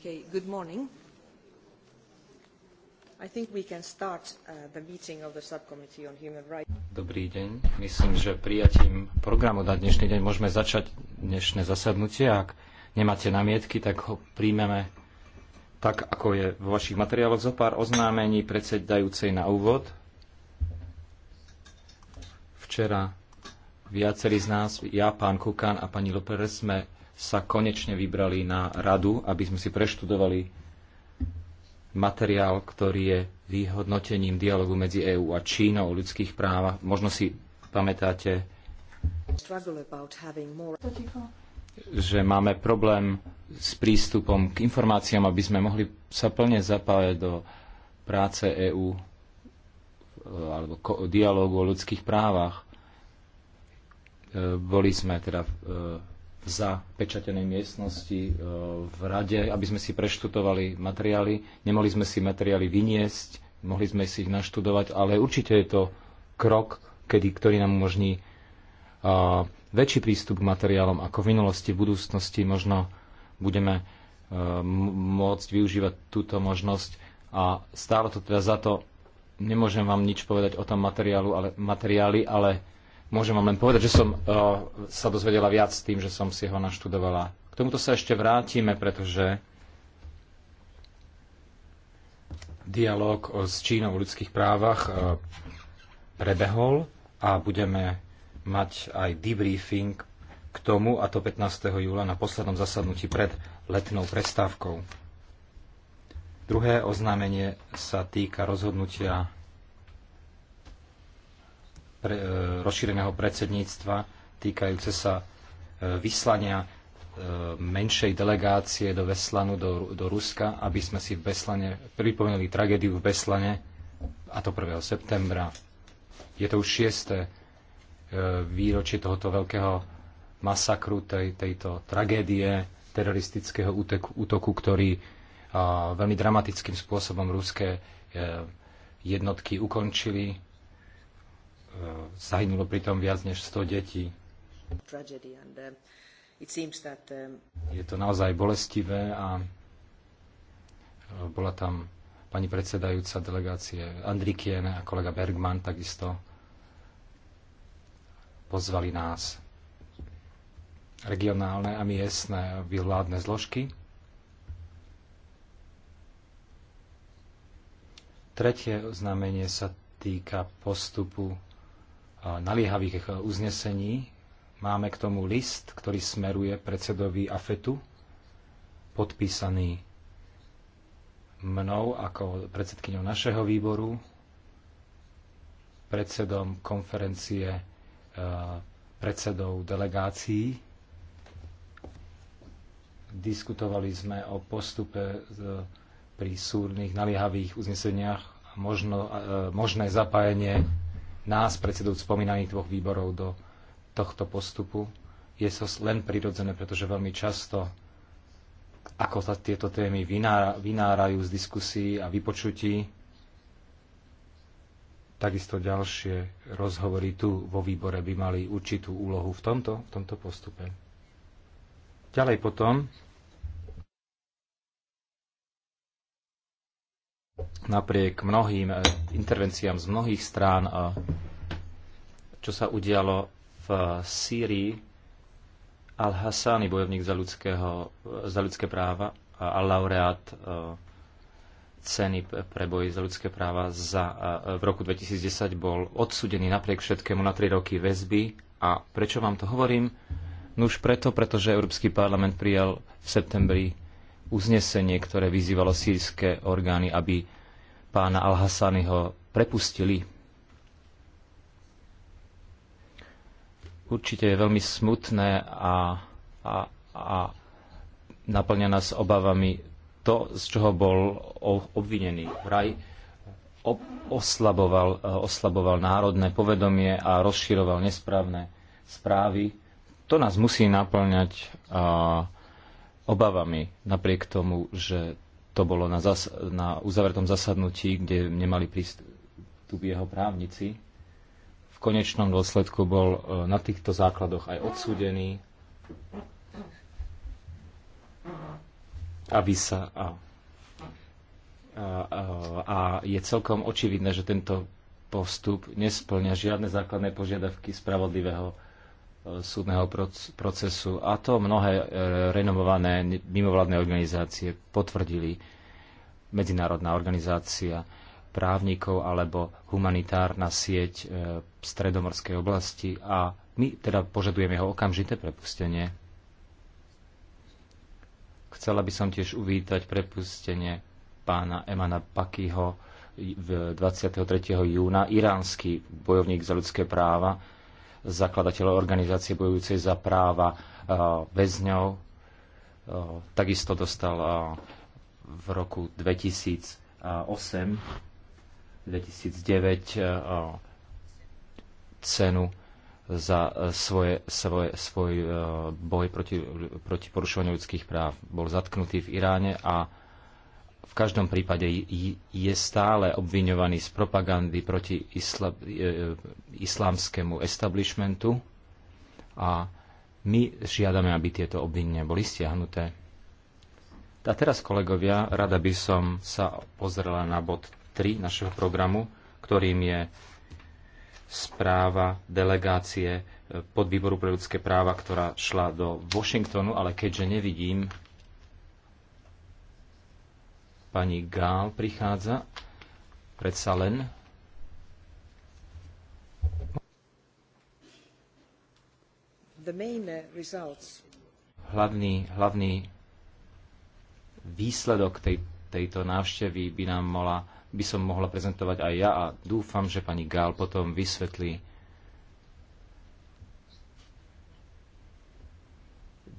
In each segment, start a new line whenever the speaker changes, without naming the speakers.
Okay, good morning. I think we can start uh, the meeting of the subcommittee on human rights.
Dobrý deň. Myslím, že prijatím programu na dnešný deň môžeme začať dnešné zasadnutie. Ak nemáte namietky, tak ho príjmeme tak, ako je vo vašich materiáloch. Zo pár oznámení predsedajúcej na úvod. Včera viacerí z nás, ja, pán Kukan a pani Loperes, sme sa konečne vybrali na radu, aby sme si preštudovali materiál, ktorý je vyhodnotením dialogu medzi EÚ a Čínou o ľudských právach. Možno si pamätáte, že máme problém s prístupom k informáciám, aby sme mohli sa plne zapájať do práce EÚ e, alebo dialogu o ľudských právach. E, boli sme teda e, za pečatenej miestnosti e, v rade, aby sme si preštudovali materiály. Nemohli sme si materiály vyniesť, mohli sme si ich naštudovať, ale určite je to krok, kedy, ktorý nám umožní e, väčší prístup k materiálom ako v minulosti, v budúcnosti. Možno budeme e, môcť využívať túto možnosť a stálo to teda za to. Nemôžem vám nič povedať o tom materiálu, ale, materiály, ale Môžem vám len povedať, že som e, sa dozvedela viac tým, že som si ho naštudovala. K tomuto sa ešte vrátime, pretože dialog e, s Čínou o ľudských právach e, prebehol a budeme mať aj debriefing k tomu, a to 15. júla na poslednom zasadnutí pred letnou prestávkou. Druhé oznámenie sa týka rozhodnutia pre, e, rozšíreného predsedníctva týkajúce sa e, vyslania e, menšej delegácie do Veslanu, do, do Ruska, aby sme si v Beslane pripomenuli tragédiu v Beslane, a to 1. septembra. Je to už šiesté výročie tohoto veľkého masakru, tej, tejto tragédie teroristického úteku, útoku, ktorý veľmi dramatickým spôsobom ruské jednotky ukončili Eh, zahynulo pritom viac než 100 detí. Eh, eh, Je to naozaj bolestivé a bola tam pani predsedajúca delegácie Andrikien a kolega Bergman takisto pozvali nás regionálne a miestne vládne zložky. Tretie oznámenie sa týka postupu naliehavých e, uznesení. Máme k tomu list, ktorý smeruje predsedovi AFETu, podpísaný mnou ako predsedkyňou našeho výboru, predsedom konferencie e, predsedov delegácií. Diskutovali sme o postupe e, pri súrnych naliehavých uzneseniach možno, možné zapájenie nás, predsedov spomínaných dvoch výborov, do tohto postupu. Je to len prirodzené, pretože veľmi často, ako sa tieto témy vynára, vynárajú z diskusí a vypočutí, takisto ďalšie rozhovory tu vo výbore by mali určitú úlohu v tomto, v tomto postupe. Ďalej potom napriek mnohým eh, intervenciám z mnohých strán, eh, čo sa udialo v eh, Sýrii, Al-Hassani, bojovník za, ľudského, za ľudské práva a laureát ceny pre boj za ľudské práva za, v roku 2010 bol odsudený napriek všetkému na 3 roky väzby. A prečo vám to hovorím? No už preto, pretože Európsky parlament prijal v septembri uznesenie, ktoré vyzývalo sírske orgány, aby pána al ho prepustili. Určite je veľmi smutné a, a, a naplňa nás obavami to, z čoho bol obvinený. Vraj oslaboval, oslaboval národné povedomie a rozširoval nesprávne správy. To nás musí naplňať. A, obavami, napriek tomu, že to bolo na, zas- na uzavretom zasadnutí, kde nemali tu jeho právnici. V konečnom dôsledku bol e, na týchto základoch aj odsúdený aby sa a, a, a je celkom očividné, že tento postup nesplňa žiadne základné požiadavky spravodlivého E, súdneho procesu a to mnohé e, renomované mimovládne organizácie potvrdili medzinárodná organizácia právnikov alebo humanitárna sieť e, v stredomorskej oblasti a my teda požadujeme jeho okamžité prepustenie. Chcela by som tiež uvítať prepustenie pána Emana Pakyho 23. júna, iránsky bojovník za ľudské práva, zakladateľov organizácie bojujúcej za práva e, väzňov. E, takisto dostal e, v roku 2008 2009 cenu za svoje, svoje, svoj boj proti, proti porušovaniu ľudských práv. Bol zatknutý v Iráne a v každom prípade je stále obviňovaný z propagandy proti isla, e, e, islámskému establishmentu a my žiadame, aby tieto obvinenia boli stiahnuté. A teraz, kolegovia, rada by som sa pozrela na bod 3 našeho programu, ktorým je správa delegácie e, podvýboru pre ľudské práva, ktorá šla do Washingtonu, ale keďže nevidím Pani Gál prichádza. Predsa len. Uh, hlavný, hlavný výsledok tej, tejto návštevy by nám mohla, by som mohla prezentovať aj ja a dúfam, že pani Gál potom vysvetlí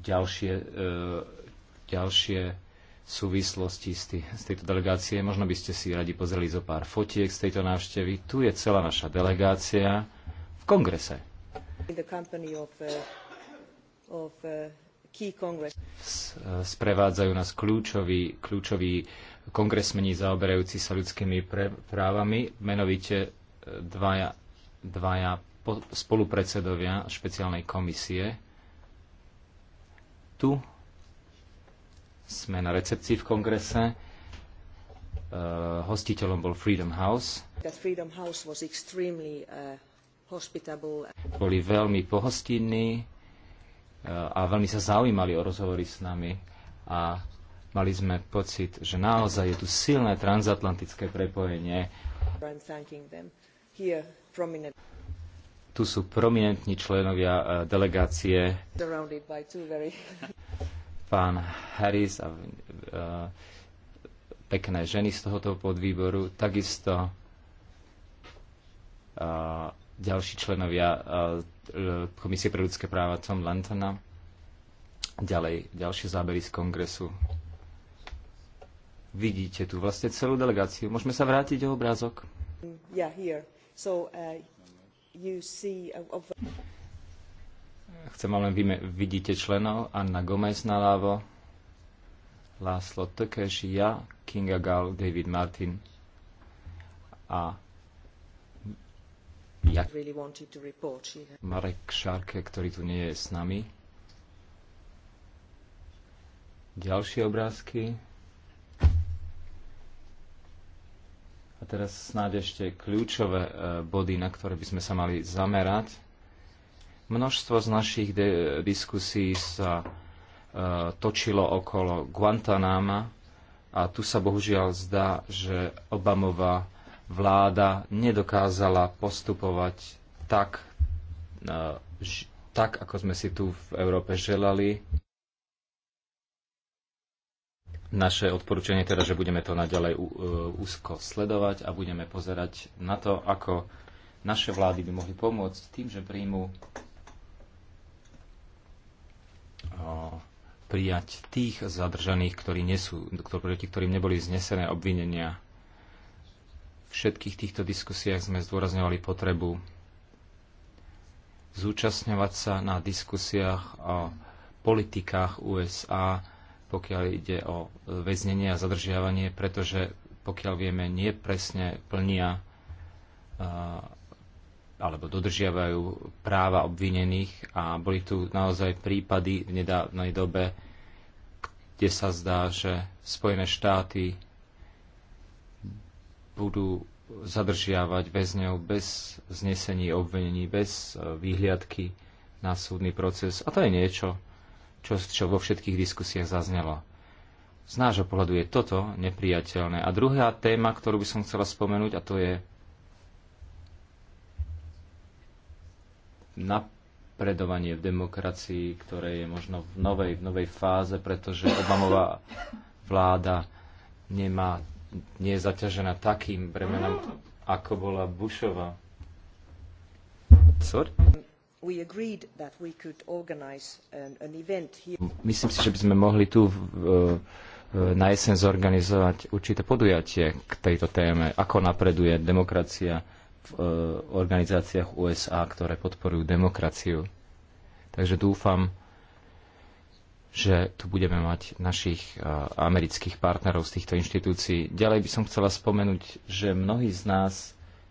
ďalšie, e, ďalšie súvislosti z, tý, z tejto delegácie. Možno by ste si radi pozreli zo pár fotiek z tejto návštevy. Tu je celá naša delegácia v kongrese. Uh, uh, sprevádzajú nás kľúčoví, kľúčoví kongresmeni zaoberajúci sa ľudskými pre, právami, menovite e, dvaja, dvaja spolupredsedovia špeciálnej komisie. Tu sme na recepcii v kongrese. Uh, hostiteľom bol Freedom House. Freedom House uh, Boli veľmi pohostinní uh, a veľmi sa zaujímali o rozhovory s nami a mali sme pocit, že naozaj je tu silné transatlantické prepojenie. Tu sú prominentní členovia e, delegácie pán Harris a e, pekné ženy z tohoto podvýboru, takisto e, ďalší členovia e, Komisie pre ľudské práva Tom Lantana, ďalej ďalšie zábery z kongresu. Vidíte tu vlastne celú delegáciu. Môžeme sa vrátiť o obrázok?
Yeah, here. So, uh, you see, uh,
Chcem vám len vyme- vidíte členov. Anna Gomez lávo. Láslo Tökeš, ja, Kinga Gal, David Martin a ja, Marek Šárke, ktorý tu nie je s nami. Ďalšie obrázky. A teraz snáď ešte kľúčové e, body, na ktoré by sme sa mali zamerať. Množstvo z našich diskusí sa e, točilo okolo Guantanama a tu sa bohužiaľ zdá, že Obamová vláda nedokázala postupovať tak, e, ž, tak ako sme si tu v Európe želali. Naše odporúčanie teda, že budeme to naďalej e, úzko sledovať a budeme pozerať na to, ako naše vlády by mohli pomôcť tým, že príjmu Eh, prijať tých zadržaných, ktorí nesú, proti ktorým neboli znesené obvinenia. V všetkých týchto diskusiách sme zdôrazňovali potrebu zúčastňovať sa na diskusiách o politikách USA, pokiaľ ide o eh, väznenie a zadržiavanie, pretože pokiaľ vieme, nie presne plnia eh, alebo dodržiavajú práva obvinených a boli tu naozaj prípady v nedávnej dobe, kde sa zdá, že Spojené štáty budú zadržiavať väzňov bez znesení obvinení, bez e, výhliadky na súdny proces. A to je niečo, čo, čo vo všetkých diskusiách zaznelo. Z nášho pohľadu je toto nepriateľné. A druhá téma, ktorú by som chcela spomenúť, a to je napredovanie v demokracii, ktoré je možno v novej, v novej fáze, pretože Obamová vláda nemá, nie je zaťažená takým bremenom, ako bola Bushova. Sorry? Myslím si, že by sme mohli tu na jeseň zorganizovať určité podujatie k tejto téme, ako napreduje demokracia v e, organizáciách USA, ktoré podporujú demokraciu. Takže dúfam, že tu budeme mať našich e, amerických partnerov z týchto inštitúcií. Ďalej by som chcela spomenúť, že mnohí z nás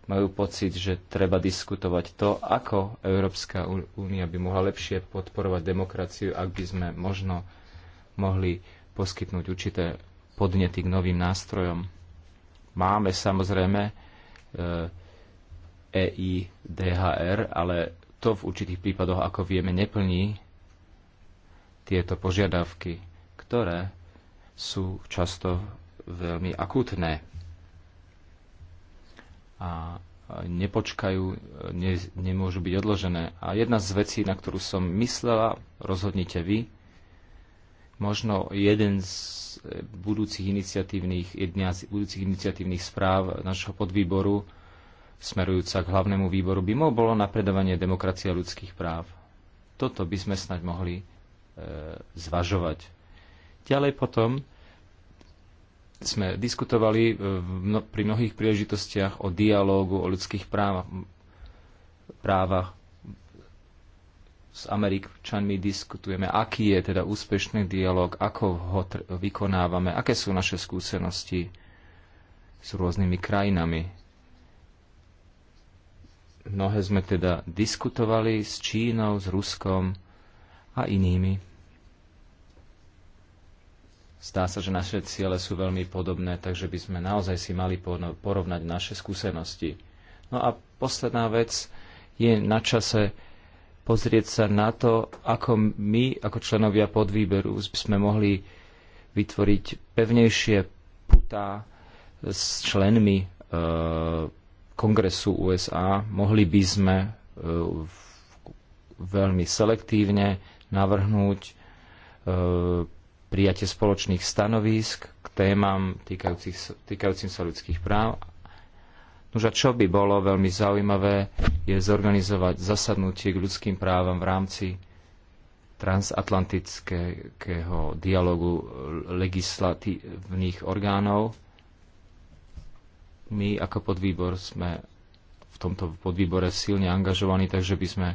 majú pocit, že treba diskutovať to, ako Európska únia by mohla lepšie podporovať demokraciu, ak by sme možno mohli poskytnúť určité podnety k novým nástrojom. Máme samozrejme e, EIDHR, ale to v určitých prípadoch, ako vieme, neplní tieto požiadavky, ktoré sú často veľmi akutné a nepočkajú, ne, nemôžu byť odložené. A jedna z vecí, na ktorú som myslela, rozhodnite vy, možno jeden z budúcich iniciatívnych, jedna z budúcich iniciatívnych správ našho podvýboru smerujúca k hlavnému výboru by bolo napredovanie demokracie a ľudských práv. Toto by sme snať mohli e, zvažovať. Ďalej potom sme diskutovali e, mno, pri mnohých príležitostiach o dialógu, o ľudských právach, právach. S Američanmi diskutujeme, aký je teda úspešný dialog, ako ho vykonávame, aké sú naše skúsenosti s rôznymi krajinami Mnohé sme teda diskutovali s Čínou, s Ruskom a inými. Zdá sa, že naše ciele sú veľmi podobné, takže by sme naozaj si mali porovnať naše skúsenosti. No a posledná vec je na čase pozrieť sa na to, ako my, ako členovia podvýberu, sme mohli vytvoriť pevnejšie putá s členmi e, kongresu USA, mohli by sme e, veľmi selektívne navrhnúť e, prijatie spoločných stanovísk k témam týkajúcim sa ľudských práv. Nož a čo by bolo veľmi zaujímavé, je zorganizovať zasadnutie k ľudským právam v rámci transatlantického dialogu legislatívnych orgánov my ako podvýbor sme v tomto podvýbore silne angažovaní, takže by sme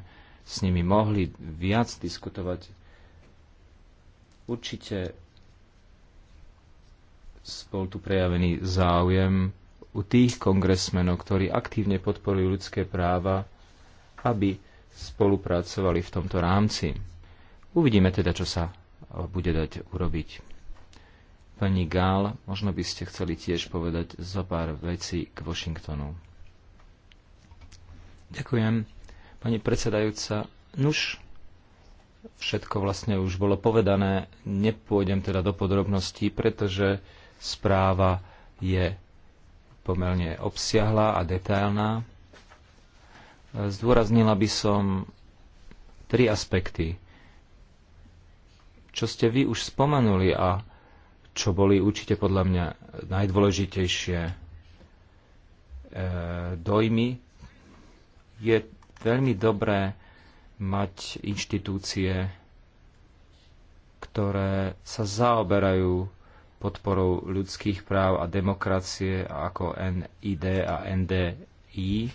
s nimi mohli viac diskutovať. Určite bol tu prejavený záujem u tých kongresmenov, ktorí aktívne podporujú ľudské práva, aby spolupracovali v tomto rámci. Uvidíme teda, čo sa bude dať urobiť. Pani Gál, možno by ste chceli tiež povedať zo pár vecí k Washingtonu. Ďakujem. Pani predsedajúca, nuž, všetko vlastne už bolo povedané. Nepôjdem teda do podrobností, pretože správa je pomerne obsiahla a detailná. Zdôraznila by som tri aspekty, čo ste vy už spomenuli a čo boli určite podľa mňa najdôležitejšie e, dojmy, je veľmi dobré mať inštitúcie, ktoré sa zaoberajú podporou ľudských práv a demokracie ako NID a NDI.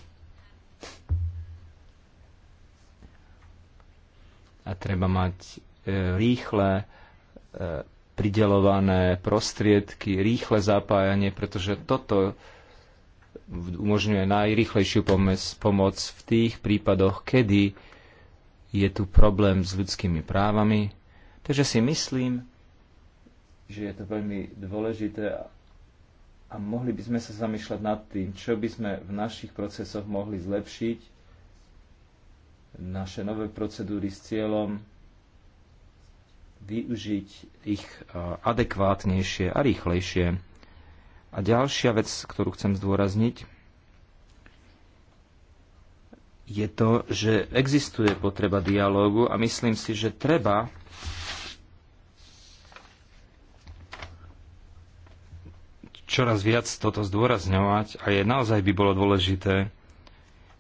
A treba mať e, rýchle e, pridelované prostriedky, rýchle zapájanie, pretože toto umožňuje najrýchlejšiu pomoc v tých prípadoch, kedy je tu problém s ľudskými právami. Takže si myslím, že je to veľmi dôležité a mohli by sme sa zamýšľať nad tým, čo by sme v našich procesoch mohli zlepšiť, naše nové procedúry s cieľom využiť ich e, adekvátnejšie a rýchlejšie. A ďalšia vec, ktorú chcem zdôrazniť, je to, že existuje potreba dialógu a myslím si, že treba čoraz viac toto zdôrazňovať a je naozaj by bolo dôležité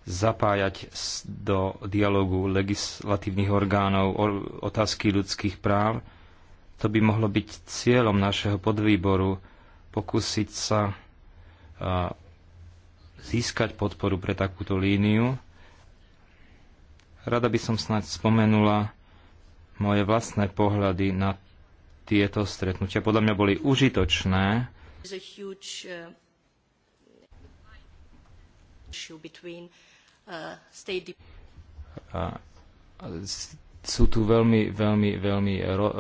zapájať do dialogu legislatívnych orgánov otázky ľudských práv. To by mohlo byť cieľom našeho podvýboru pokúsiť sa získať podporu pre takúto líniu. Rada by som snáď spomenula moje vlastné pohľady na tieto stretnutia. Podľa mňa boli užitočné.
uh, Eh, State
sú tu veľmi, veľmi, veľmi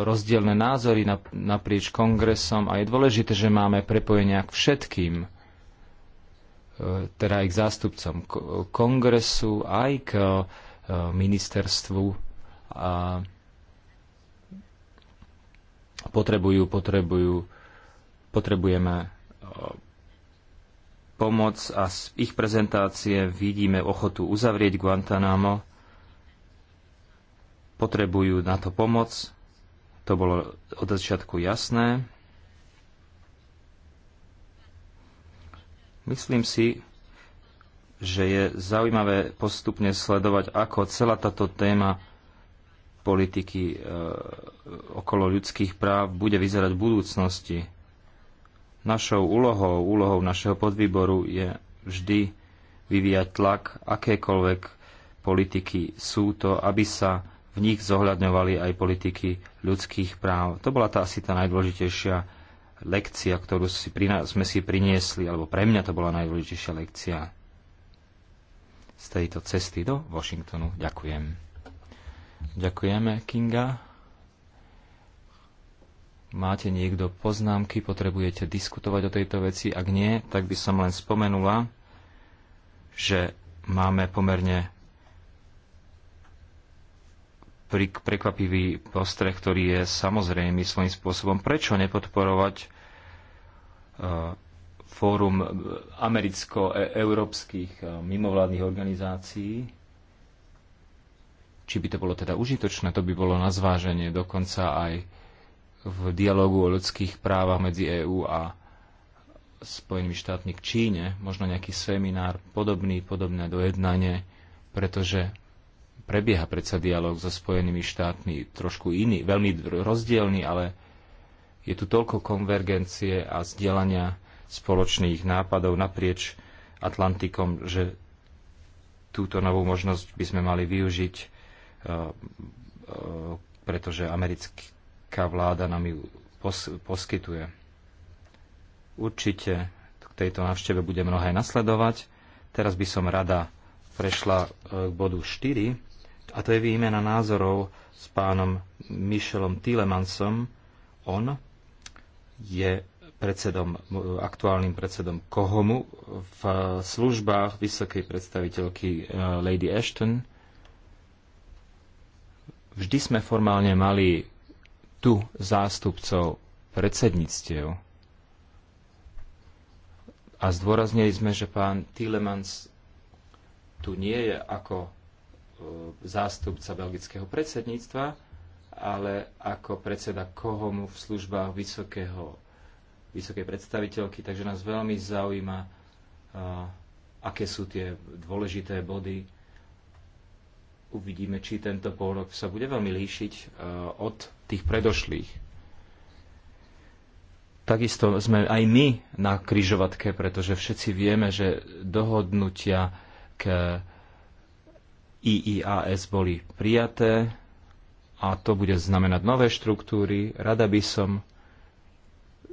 rozdielne názory naprieč kongresom a je dôležité, že máme prepojenia k všetkým, eh, teda aj k zástupcom kongresu, aj k eh, ministerstvu. A potrebujú, potrebujú, potrebujeme pomoc a z ich prezentácie vidíme ochotu uzavrieť Guantanamo. Potrebujú na to pomoc. To bolo od začiatku jasné. Myslím si, že je zaujímavé postupne sledovať, ako celá táto téma politiky e, okolo ľudských práv bude vyzerať v budúcnosti. Našou úlohou, úlohou našeho podvýboru je vždy vyvíjať tlak akékoľvek politiky sú to, aby sa v nich zohľadňovali aj politiky ľudských práv. To bola tá asi tá najdôležitejšia lekcia, ktorú si sme si priniesli, alebo pre mňa to bola najdôležitejšia lekcia z tejto cesty do Washingtonu. Ďakujem. Ďakujeme, Kinga. Máte niekto poznámky, potrebujete diskutovať o tejto veci? Ak nie, tak by som len spomenula, že máme pomerne prekvapivý postreh, ktorý je samozrejme svojím spôsobom. Prečo nepodporovať e, fórum e, americko-európskych e, mimovládnych organizácií? Či by to bolo teda užitočné, to by bolo na zváženie dokonca aj v dialogu o ľudských právach medzi EÚ a Spojenými štátmi k Číne, možno nejaký seminár podobný, podobné dojednanie, pretože prebieha predsa dialog so Spojenými štátmi trošku iný, veľmi rozdielný, ale je tu toľko konvergencie a zdieľania spoločných nápadov naprieč Atlantikom, že túto novú možnosť by sme mali využiť, eh, eh, pretože americký aká vláda nám ju pos- poskytuje. Určite k tejto návšteve bude mnohé nasledovať. Teraz by som rada prešla e, k bodu 4, a to je výmena názorov s pánom Michelom Tilemansom. On je predsedom, aktuálnym predsedom Kohomu v e, službách vysokej predstaviteľky e, Lady Ashton. Vždy sme formálne mali tu zástupcov predsedníctiev. A zdôraznili sme, že pán Tilemans tu nie je ako e, zástupca belgického predsedníctva, ale ako predseda Kohomu v službách vysokého, vysokej predstaviteľky. Takže nás veľmi zaujíma, e, aké sú tie dôležité body. Uvidíme, či tento pôrok sa bude veľmi líšiť e, od tých predošlých. Takisto sme aj my na kryžovatke, pretože všetci vieme, že dohodnutia k IIAS boli prijaté a to bude znamenať nové štruktúry. Rada by som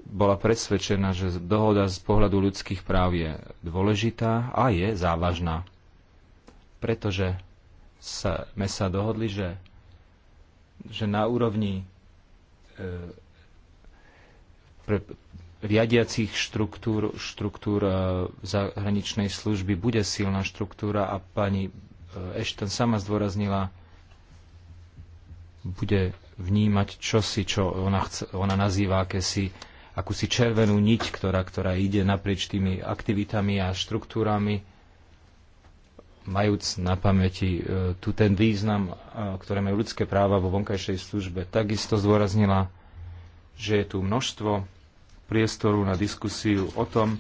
bola presvedčená, že dohoda z pohľadu ľudských práv je dôležitá a je závažná. Pretože sme sa dohodli, že že na úrovni e, pre riadiacich štruktúr, štruktúr e, zahraničnej služby bude silná štruktúra a pani Ešten sama zdôraznila, bude vnímať čosi, čo ona, chce, ona nazýva akési akúsi červenú niť, ktorá, ktorá ide naprieč tými aktivitami a štruktúrami majúc na pamäti e, tu ten význam, e, ktoré majú ľudské práva vo vonkajšej službe, takisto zdôraznila, že je tu množstvo priestoru na diskusiu o tom,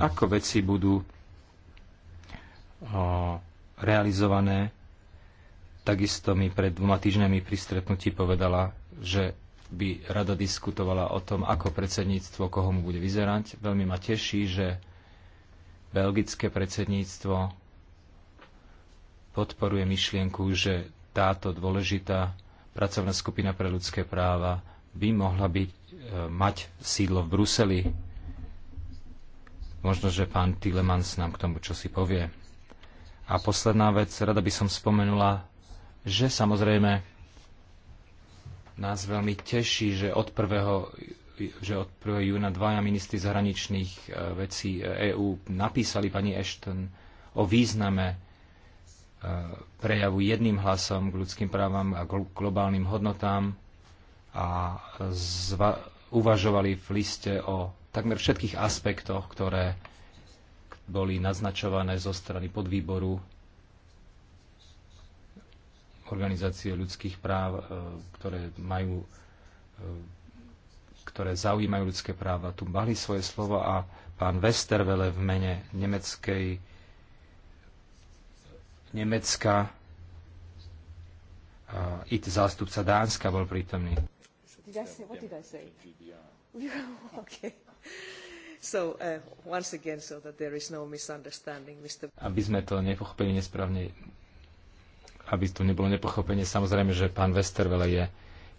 ako veci budú e, realizované. Takisto mi pred dvoma týždňami pri stretnutí povedala, že by rada diskutovala o tom, ako predsedníctvo, koho mu bude vyzerať. Veľmi ma teší, že belgické predsedníctvo podporuje myšlienku, že táto dôležitá pracovná skupina pre ľudské práva by mohla byť, e, mať sídlo v Bruseli. Možno, že pán Tilemans nám k tomu čo si povie. A posledná vec, rada by som spomenula, že samozrejme nás veľmi teší, že od 1. Že od 1. júna dvaja ministri zahraničných e, vecí EÚ e napísali pani Ashton o význame E, prejavu jedným hlasom k ľudským právam a globálnym hodnotám a zva- uvažovali v liste o takmer všetkých aspektoch, ktoré boli naznačované zo strany podvýboru organizácie ľudských práv, e, ktoré majú e, ktoré zaujímajú ľudské práva. Tu mali svoje slovo a pán Westerwelle v mene nemeckej Nemecka uh, IT zástupca Dánska bol prítomný. Did I say, what did I say? okay. So, uh, once again, so that there is no misunderstanding, Mr. Aby sme to nepochopili nesprávne, aby to nebolo nepochopenie, samozrejme, že pán Westerwelle je,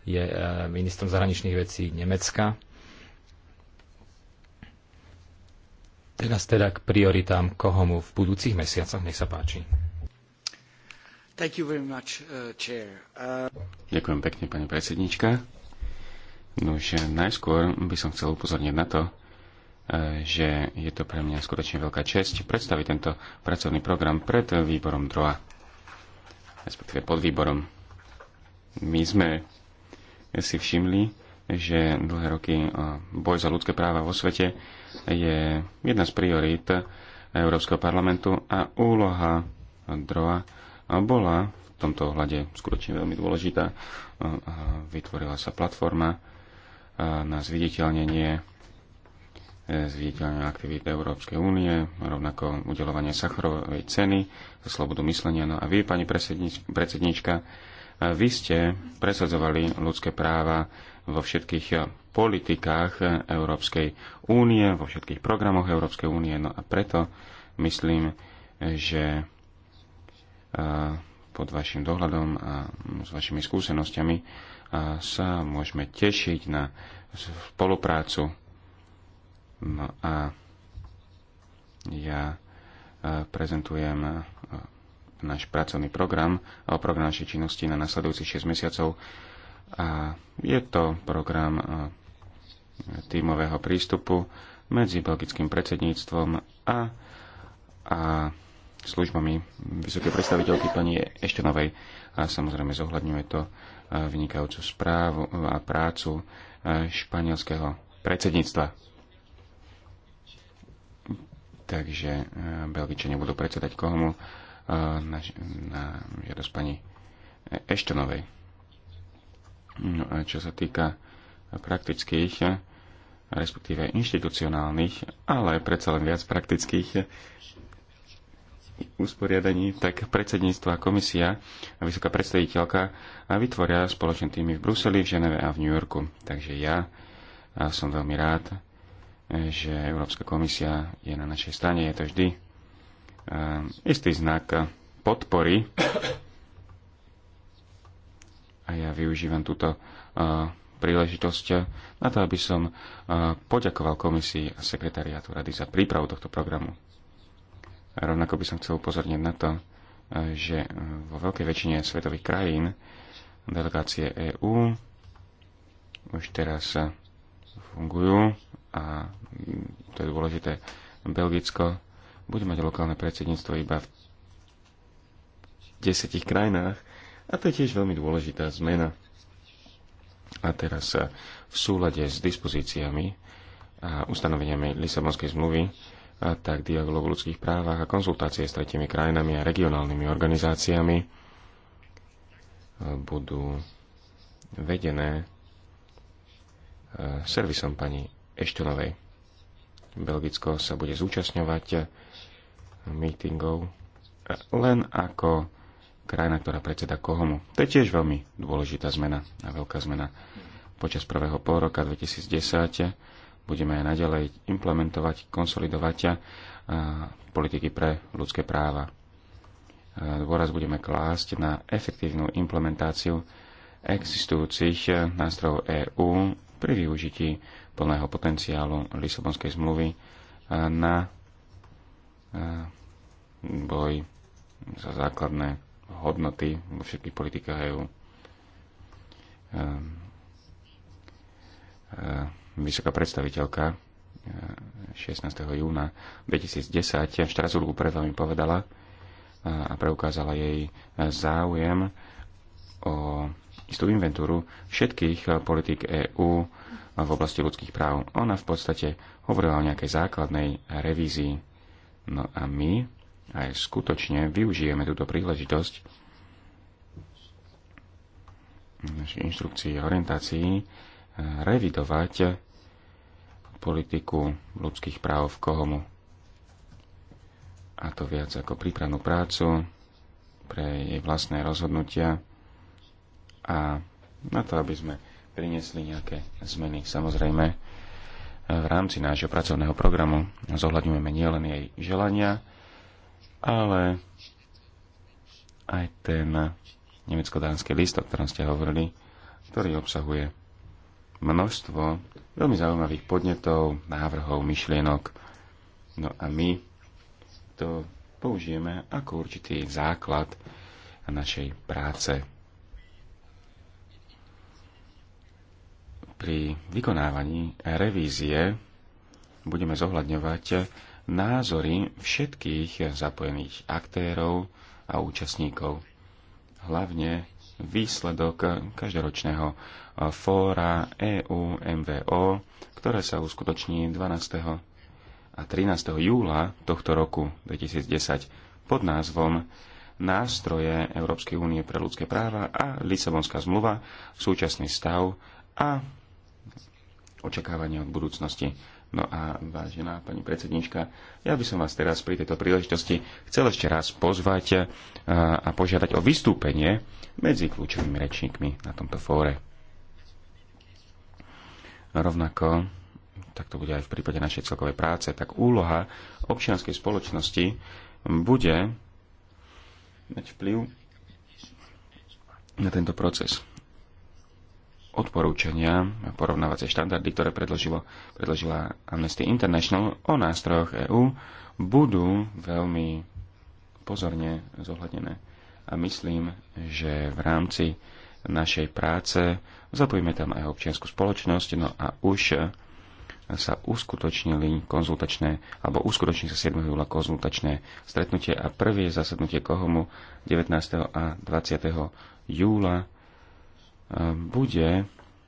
je e, ministrom zahraničných vecí Nemecka. Teraz teda k prioritám Kohomu v budúcich mesiacoch. Nech sa páči.
Much, uh, uh...
Ďakujem pekne, pani predsednička.
Nož najskôr by som chcel upozorniť na to, uh, že je to pre mňa skutočne veľká česť predstaviť tento pracovný program pred výborom DROA, respektíve pod výborom. My sme si všimli, že dlhé roky uh, boj za ľudské práva vo svete je jedna z priorít Európskeho parlamentu a úloha DROA bola v tomto ohľade skutočne veľmi dôležitá. Vytvorila sa platforma na zviditeľnenie e, zviditeľnenie aktivít Európskej únie, rovnako udelovanie sachrovej ceny za slobodu myslenia. No a vy, pani predsednička, e, vy ste presadzovali ľudské práva vo všetkých politikách Európskej únie, vo všetkých programoch Európskej únie. No a preto myslím, že pod vašim dohľadom a s vašimi skúsenostiami sa môžeme tešiť na spoluprácu. No a ja e, prezentujem e, náš pracovný program a program našej činnosti na nasledujúcich 6 mesiacov. A je to program e, tímového prístupu medzi belgickým predsedníctvom a, a službami vysokej predstaviteľky pani Eštenovej. A samozrejme zohľadňuje to vynikajúcu správu a prácu španielského predsedníctva. Takže Belgičania budú predsedať komu na, na žiadosť pani Eštenovej. No a čo sa týka praktických respektíve inštitucionálnych, ale predsa len viac praktických usporiadaní, tak predsedníctvo a komisia a vysoká predstaviteľka vytvoria spoločné týmy v Bruseli, v Ženeve a v New Yorku. Takže ja som veľmi rád, že Európska komisia je na našej strane. Je to vždy eh, istý znak podpory. A ja využívam túto eh, príležitosť na to, aby som eh, poďakoval komisii a sekretariátu rady za prípravu tohto programu. A rovnako by som chcel upozorniť na to, že vo veľkej väčšine svetových krajín delegácie EÚ už teraz fungujú a to je dôležité. Belgicko bude mať lokálne predsedníctvo iba v desetich krajinách a to je tiež veľmi dôležitá zmena. A teraz v súlade s dispozíciami a ustanoveniami Lisabonskej zmluvy a tak dialog o ľudských právach a konzultácie s tretimi krajinami a regionálnymi organizáciami budú vedené e, servisom pani Eštonovej. Belgicko sa bude zúčastňovať mítingov len ako krajina, ktorá predseda Kohomu. To je tiež veľmi dôležitá zmena a veľká zmena. Počas prvého pol roka 2010 budeme aj naďalej implementovať, konsolidovať politiky pre ľudské práva. Dôraz budeme klásť na efektívnu implementáciu existujúcich e, nástrojov EÚ pri využití plného potenciálu Lisabonskej zmluvy e, na e, boj za základné hodnoty vo všetkých politikách EÚ vysoká predstaviteľka 16. Eh, júna 2010 v Štrasburgu pred vami povedala eh, a preukázala jej eh, záujem o istú inventúru všetkých politík EÚ v oblasti ľudských práv. Ona v podstate hovorila o nejakej základnej revízii. No a my aj skutočne využijeme túto príležitosť našej inštrukcii a orientácii revidovať politiku ľudských práv v Kohomu. A to viac ako prípravnú prácu pre jej vlastné rozhodnutia a na to, aby sme priniesli nejaké zmeny. Samozrejme, v rámci nášho pracovného programu zohľadňujeme nielen jej želania, ale aj ten nemecko-dánsky list, o ktorom ste hovorili, ktorý obsahuje množstvo veľmi zaujímavých podnetov, návrhov, myšlienok. No a my to použijeme ako určitý základ našej práce. Pri vykonávaní revízie budeme zohľadňovať názory všetkých zapojených aktérov a účastníkov. Hlavne výsledok každoročného fóra EU MVO, ktoré sa uskutoční 12. a 13. júla tohto roku 2010 pod názvom Nástroje Európskej únie pre ľudské práva a Lisabonská zmluva, súčasný stav a očakávanie od budúcnosti. No a vážená pani predsednička, ja by som vás teraz pri tejto príležitosti chcel ešte raz pozvať a požiadať o vystúpenie medzi kľúčovými rečníkmi na tomto fóre. Rovnako, tak to bude aj v prípade našej celkovej práce, tak úloha občianskej spoločnosti bude mať vplyv na tento proces odporúčania a porovnávacie štandardy, ktoré predložilo, predložila Amnesty International o nástrojoch EÚ, budú veľmi pozorne zohľadnené. A myslím, že v rámci našej práce zapojíme tam aj občianskú spoločnosť, no a už sa uskutočnili konzultačné, alebo uskutoční sa 7. júla konzultačné stretnutie a prvé zasadnutie Kohomu 19. a 20. júla bude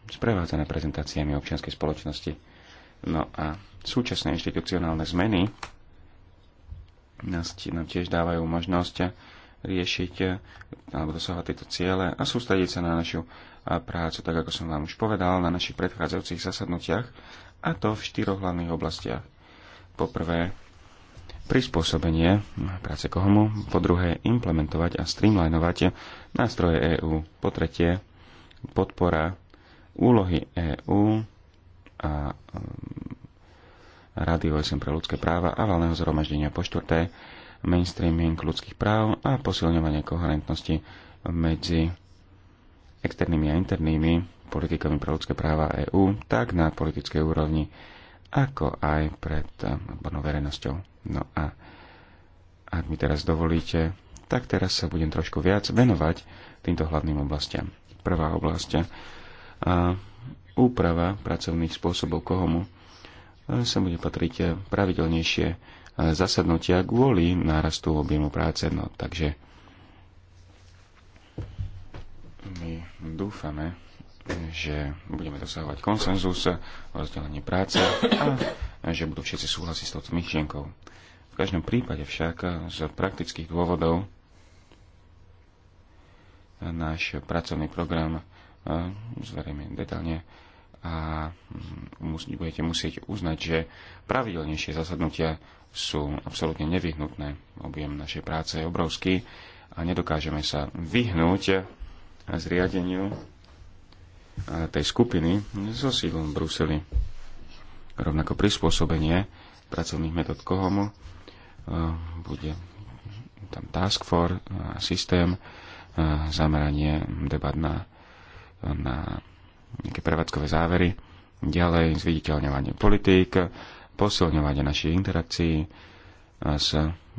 sprevádzané prezentáciami občianskej spoločnosti. No a súčasné inštitucionálne zmeny nás nám tiež dávajú možnosť riešiť eh, alebo dosahovať tieto ciele a sústrediť sa na našu eh, prácu, tak ako som vám už povedal, na našich predchádzajúcich zasadnutiach a to v štyroch hlavných oblastiach. Po prvé, prispôsobenie práce Kohomu, po druhé, implementovať a streamlinovať nástroje EÚ, po tretie, podpora úlohy EÚ a um, Rady OSN pre ľudské práva a valného zhromaždenia po štvrté mainstreaming ľudských práv a posilňovanie koherentnosti medzi externými a internými politikami pre ľudské práva EÚ, tak na politickej úrovni, ako aj pred um, odbornou verejnosťou. No a ak mi teraz dovolíte, tak teraz sa budem trošku viac venovať týmto hlavným oblastiam. Prvá oblasť a úprava pracovných spôsobov kohomu sa bude patriť pravidelnejšie zasadnutia kvôli nárastu objemu práce. No, takže my dúfame, že budeme dosahovať konsenzus o rozdelení práce a že budú všetci súhlasiť s touto myšlienkou. V každom prípade však z praktických dôvodov náš pracovný program e, zverejme detálne a mm, budete musieť uznať, že pravidelnejšie zasadnutia sú absolútne nevyhnutné. Objem našej práce je obrovský a nedokážeme sa vyhnúť zriadeniu e, tej skupiny so sídlom v Bruseli. Rovnako prispôsobenie pracovných metód Kohomu e, bude tam task for a systém, zameranie debat na, na nejaké prevádzkové závery, ďalej zviditeľňovanie politík, posilňovanie našich interakcií s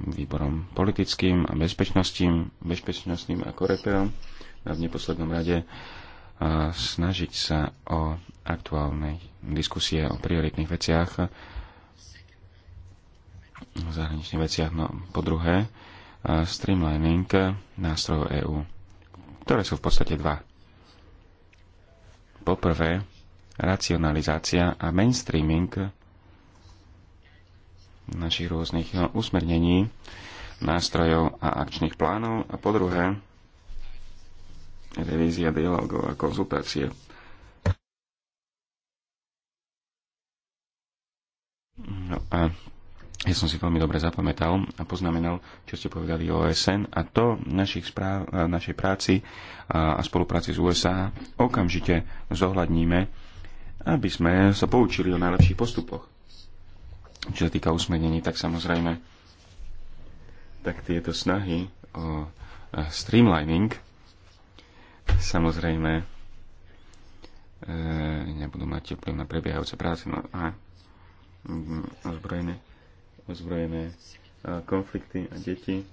výborom politickým a bezpečnostným, bezpečnostným ako reperom a v neposlednom rade snažiť sa o aktuálnej diskusie o prioritných veciach, o zahraničných veciach. No, po druhé, streamlining nástrojov EÚ, ktoré sú v podstate dva. Poprvé, racionalizácia a mainstreaming našich rôznych usmernení, nástrojov a akčných plánov a po druhé revízia dialogov a konzultácie. No a ja som si veľmi dobre zapamätal a poznamenal, čo ste povedali o OSN a to našich správ, našej práci a spolupráci s USA okamžite zohľadníme, aby sme sa poučili o najlepších postupoch. Čo sa týka usmernení, tak samozrejme, tak tieto snahy o e, streamlining samozrejme e, nebudú mať vplyv na prebiehajúce práce no a mm, ozbrojené ozbrojené konflikty a deti.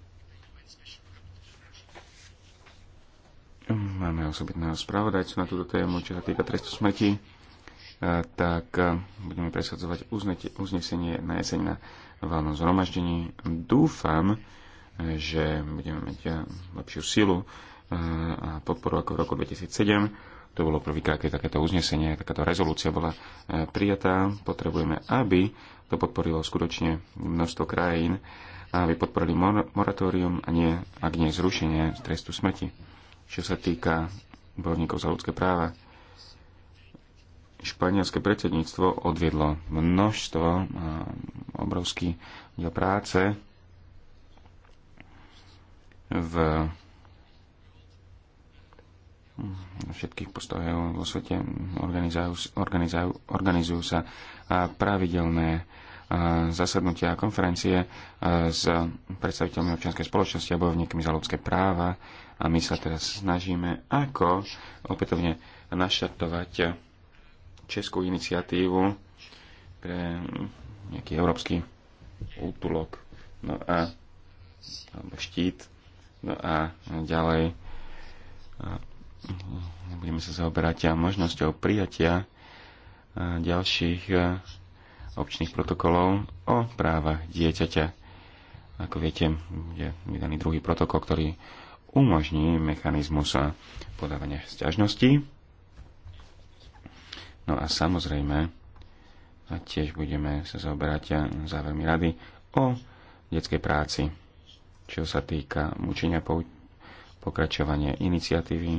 Máme osobitného spravodajcu na túto tému, čo sa týka trestu smrti tak budeme presadzovať uznesenie na jeseň na valnom zhromaždení. Dúfam, že budeme mať lepšiu silu a podporu ako v roku 2007. To bolo prvýkrát, keď takéto uznesenie, takáto rezolúcia bola prijatá. Potrebujeme, aby to podporilo skutočne množstvo krajín aby podporili moratórium a nie, ak nie zrušenie trestu smrti. Čo sa týka bojovníkov za ľudské práva, španielské predsedníctvo odviedlo množstvo obrovský diel práce v všetkých postojov vo svete organizujú, organizujú, organizujú sa pravidelné zasadnutia a konferencie s predstaviteľmi občianskej spoločnosti a bojovníkmi za ľudské práva. A my sa teraz snažíme, ako opätovne naštartovať českú iniciatívu pre nejaký európsky útulok no a alebo štít no a ďalej budeme sa zaoberať a možnosťou prijatia ďalších e, občných protokolov o právach dieťaťa. Ako viete, je vydaný druhý protokol, ktorý umožní mechanizmus podávania sťažností. No a samozrejme, a tiež budeme sa zaoberať závermi rady o detskej práci, čo sa týka mučenia pokračovania iniciatívy,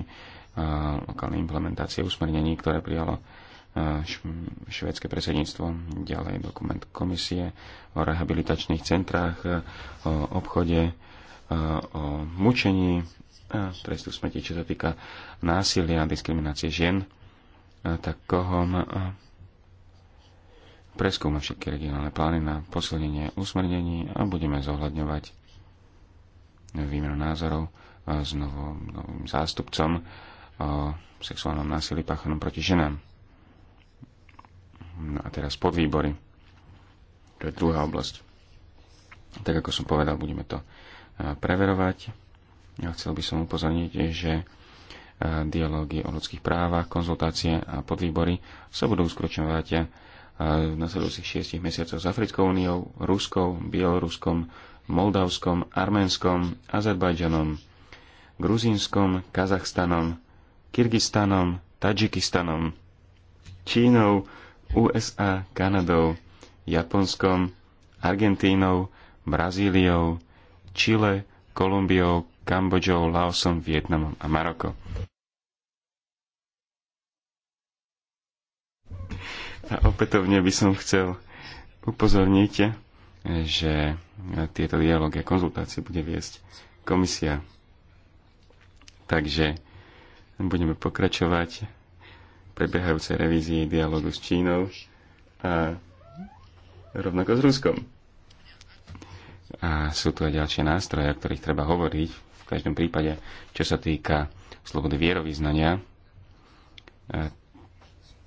lokálnej implementácie usmernení, ktoré prijalo švédske predsedníctvo, ďalej dokument komisie o rehabilitačných centrách, e, o obchode, e, o mučení, trestu smrti, čo sa týka násilia a diskriminácie žien, e, tak kohom preskúma všetky regionálne plány na posilnenie usmernení a budeme zohľadňovať výmenu názorov s novým zástupcom o sexuálnom násilí páchanom proti ženám. No a teraz podvýbory. To je druhá oblasť. Tak ako som povedal, budeme to e, preverovať. Ja chcel by som upozorniť, že e, dialógy o ľudských právach, konzultácie a podvýbory sa budú uskročovať e, v nasledujúcich šiestich mesiacoch s Africkou úniou, Ruskou, Bieloruskom, Moldavskom, Arménskom, Azerbajdžanom, Gruzínskom, Kazachstanom, Kyrgyzstanom, Tadžikistanom, Čínou, USA, Kanadou, Japonskom, Argentínou, Brazíliou, Čile, Kolumbiou, Kambodžou, Laosom, Vietnamom a Maroko. A opätovne by som chcel upozorniť, že tieto dialógy a konzultácie bude viesť komisia. Takže budeme pokračovať prebiehajúcej revízii dialogu s Čínou a rovnako s Ruskom. A sú tu aj ďalšie nástroje, o ktorých treba hovoriť v každom prípade, čo sa týka slobody vierovýznania. E,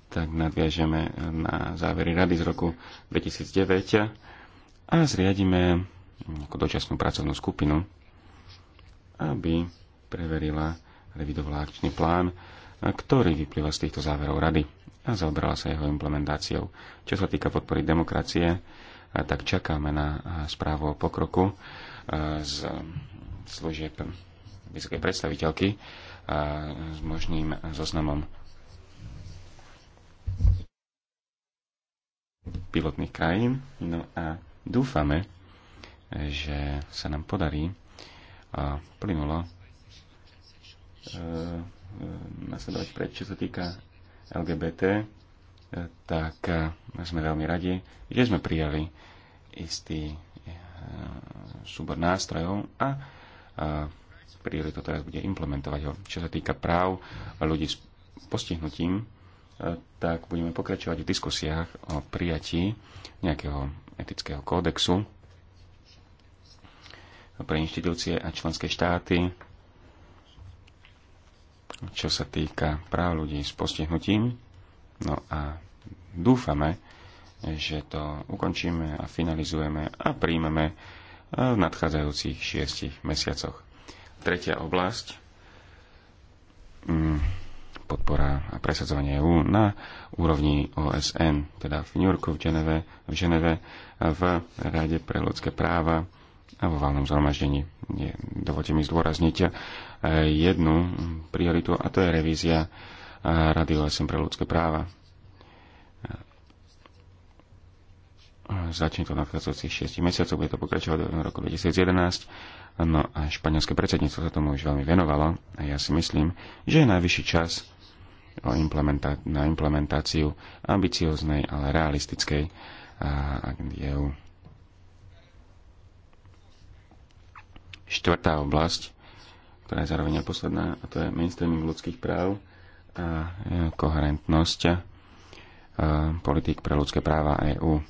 tak nadviažeme na závery rady z roku 2009 a zriadíme ako dočasnú pracovnú skupinu, aby preverila revidovala akčný plán ktorý vyplýva z týchto záverov rady a zaoberala sa jeho implementáciou. Čo sa týka podpory demokracie, tak čakáme na správu o pokroku z služieb vysokej predstaviteľky s možným zoznamom pilotných krajín. No a dúfame, že sa nám podarí plynulo e, E, nasledovať preč, čo sa týka LGBT, e, tak e, sme veľmi radi, že sme prijali istý súbor nástrojov a prioritu teraz bude implementovať ho. Čo sa týka práv ľudí s postihnutím, tak budeme pokračovať v diskusiách o prijatí nejakého etického kódexu pre inštitúcie a členské štáty čo sa týka práv ľudí s postihnutím. No a dúfame, že to ukončíme a finalizujeme a príjmeme v nadchádzajúcich šiestich mesiacoch. Tretia oblasť mm, podpora a presadzovanie EÚ na úrovni OSN, teda v New Yorku, v Ženeve, v, Ženeve, v Rade pre ľudské práva, a vo valnom zhromaždení. Dovolte mi zdôrazniť eh, jednu prioritu a to je revízia eh, Rady OSM pre ľudské práva. Eh, začne to na nadchádzajúcich 6 mesiacov, bude to pokračovať do roku 2011. No a španielské predsedníctvo sa tomu už veľmi venovalo a ja si myslím, že je najvyšší čas implementá- na implementáciu ambicioznej, ale realistickej agendy EU štvrtá oblasť, ktorá je zároveň posledná, a to je mainstreaming ľudských práv a e, koherentnosť e, politik pre ľudské práva EÚ.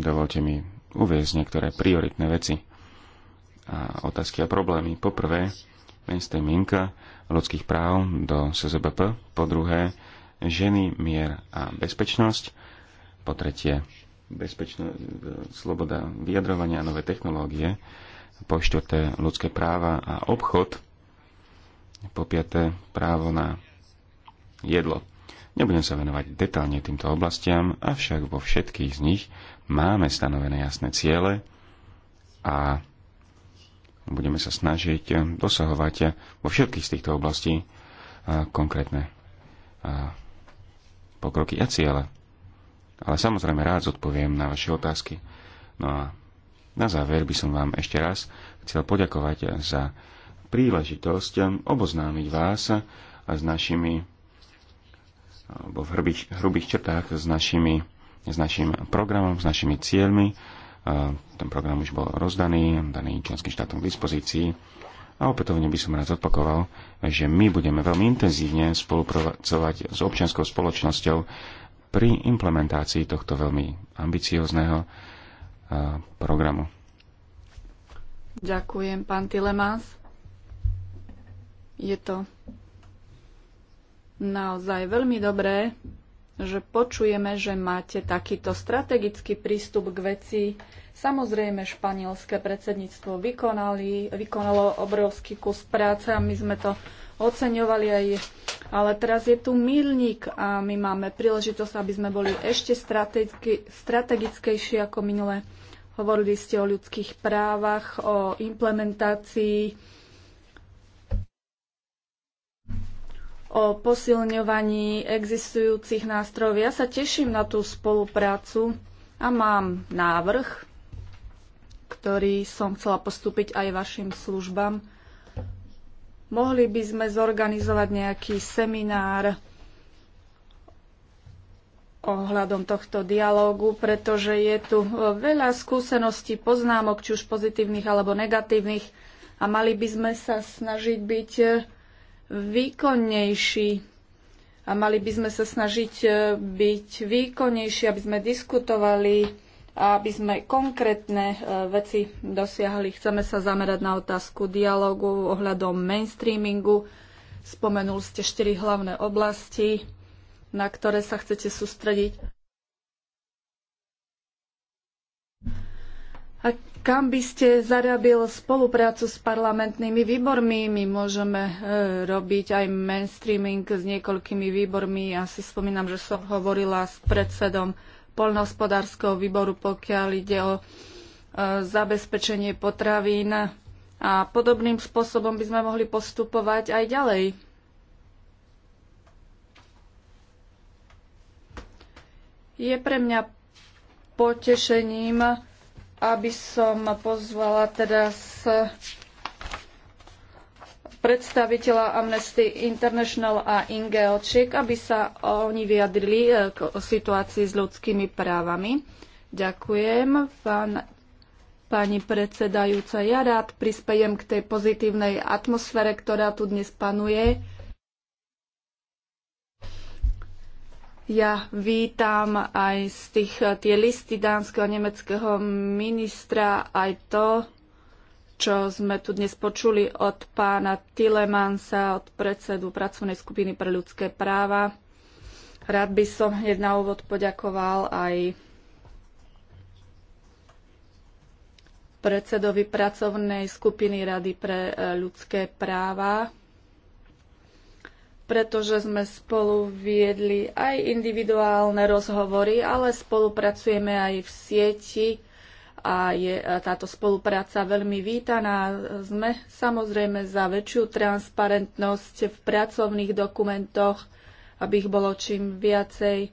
Dovolte mi uviezť niektoré prioritné veci a otázky a problémy. Poprvé, mainstreaming ľudských práv do SZBP. Po druhé, ženy, mier a bezpečnosť. Po tretie, bezpečná sloboda vyjadrovania a nové technológie, po štvrté ľudské práva a obchod, po piaté právo na jedlo. Nebudem sa venovať detálne týmto oblastiam, avšak vo všetkých z nich máme stanovené jasné ciele a budeme sa snažiť dosahovať vo všetkých z týchto oblastí konkrétne pokroky a ciele ale samozrejme rád zodpoviem na vaše otázky. No a na záver by som vám ešte raz chcel poďakovať za príležitosť oboznámiť vás a s našimi alebo v hrubých, hrubých črtách s, našimi, s našim programom, s našimi cieľmi. Ten program už bol rozdaný, daný členským štátom k dispozícii. A opätovne by som rád zopakoval, že my budeme veľmi intenzívne spolupracovať s občianskou spoločnosťou pri implementácii tohto veľmi ambiciozného programu.
Ďakujem, pán Tilemás. Je to naozaj veľmi dobré, že počujeme, že máte takýto strategický prístup k veci. Samozrejme, španielské predsedníctvo vykonali, vykonalo obrovský kus práce a my sme to oceňovali aj ale teraz je tu milník a my máme príležitosť, aby sme boli ešte strategicky, strategickejší ako minule. Hovorili ste o ľudských právach, o implementácii, o posilňovaní existujúcich nástrojov. Ja sa teším na tú spoluprácu a mám návrh, ktorý som chcela postúpiť aj vašim službám Mohli by sme zorganizovať nejaký seminár ohľadom tohto dialógu, pretože je tu e, veľa skúseností, poznámok, či už pozitívnych alebo negatívnych a mali by sme sa snažiť byť e, výkonnejší a mali by sme sa snažiť e, byť výkonnejší, aby sme diskutovali aby sme konkrétne e, veci dosiahli. Chceme sa zamerať na otázku dialogu ohľadom mainstreamingu. Spomenul ste štyri hlavné oblasti, na ktoré sa chcete sústrediť. A kam by ste zarabil spoluprácu s parlamentnými výbormi? My môžeme e, robiť aj mainstreaming s niekoľkými výbormi. Ja si spomínam, že som hovorila s predsedom poľnohospodárskeho výboru, pokiaľ ide o e, zabezpečenie potravín a podobným spôsobom by sme mohli postupovať aj ďalej. Je pre mňa potešením, aby som pozvala teraz predstaviteľa Amnesty International a Inge Očik, aby sa oni vyjadrili eh, k situácii s ľudskými právami. Ďakujem, pán, pani predsedajúca. Ja rád prispejem k tej pozitívnej atmosfére, ktorá tu dnes panuje. Ja vítam aj z tých tie listy dánskeho a nemeckého ministra, aj to, čo sme tu dnes počuli od pána Tilemansa, od predsedu pracovnej skupiny pre ľudské práva. Rád by som hneď na úvod poďakoval aj predsedovi pracovnej skupiny Rady pre e, ľudské práva, pretože sme spolu viedli aj individuálne rozhovory, ale spolupracujeme aj v sieti a je e, táto spolupráca veľmi vítaná. Sme samozrejme za väčšiu transparentnosť v pracovných dokumentoch, aby ich bolo čím viacej. E,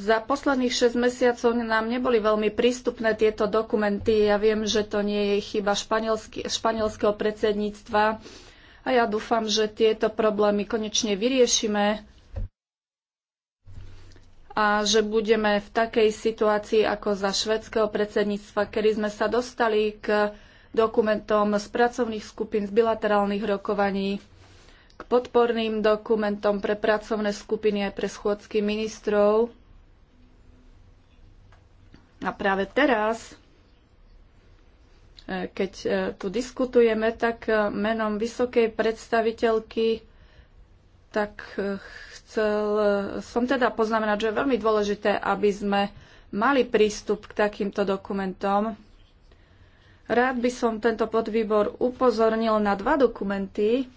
za posledných 6 mesiacov nám neboli veľmi prístupné tieto dokumenty. Ja viem, že to nie je chyba španielského predsedníctva a ja dúfam, že tieto problémy konečne vyriešime a že budeme v takej situácii ako za švedského predsedníctva, kedy sme sa dostali k dokumentom z pracovných skupín, z bilaterálnych rokovaní, k podporným dokumentom pre pracovné skupiny aj pre schôdsky ministrov. A práve teraz, eh, keď eh, tu diskutujeme, tak eh, menom vysokej predstaviteľky tak eh, chcel eh, som teda poznamenať, že je veľmi dôležité, aby sme mali prístup k takýmto dokumentom. Rád by som tento podvýbor upozornil na dva dokumenty.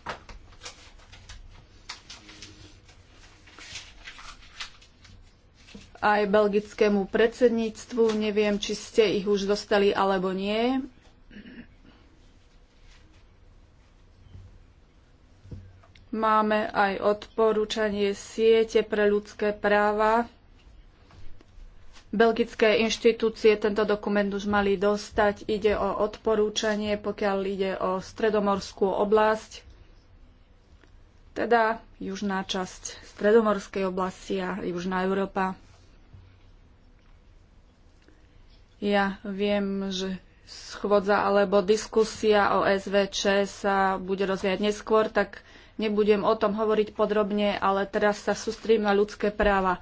Aj belgickému predsedníctvu, neviem, či ste ich už dostali alebo nie. Máme aj odporúčanie siete pre ľudské práva. Belgické inštitúcie tento dokument už mali dostať. Ide o odporúčanie, pokiaľ ide o stredomorskú oblasť, teda južná časť stredomorskej oblasti a južná Európa. Ja viem, že schôdza alebo diskusia o SVČ sa bude rozvíjať neskôr, tak Nebudem o tom hovoriť podrobne, ale teraz sa sústrím na ľudské práva.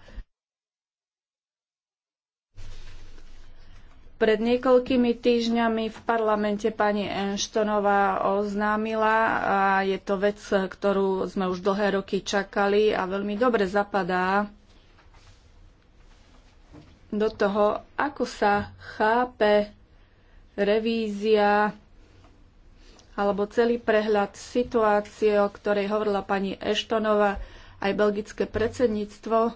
Pred niekoľkými týždňami v parlamente pani Enštonová oznámila a je to vec, ktorú sme už dlhé roky čakali a veľmi dobre zapadá do toho, ako sa chápe revízia alebo celý prehľad situácie, o ktorej hovorila pani Eštonova, aj belgické predsedníctvo.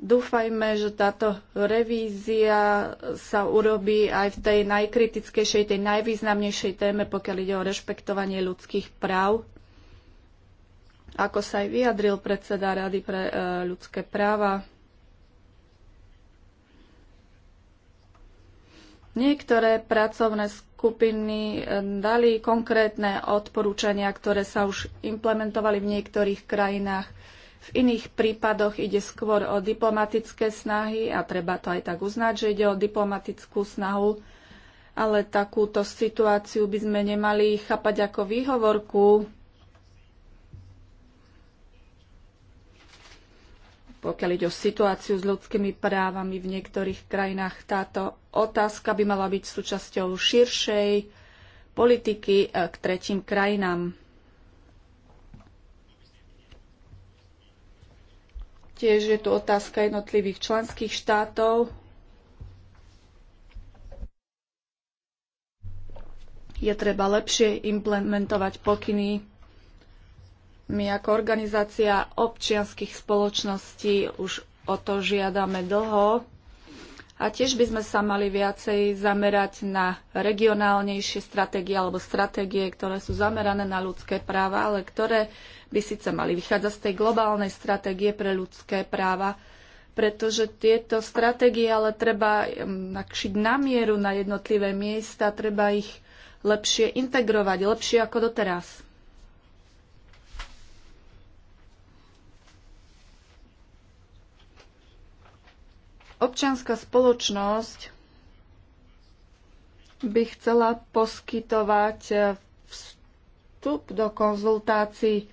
Dúfajme, že táto revízia sa urobí aj v tej najkritickejšej, tej najvýznamnejšej téme, pokiaľ ide o rešpektovanie ľudských práv. Ako sa aj vyjadril predseda Rady pre e, ľudské práva, Niektoré pracovné skupiny skupiny e, dali konkrétne odporúčania, ktoré sa už implementovali v niektorých krajinách. V iných prípadoch ide skôr o diplomatické snahy a treba to aj tak uznať, že ide o diplomatickú snahu, ale takúto situáciu by sme nemali chápať ako výhovorku Pokiaľ ide o situáciu s ľudskými právami v niektorých krajinách, táto otázka by mala byť súčasťou širšej politiky e, k tretím krajinám. Tiež je tu otázka jednotlivých členských štátov. Je treba lepšie implementovať pokyny my ako organizácia občianských spoločností už o to žiadame dlho a tiež by sme sa mali viacej zamerať na regionálnejšie stratégie alebo stratégie, ktoré sú zamerané na ľudské práva, ale ktoré by síce mali vychádzať z tej globálnej stratégie pre ľudské práva, pretože tieto stratégie ale treba nakšiť na mieru na jednotlivé miesta, treba ich lepšie integrovať, lepšie ako doteraz. Občianská spoločnosť by chcela poskytovať eh, vstup do konzultácií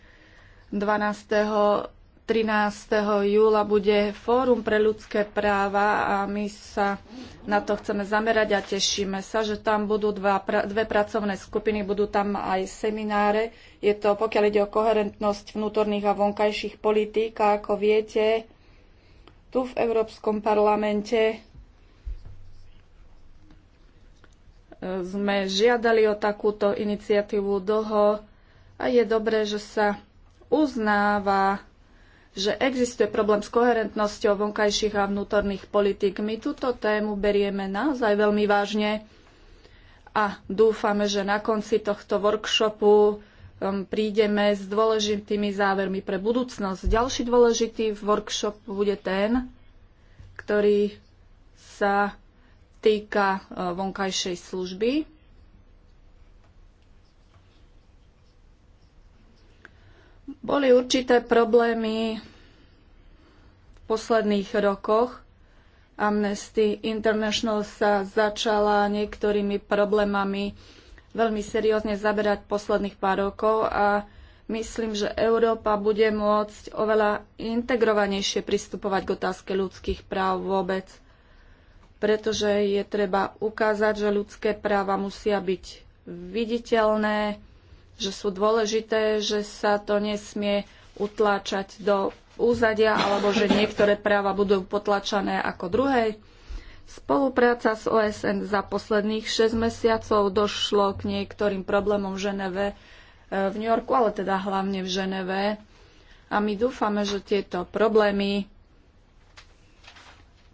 12. 13. júla bude Fórum pre ľudské práva a my sa na to chceme zamerať a tešíme sa, že tam budú dva, dve pracovné skupiny, budú tam aj semináre. Je to, pokiaľ ide o koherentnosť vnútorných a vonkajších politík a ako viete, tu v Európskom parlamente sme žiadali o takúto iniciatívu dlho a je dobré, že sa uznáva, že existuje problém s koherentnosťou vonkajších a vnútorných politik. My túto tému berieme naozaj veľmi vážne a dúfame, že na konci tohto workshopu Um, prídeme s dôležitými závermi pre budúcnosť. Ďalší dôležitý workshop bude ten, ktorý sa týka uh, vonkajšej služby. Boli určité problémy v posledných rokoch. Amnesty International sa začala niektorými problémami veľmi seriózne zaberať posledných pár rokov a myslím, že Európa bude môcť oveľa integrovanejšie pristupovať k otázke ľudských práv vôbec, pretože je treba ukázať, že ľudské práva musia byť viditeľné, že sú dôležité, že sa to nesmie utláčať do úzadia alebo že niektoré práva budú potlačané ako druhé. Spolupráca s OSN za posledných 6 mesiacov došlo k niektorým problémom v Ženeve, e, v New Yorku, ale teda hlavne v Ženeve. A my dúfame, že tieto problémy,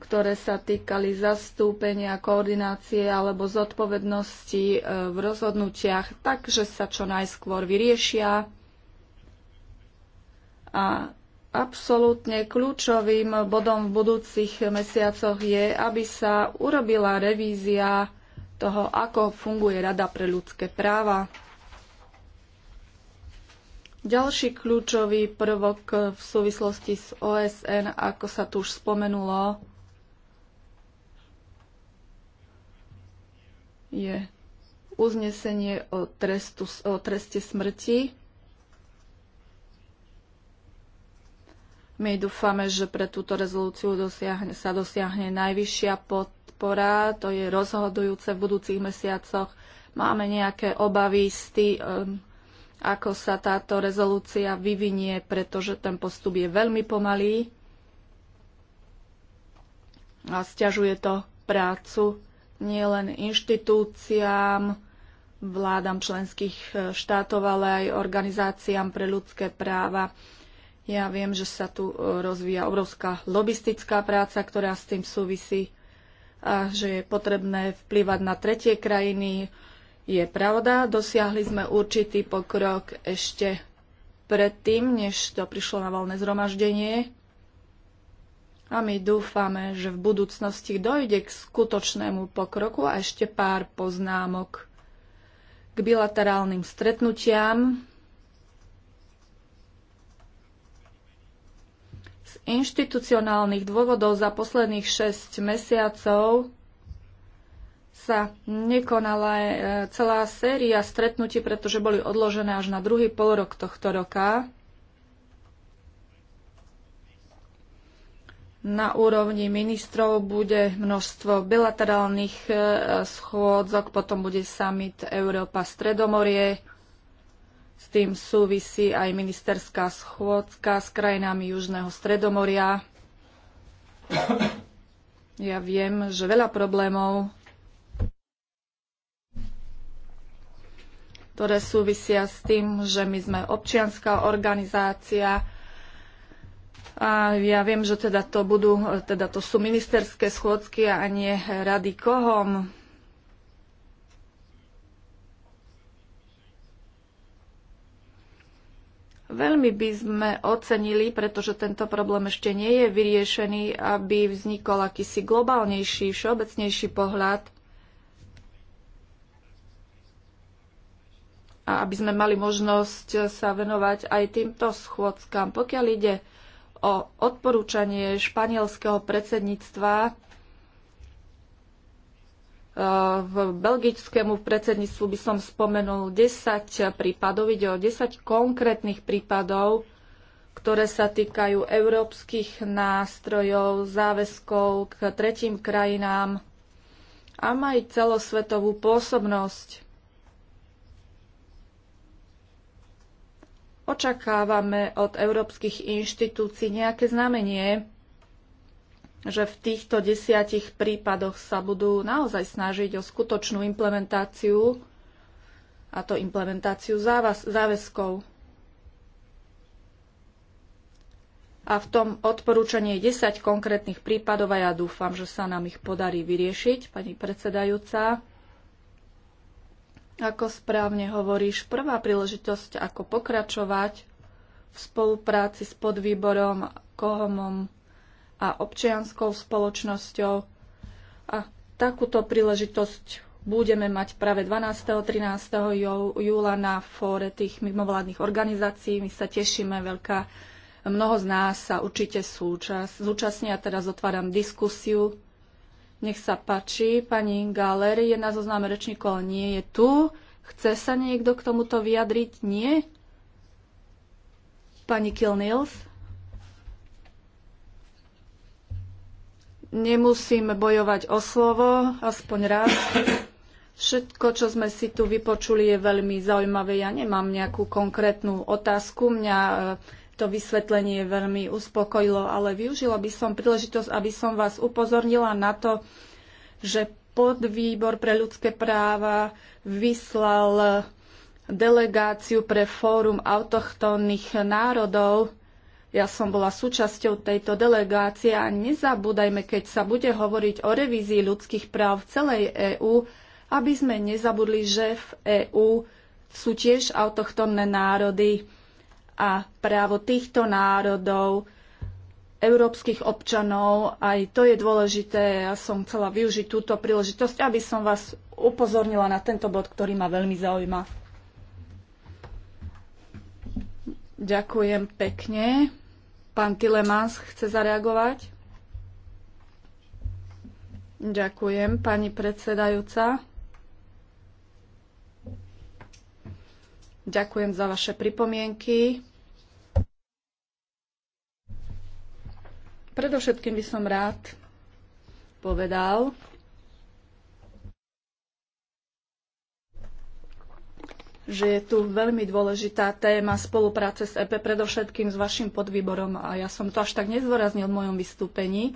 ktoré sa týkali zastúpenia, koordinácie alebo zodpovednosti e, v rozhodnutiach, takže sa čo najskôr vyriešia a Absolútne kľúčovým bodom v budúcich mesiacoch je, aby sa urobila revízia toho, ako funguje Rada pre ľudské práva. Ďalší kľúčový prvok v súvislosti s OSN, ako sa tu už spomenulo, je uznesenie o, trestu, o treste smrti. My dúfame, že pre túto rezolúciu dosiahne, sa dosiahne najvyššia podpora, to je rozhodujúce v budúcich mesiacoch. Máme nejaké obavy z tý, um, ako sa táto rezolúcia vyvinie, pretože ten postup je veľmi pomalý a stiažuje to prácu nielen inštitúciám, vládam členských e, štátov, ale aj organizáciám pre ľudské práva. Ja viem, že sa tu e, rozvíja obrovská lobistická práca, ktorá s tým súvisí a že je potrebné vplyvať na tretie krajiny. Je pravda, dosiahli sme určitý pokrok ešte predtým, než to prišlo na voľné zhromaždenie. A my dúfame, že v budúcnosti dojde k skutočnému pokroku a ešte pár poznámok k bilaterálnym stretnutiam inštitucionálnych dôvodov za posledných 6 mesiacov sa nekonala e, celá séria stretnutí, pretože boli odložené až na druhý polrok tohto roka. Na úrovni ministrov bude množstvo bilaterálnych e, schôdzok, potom bude summit Európa Stredomorie, s tým súvisí aj ministerská schôdka s krajinami Južného Stredomoria. Ja viem, že veľa problémov, ktoré súvisia s tým, že my sme občianská organizácia, a ja viem, že teda to budú, teda to sú ministerské schôdzky a nie rady kohom. Veľmi by sme ocenili, pretože tento problém ešte nie je vyriešený, aby vznikol akýsi globálnejší, všeobecnejší pohľad a aby sme mali možnosť sa venovať aj týmto schôdzkam. Pokiaľ ide o odporúčanie španielského predsedníctva Eh, v belgickému predsedníctvu by som spomenul 10 prípadov, ide o 10 konkrétnych prípadov, ktoré sa týkajú európskych nástrojov, záväzkov k tretím krajinám a majú celosvetovú pôsobnosť. Očakávame od európskych inštitúcií nejaké znamenie, že v týchto desiatich prípadoch sa budú naozaj snažiť o skutočnú implementáciu, a to implementáciu závaz, záväzkov. A v tom odporúčaní je 10 konkrétnych prípadov a ja dúfam, že sa nám ich podarí vyriešiť, pani predsedajúca. Ako správne hovoríš, prvá príležitosť, ako pokračovať v spolupráci s podvýborom, kohomom, a občianskou spoločnosťou. A takúto príležitosť budeme mať práve 12. 13. júla na fóre tých mimovládnych organizácií. My sa tešíme, veľká mnoho z nás sa určite súčas, zúčastní a teraz otváram diskusiu. Nech sa páči, pani Galer je na zozname rečníkov, nie je tu. Chce sa niekto k tomuto vyjadriť? Nie? Pani Kilnils? nemusím bojovať o slovo, aspoň raz. Všetko, čo sme si tu vypočuli, je veľmi zaujímavé. Ja nemám nejakú konkrétnu otázku. Mňa e, to vysvetlenie veľmi uspokojilo, ale využila by som príležitosť, aby som vás upozornila na to, že podvýbor pre ľudské práva vyslal delegáciu pre fórum autochtónnych národov ja som bola súčasťou tejto delegácie a nezabúdajme, keď sa bude hovoriť o revízii ľudských práv v celej EÚ, aby sme nezabudli, že v EÚ sú tiež autochtónne národy a právo týchto národov, európskych občanov, aj to je dôležité. Ja som chcela využiť túto príležitosť, aby som vás upozornila na tento bod, ktorý ma veľmi zaujíma. Ďakujem pekne. Pán Tilemans chce zareagovať? Ďakujem, pani predsedajúca. Ďakujem za vaše pripomienky. Predovšetkým by som rád povedal, že je tu veľmi dôležitá téma spolupráce s EP, predovšetkým s vašim podvýborom a ja som to až tak nezdôraznil v mojom vystúpení.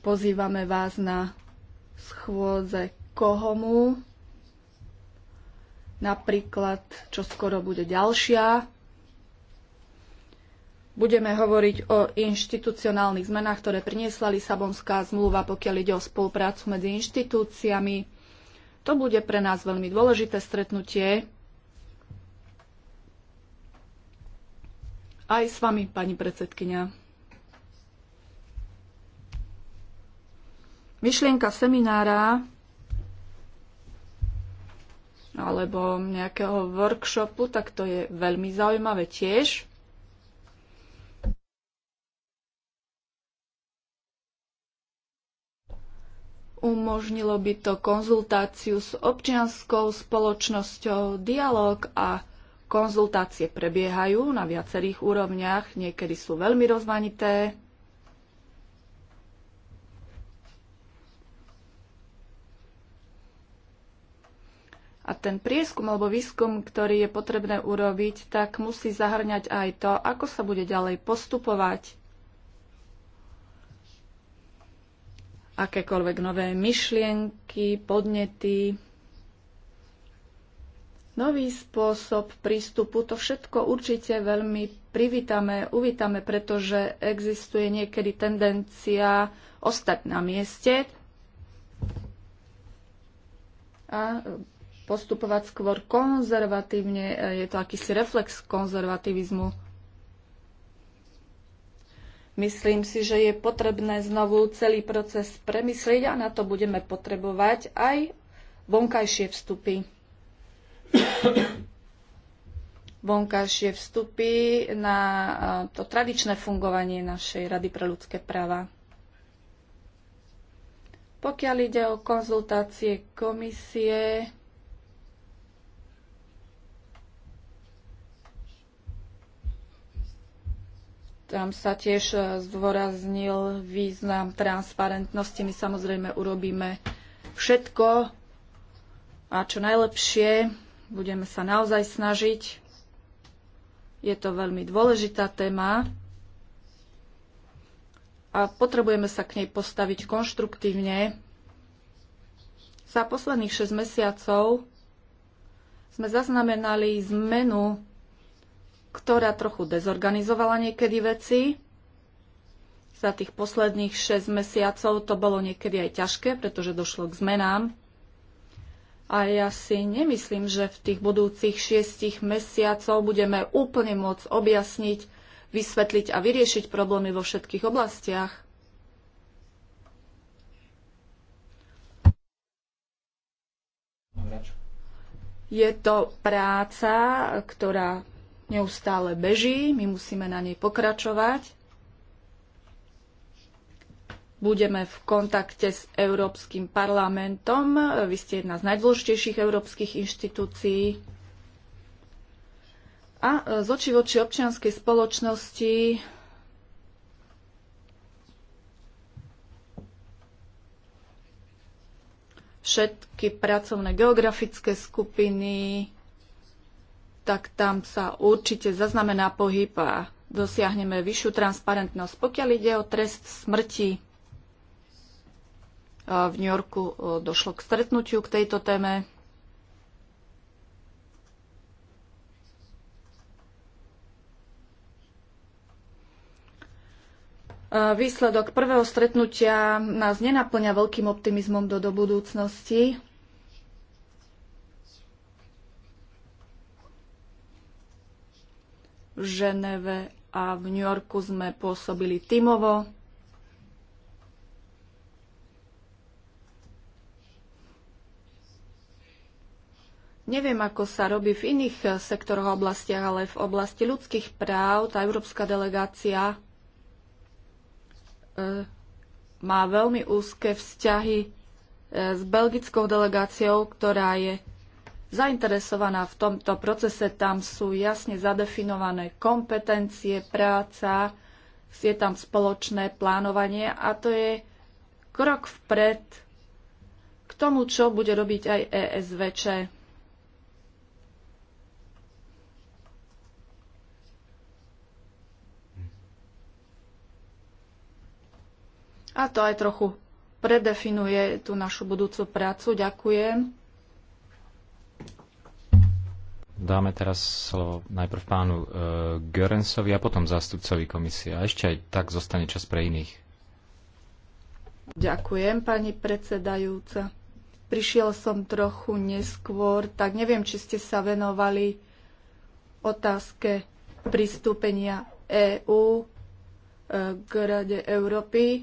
Pozývame vás na schôdze Kohomu, napríklad, čo skoro bude ďalšia. Budeme hovoriť o inštitucionálnych zmenách, ktoré priniesla Lisabonská zmluva, pokiaľ ide o spoluprácu medzi inštitúciami to bude pre nás veľmi dôležité stretnutie. Aj s vami, pani predsedkynia. Myšlienka seminára alebo nejakého workshopu, tak to je veľmi zaujímavé tiež. umožnilo by to konzultáciu s občianskou spoločnosťou, dialog a konzultácie prebiehajú na viacerých úrovniach, niekedy sú veľmi rozmanité. A ten prieskum alebo výskum, ktorý je potrebné urobiť, tak musí zahrňať aj to, ako sa bude ďalej postupovať akékoľvek nové myšlienky, podnety, nový spôsob prístupu. To všetko určite veľmi privítame, uvítame, pretože existuje niekedy tendencia ostať na mieste a postupovať skôr konzervatívne. Je to akýsi reflex konzervativizmu. Myslím si, že je potrebné znovu celý proces premyslieť a na to budeme potrebovať aj vonkajšie vstupy. vonkajšie vstupy na to tradičné fungovanie našej Rady pre ľudské práva. Pokiaľ ide o konzultácie komisie, Tam sa tiež e, zdôraznil význam transparentnosti. My samozrejme urobíme všetko a čo najlepšie. Budeme sa naozaj snažiť. Je to veľmi dôležitá téma a potrebujeme sa k nej postaviť konštruktívne. Za posledných 6 mesiacov sme zaznamenali zmenu ktorá trochu dezorganizovala niekedy veci. Za tých posledných 6 mesiacov to bolo niekedy aj ťažké, pretože došlo k zmenám. A ja si nemyslím, že v tých budúcich 6 mesiacov budeme úplne môcť objasniť, vysvetliť a vyriešiť problémy vo všetkých oblastiach. Je to práca, ktorá neustále beží, my musíme na nej pokračovať. Budeme v kontakte s Európskym parlamentom. Vy ste jedna z najdôležitejších európskych inštitúcií. A z očí voči občianskej spoločnosti všetky pracovné geografické skupiny, tak tam sa určite zaznamená pohyb a dosiahneme vyššiu transparentnosť. Pokiaľ ide o trest smrti, v New Yorku e, došlo k stretnutiu k tejto téme. Výsledok prvého stretnutia nás nenaplňa veľkým optimizmom do, do budúcnosti. V Ženeve a v New Yorku sme pôsobili tímovo. Neviem, ako sa robí v iných sektoroch oblastiach, ale v oblasti ľudských práv tá európska delegácia e, má veľmi úzke vzťahy e, s belgickou delegáciou, ktorá je zainteresovaná v tomto procese. Tam sú jasne zadefinované kompetencie, práca, je tam spoločné plánovanie a to je krok vpred k tomu, čo bude robiť aj ESVČ. A to aj trochu predefinuje tú našu budúcu prácu. Ďakujem.
Dáme teraz slovo najprv pánu e, Görensovi a potom zástupcovi komisie. A ešte aj tak zostane čas pre iných.
Ďakujem, pani predsedajúca. Prišiel som trochu neskôr, tak neviem, či ste sa venovali otázke pristúpenia EÚ e, k Rade Európy e,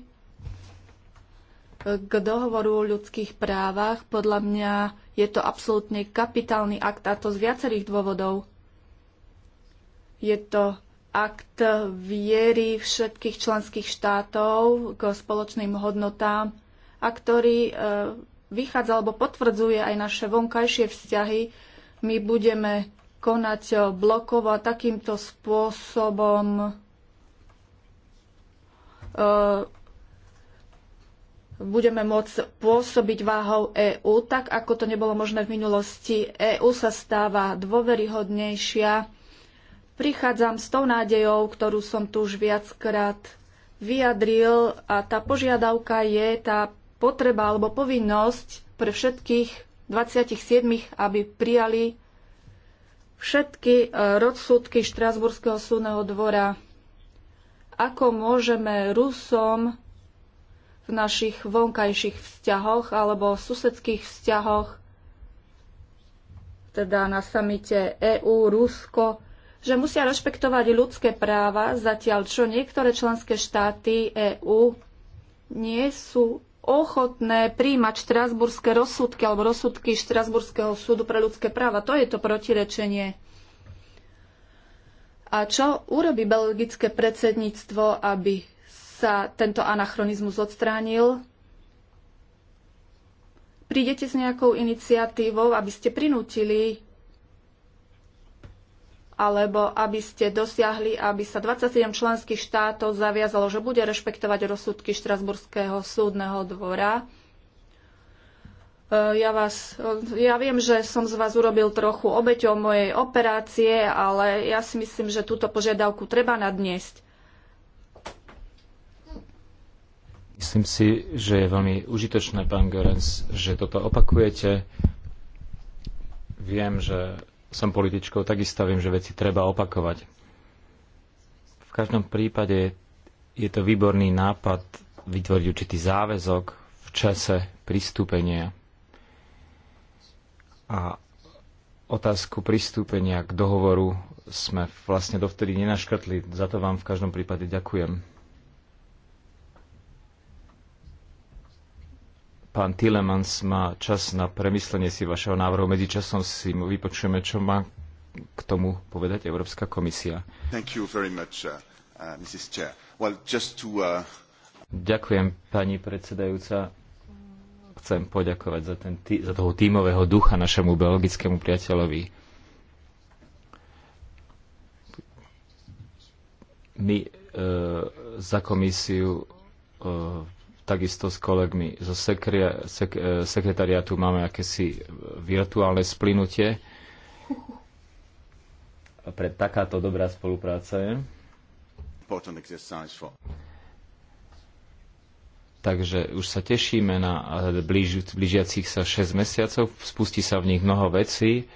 k dohovoru o ľudských právach. Podľa mňa je to absolútne kapitálny akt a to z viacerých dôvodov. Je to akt viery všetkých členských štátov k spoločným hodnotám a ktorý e, vychádza alebo potvrdzuje aj naše vonkajšie vzťahy. My budeme konať blokovo a takýmto spôsobom e, budeme môcť pôsobiť váhou EÚ, tak ako to nebolo možné v minulosti. EÚ sa stáva dôveryhodnejšia. Prichádzam s tou nádejou, ktorú som tu už viackrát vyjadril a tá požiadavka je tá potreba alebo povinnosť pre všetkých 27, aby prijali všetky e, rozsudky Štrasburského súdneho dvora. Ako môžeme Rusom v našich vonkajších vzťahoch alebo susedských vzťahoch, teda na samite EÚ, Rusko, že musia rešpektovať ľudské práva, zatiaľ čo niektoré členské štáty EÚ nie sú ochotné príjmať štrasburské rozsudky alebo rozsudky Štrasburského súdu pre ľudské práva. To je to protirečenie. A čo urobí belgické predsedníctvo, aby sa tento anachronizmus odstránil. Prídete s nejakou iniciatívou, aby ste prinútili alebo aby ste dosiahli, aby sa 27 členských štátov zaviazalo, že bude rešpektovať rozsudky Štrasburského súdneho dvora. E, ja, vás, e, ja viem, že som z vás urobil trochu obeťou mojej operácie, ale ja si myslím, že túto požiadavku treba nadniesť.
Myslím si, že je veľmi užitočné, pán Görens, že toto opakujete. Viem, že som političkou, takisto viem, že veci treba opakovať. V každom prípade je to výborný nápad vytvoriť určitý záväzok v čase pristúpenia. A otázku pristúpenia k dohovoru sme vlastne dovtedy nenaškrtli. Za to vám v každom prípade ďakujem. Pán Tilemans má čas na premyslenie si vašeho návrhu. Medzičasom si mu vypočujeme, čo má k tomu povedať Európska komisia.
Much, uh, uh well, to, uh...
Ďakujem, pani predsedajúca. Chcem poďakovať za, ten, za toho tímového ducha našemu biologickému priateľovi. My e, za komisiu uh, Takisto s kolegmi zo sekre, sek, e, sekretariátu máme akési virtuálne splynutie. Pre takáto dobrá spolupráca je. Takže už sa tešíme na blíž, blížiacich sa 6 mesiacov, spustí sa v nich mnoho vecí.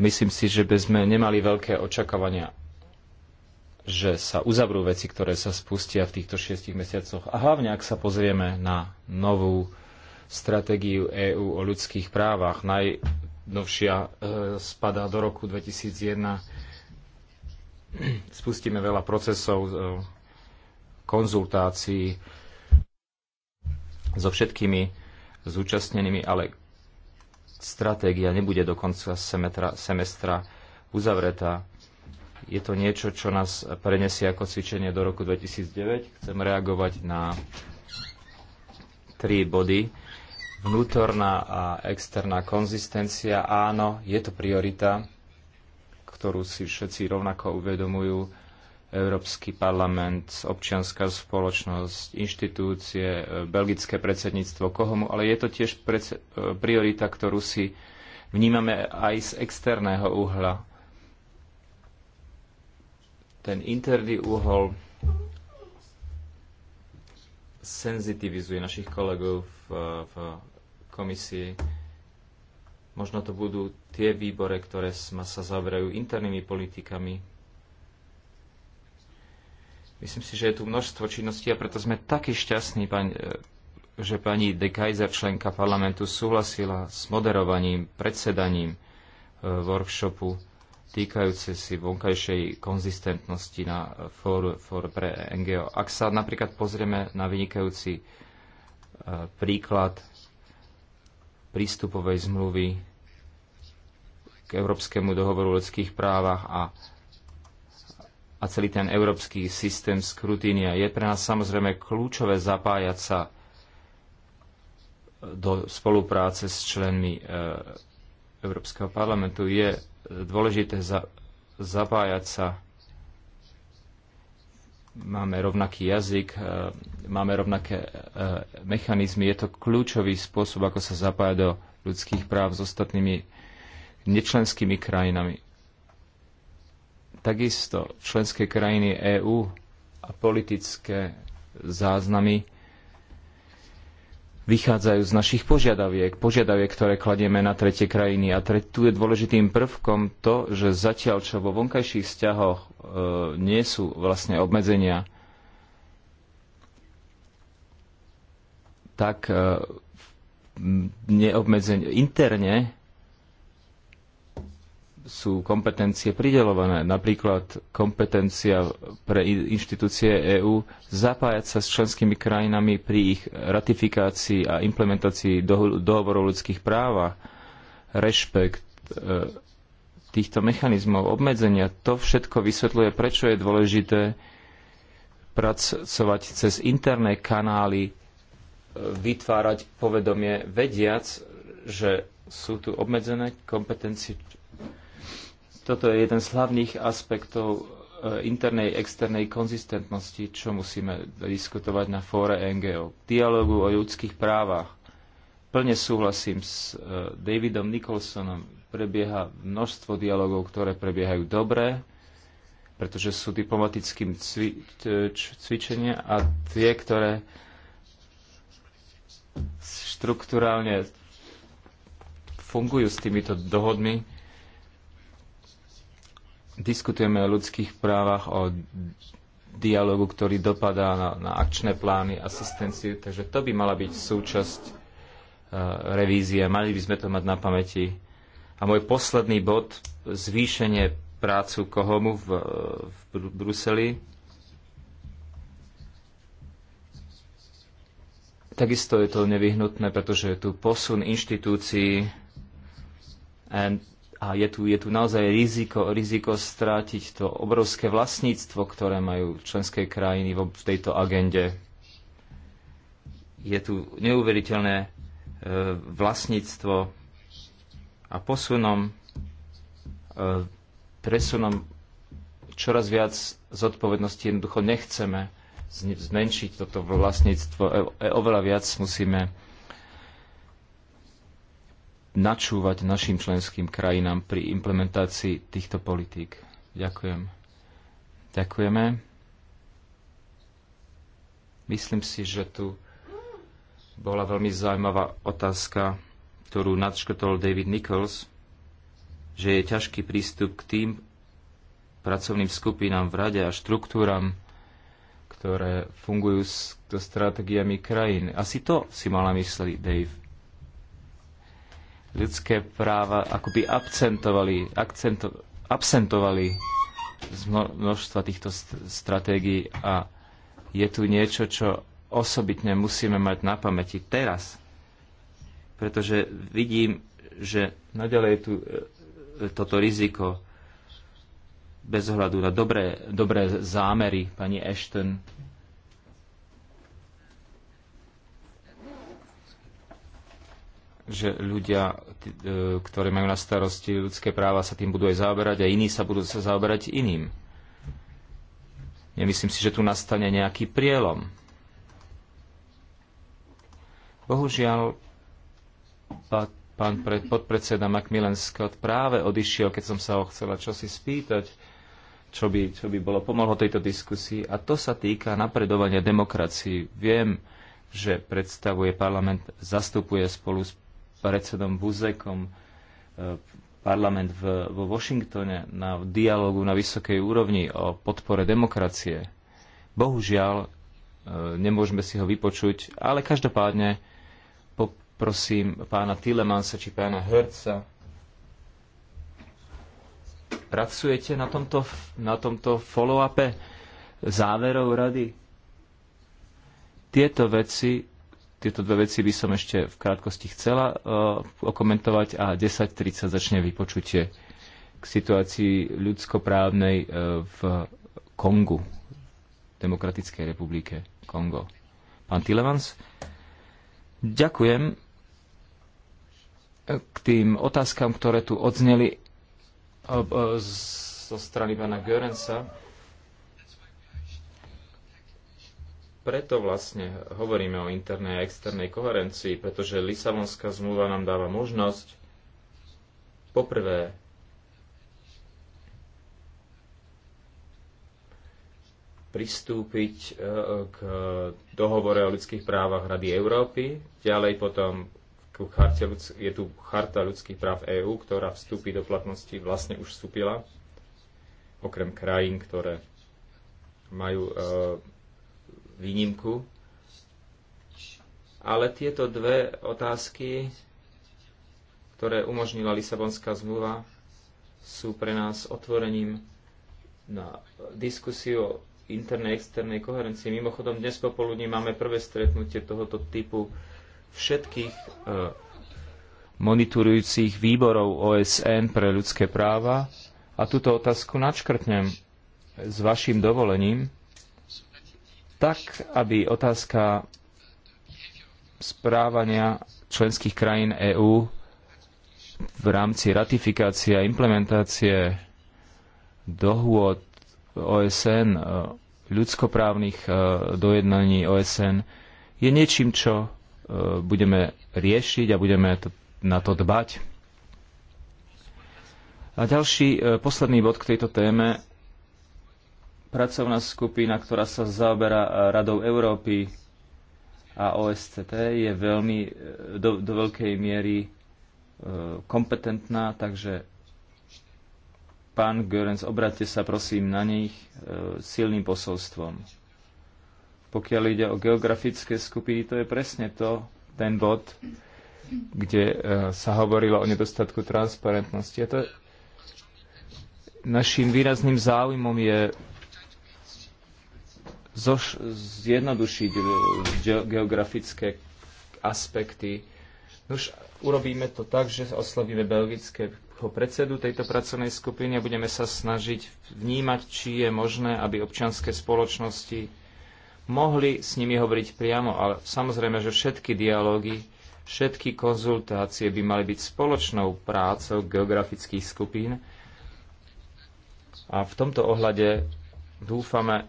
Myslím si, že by sme nemali veľké očakávania že sa uzavrú veci, ktoré sa spustia v týchto šiestich mesiacoch. A hlavne, ak sa pozrieme na novú stratégiu EÚ o ľudských právach, najnovšia e, spadá do roku 2001. Spustíme veľa procesov, e, konzultácií so všetkými zúčastnenými, ale stratégia nebude do konca semestra, semestra uzavretá je to niečo, čo nás prenesie ako cvičenie do roku 2009. Chcem reagovať na tri body. Vnútorná a externá konzistencia. Áno, je to priorita, ktorú si všetci rovnako uvedomujú. Európsky parlament, občianská spoločnosť, inštitúcie, e, belgické predsedníctvo, kohomu, ale je to tiež e, priorita, ktorú si vnímame aj z externého uhla ten interný úhol senzitivizuje našich kolegov v, v komisii. Možno to budú tie výbore, ktoré sa zaoberajú internými politikami. Myslím si, že je tu množstvo činností a preto sme takí šťastní, pani, že pani de Kaiser, členka parlamentu, súhlasila s moderovaním, predsedaním e, workshopu týkajúce si vonkajšej konzistentnosti na fóru, eh, fóru pre NGO. Ak sa napríklad pozrieme na vynikajúci eh, príklad prístupovej zmluvy k Európskemu dohovoru o ľudských právach a, a celý ten európsky systém skrutínia. Je pre nás samozrejme kľúčové zapájať sa do spolupráce s členmi eh, Európskeho parlamentu. Je dôležité za, zapájať sa. Máme rovnaký jazyk, e, máme rovnaké e, mechanizmy. Je to kľúčový spôsob, ako sa zapája do ľudských práv s ostatnými nečlenskými krajinami. Takisto členské krajiny EÚ a politické záznamy vychádzajú z našich požiadaviek, požiadaviek, ktoré kladieme na tretie krajiny. A tre, tu je dôležitým prvkom to, že zatiaľ, čo vo vonkajších vzťahoch e, nie sú vlastne obmedzenia, tak e, neobmedzenie interne sú kompetencie pridelované. Napríklad kompetencia pre inštitúcie EÚ zapájať sa s členskými krajinami pri ich ratifikácii a implementácii dohovorov o ľudských právach, rešpekt e, týchto mechanizmov obmedzenia. To všetko vysvetľuje, prečo je dôležité pracovať cez interné kanály, e, vytvárať povedomie, vediac, že sú tu obmedzené kompetencie toto je jeden z hlavných aspektov eh, internej, externej konzistentnosti, čo musíme diskutovať na fóre NGO. Dialógu o ľudských právach. Plne súhlasím s eh, Davidom Nicholsonom. Prebieha množstvo dialogov, ktoré prebiehajú dobre, pretože sú diplomatickým cvi- cvičenia a tie, ktoré štruktúrálne fungujú s týmito dohodmi, Diskutujeme o ľudských právach, o dialogu, ktorý dopadá na, na akčné plány, asistenciu, takže to by mala byť súčasť e, revízie. Mali by sme to mať na pamäti. A môj posledný bod, zvýšenie prácu Kohomu v, v Bruseli. Takisto je to nevyhnutné, pretože je tu posun inštitúcií and a je tu, je tu naozaj riziko, riziko strátiť to obrovské vlastníctvo, ktoré majú členské krajiny v tejto agende. Je tu neuveriteľné e, vlastníctvo a posunom, e, presunom čoraz viac zodpovednosti jednoducho nechceme zmenšiť toto vlastníctvo. E, oveľa viac musíme načúvať našim členským krajinám pri implementácii týchto politík. Ďakujem. Ďakujeme. Myslím si, že tu bola veľmi zaujímavá otázka, ktorú nadškotol David Nichols, že je ťažký prístup k tým pracovným skupinám v rade a štruktúram, ktoré fungujú s stratégiami krajín. Asi to si mala mysliť Dave ľudské práva akoby absentovali, akcento, absentovali z množstva týchto stratégií a je tu niečo, čo osobitne musíme mať na pamäti teraz. Pretože vidím, že naďalej je tu e, toto riziko bez ohľadu na dobré, dobré zámery pani Ashton že ľudia, e, ktorí majú na starosti ľudské práva, sa tým budú aj zaoberať a iní sa budú sa zaoberať iným. Nemyslím si, že tu nastane nejaký prielom. Bohužiaľ, pán pred, podpredseda Macmillan Scott práve odišiel, keď som sa ho chcela čosi spýtať, čo by, čo by bolo pomohlo tejto diskusii. A to sa týka napredovania demokracii. Viem, že predstavuje parlament, zastupuje spolu s predsedom Buzekom e, parlament v, vo Washingtone na dialogu na vysokej úrovni o podpore demokracie. Bohužiaľ, e, nemôžeme si ho vypočuť, ale každopádne poprosím pána Tilemansa či pána Herca, pracujete na tomto, na tomto follow-upe záverov rady? Tieto veci tieto dve veci by som ešte v krátkosti chcela eh, okomentovať a 10.30 začne vypočutie k situácii ľudskoprávnej eh, v Kongu, Demokratickej republike Kongo. Pán Tilevans, ďakujem eh, k tým otázkam, ktoré tu odzneli zo strany pána Görensa Preto vlastne hovoríme o internej a externej koherencii, pretože Lisabonská zmluva nám dáva možnosť poprvé pristúpiť e, k dohovore o ľudských právach Rady Európy, ďalej potom je tu charta ľudských práv EÚ, ktorá vstúpi do platnosti, vlastne už vstúpila, okrem krajín, ktoré majú e, výnimku. Ale tieto dve otázky, ktoré umožnila Lisabonská zmluva, sú pre nás otvorením na diskusiu o internej externej koherencii. Mimochodom, dnes popoludní máme prvé stretnutie tohoto typu všetkých eh, monitorujúcich výborov OSN pre ľudské práva. A túto otázku načkrtnem s vašim dovolením tak, aby otázka správania členských krajín EÚ v rámci ratifikácie a implementácie dohôd OSN, e, ľudskoprávnych e, dojednaní OSN, je niečím, čo e, budeme riešiť a budeme na to dbať. A ďalší, posledný bod k tejto téme Pracovná skupina, ktorá sa zaoberá e, Radou Európy a OSCT, je veľmi e, do, do veľkej miery e, kompetentná, takže pán Görens, obráťte sa prosím na nich e, silným posolstvom. Pokiaľ ide o geografické skupiny, to je presne to, ten bod, kde e, sa hovorilo o nedostatku transparentnosti. A to našim výrazným záujmom je zoš- zjednodušiť geografické aspekty. Už urobíme to tak, že oslovíme belgické predsedu tejto pracovnej skupiny a budeme sa snažiť vnímať, či je možné, aby občianske spoločnosti mohli s nimi hovoriť priamo, ale samozrejme, že všetky dialógy, všetky konzultácie by mali byť spoločnou prácou geografických skupín. A v tomto ohľade dúfame,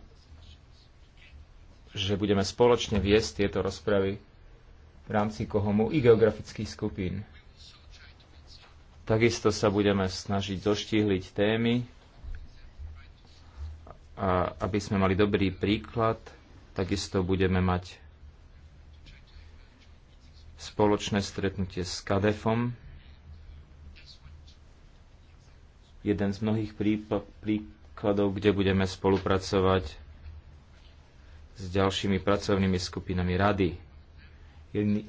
že budeme spoločne viesť tieto rozpravy v rámci kohomu i geografických skupín. Takisto sa budeme snažiť zoštíhliť témy, a aby sme mali dobrý príklad, takisto budeme mať spoločné stretnutie s Kadefom, jeden z mnohých príkladov, kde budeme spolupracovať s ďalšími pracovnými skupinami rady.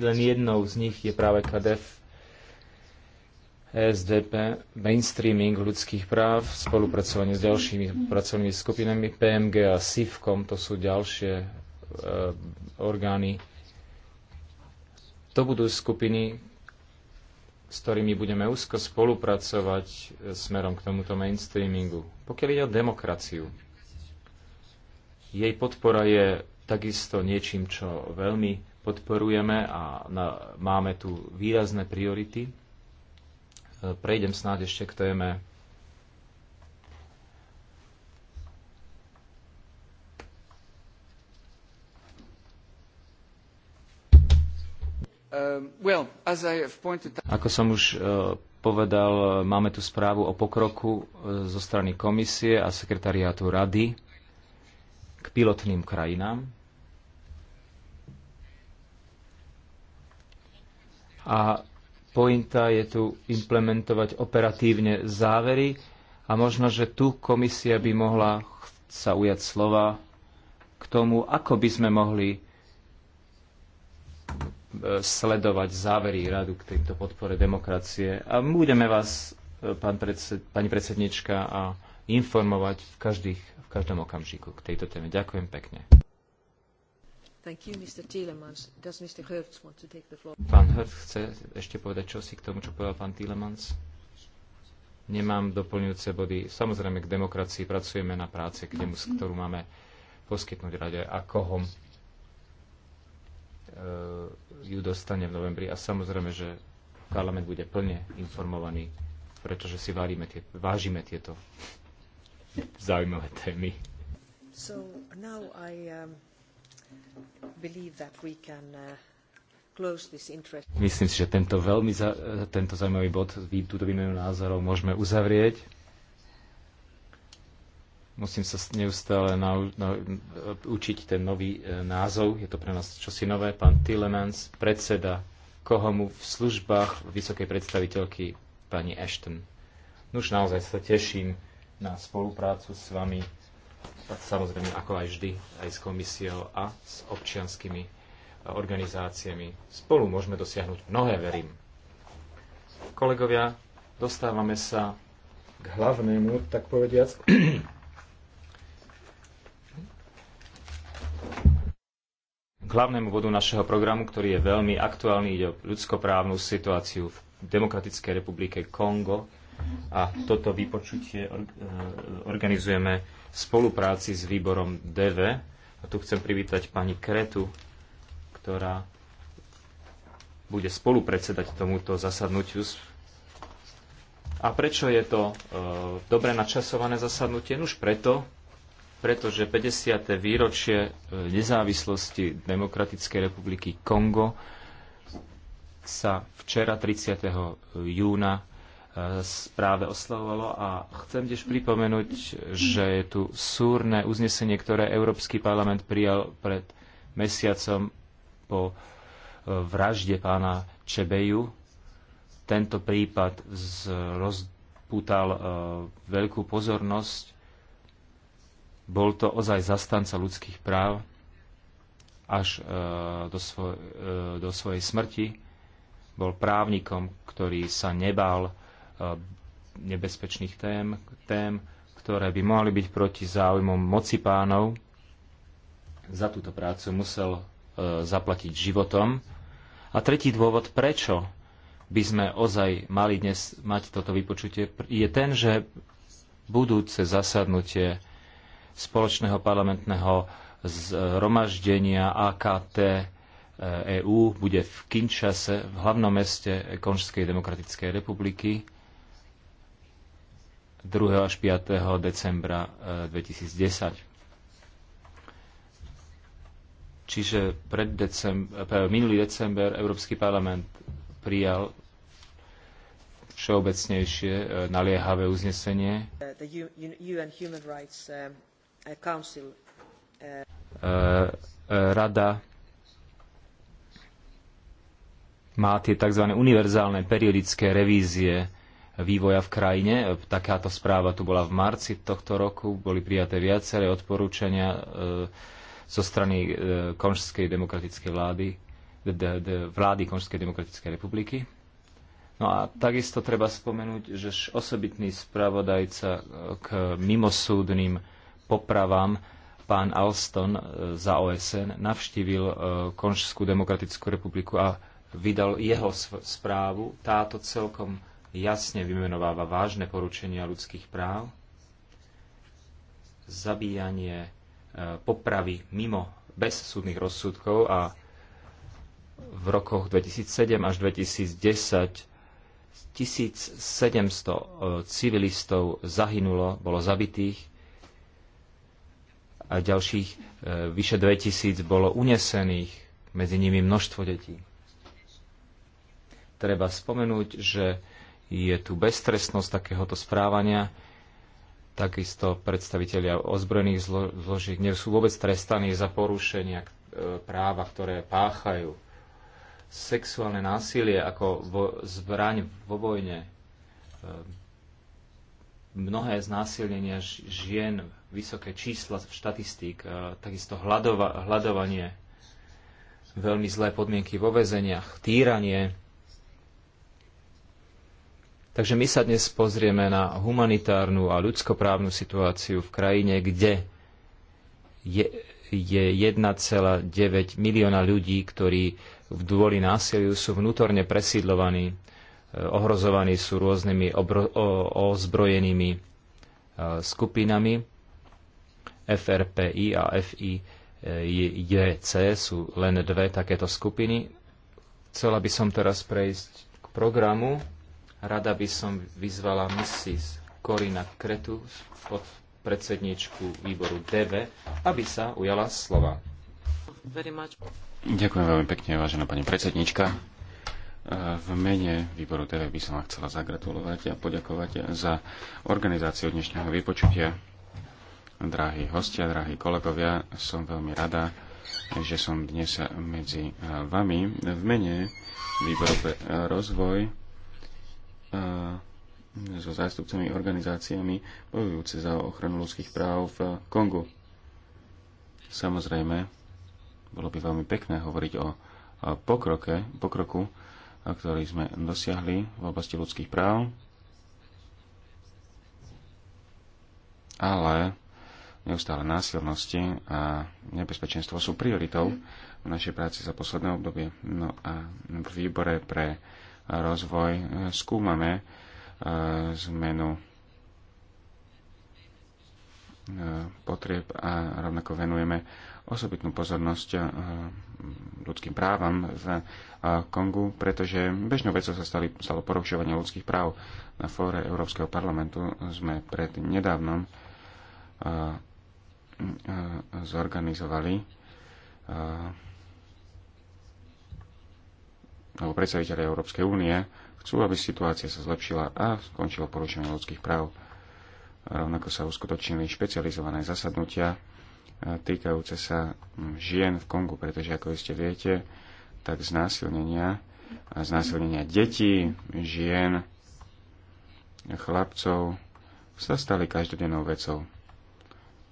Len jednou z nich je práve KDF, SDP, mainstreaming ľudských práv, spolupracovanie s ďalšími pracovnými skupinami, PMG a SIFCOM, to sú ďalšie e, orgány. To budú skupiny, s ktorými budeme úzko spolupracovať e, smerom k tomuto mainstreamingu. Pokiaľ ide o demokraciu, jej podpora je takisto niečím, čo veľmi podporujeme a na, máme tu výrazné priority. E, prejdem snáď ešte k téme um, Ako som už e, povedal, e, máme tu správu o pokroku zo strany komisie a sekretariátu rady k pilotným krajinám a pointa je tu implementovať operatívne závery a možno, že tu komisia by mohla sa ujať slova k tomu, ako by sme mohli e, sledovať závery radu k tejto podpore demokracie. A budeme vás, e, pán predsed, pani predsednička, a informovať v každých v každom okamžiku k tejto téme. Ďakujem pekne.
You, pán
Hertz chce ešte povedať čosi k tomu, čo povedal pán Tielemans? Nemám doplňujúce body. Samozrejme, k demokracii pracujeme na práce, k nemu, ktorú máme poskytnúť rade a koho e, ju dostane v novembri. A samozrejme, že parlament bude plne informovaný, pretože si tie, vážime tieto zaujímavé témy.
So now I um, believe that we can uh,
Myslím si, že tento veľmi za, tento zaujímavý bod túto výmenu názorov môžeme uzavrieť. Musím sa neustále na, na, učiť ten nový e, názov. Je to pre nás čosi nové. Pán Tillemans, predseda mu v službách vysokej predstaviteľky pani Ashton. už naozaj sa teším na spoluprácu s vami, samozrejme ako aj vždy, aj s komisiou a s občianskými e, organizáciami. Spolu môžeme dosiahnuť mnohé, verím. Kolegovia, dostávame sa k hlavnému, tak povediac, k hlavnému bodu našeho programu, ktorý je veľmi aktuálny, ide o ľudskoprávnu situáciu v Demokratickej republike Kongo a toto vypočutie e, organizujeme v spolupráci s výborom DV. A tu chcem privítať pani Kretu, ktorá bude spolupredsedať tomuto zasadnutiu. A prečo je to e, dobre načasované zasadnutie? Už preto, pretože 50. výročie e, nezávislosti Demokratickej republiky Kongo sa včera 30. júna správe oslavovalo a chcem tiež pripomenúť, že je tu súrne uznesenie, ktoré Európsky parlament prijal pred mesiacom po e, vražde pána Čebeju. Tento prípad rozputal e, veľkú pozornosť. Bol to ozaj zastanca ľudských práv až e, do, svoj, do svojej smrti. Bol právnikom, ktorý sa nebál Eh, nebezpečných tém, tém, ktoré by mohli byť proti záujmom moci pánov. Za túto prácu musel eh, zaplatiť životom. A tretí dôvod, prečo by sme ozaj mali dnes mať toto vypočutie, je ten, že budúce zasadnutie spoločného parlamentného zhromaždenia AKT EÚ eh, e bude v Kinčase, v hlavnom meste Konžskej demokratickej republiky 2. až 5. decembra 2010. Eh, Čiže pred decembr, eh, minulý december Európsky parlament prijal všeobecnejšie eh, naliehavé uznesenie Rada má tie tzv. univerzálne periodické revízie vývoja v krajine. Takáto správa tu bola v marci tohto roku, boli prijaté viaceré odporúčania e, zo strany e, Konžskej demokratickej vlády, vlády Konžskej demokratickej republiky. No a takisto treba spomenúť, že osobitný spravodajca k mimosúdnym popravám pán Alston e, za OSN navštívil Konštskú demokratickú republiku a vydal jeho správu. Táto celkom jasne vymenováva vážne poručenia ľudských práv, zabíjanie, e, popravy mimo bez súdnych rozsudkov a v rokoch 2007 až 2010 1700 e, civilistov zahynulo, bolo zabitých a ďalších e, vyše 2000 bolo unesených, medzi nimi množstvo detí. Treba spomenúť, že je tu beztrestnosť takéhoto správania. Takisto predstavitelia ozbrojených zlo- zložiek nie sú vôbec trestaní za porušenia e, práva, ktoré páchajú. Sexuálne násilie ako vo- zbraň vo vojne, e, mnohé znásilnenia žien, vysoké čísla v štatistík, e, takisto hľadova- hľadovanie, veľmi zlé podmienky vo väzeniach, týranie, Takže my sa dnes pozrieme na humanitárnu a ľudskoprávnu situáciu v krajine, kde je, je 1,9 milióna ľudí, ktorí v dôli násiliu sú vnútorne presídlovaní, e, ohrozovaní sú rôznymi obro, o, ozbrojenými e, skupinami. FRPI a FIJC e sú len dve takéto skupiny. Chcela by som teraz prejsť k programu. Rada by som vyzvala Mrs. Korina Kretu, pod predsedničku výboru DV, aby sa ujala slova.
Ďakujem veľmi pekne, vážená pani predsednička. V mene výboru TV by som vám chcela zagratulovať a poďakovať za organizáciu dnešného vypočutia. Drahí hostia, drahí kolegovia, som veľmi rada, že som dnes medzi vami v mene výboru pre rozvoj so zástupcami organizáciami bojujúce za ochranu ľudských práv v Kongu. Samozrejme, bolo by veľmi pekné hovoriť o pokroke, pokroku, ktorý sme dosiahli v oblasti ľudských práv, ale neustále násilnosti a nebezpečenstvo sú prioritou v našej práci za posledné obdobie. No a v výbore pre rozvoj, skúmame e, zmenu e, potrieb a rovnako venujeme osobitnú pozornosť e, ľudským právam v Kongu, pretože bežnou vecou sa stali, stalo porušovanie ľudských práv. Na fóre Európskeho parlamentu sme pred nedávnom zorganizovali alebo predstaviteľe Európskej únie chcú, aby situácia sa zlepšila a skončilo porušenie ľudských práv. A rovnako sa uskutočnili špecializované zasadnutia e, týkajúce sa žien v Kongu, pretože ako iste viete, tak znásilnenia a znásilnenia detí, žien, chlapcov sa stali každodennou vecou.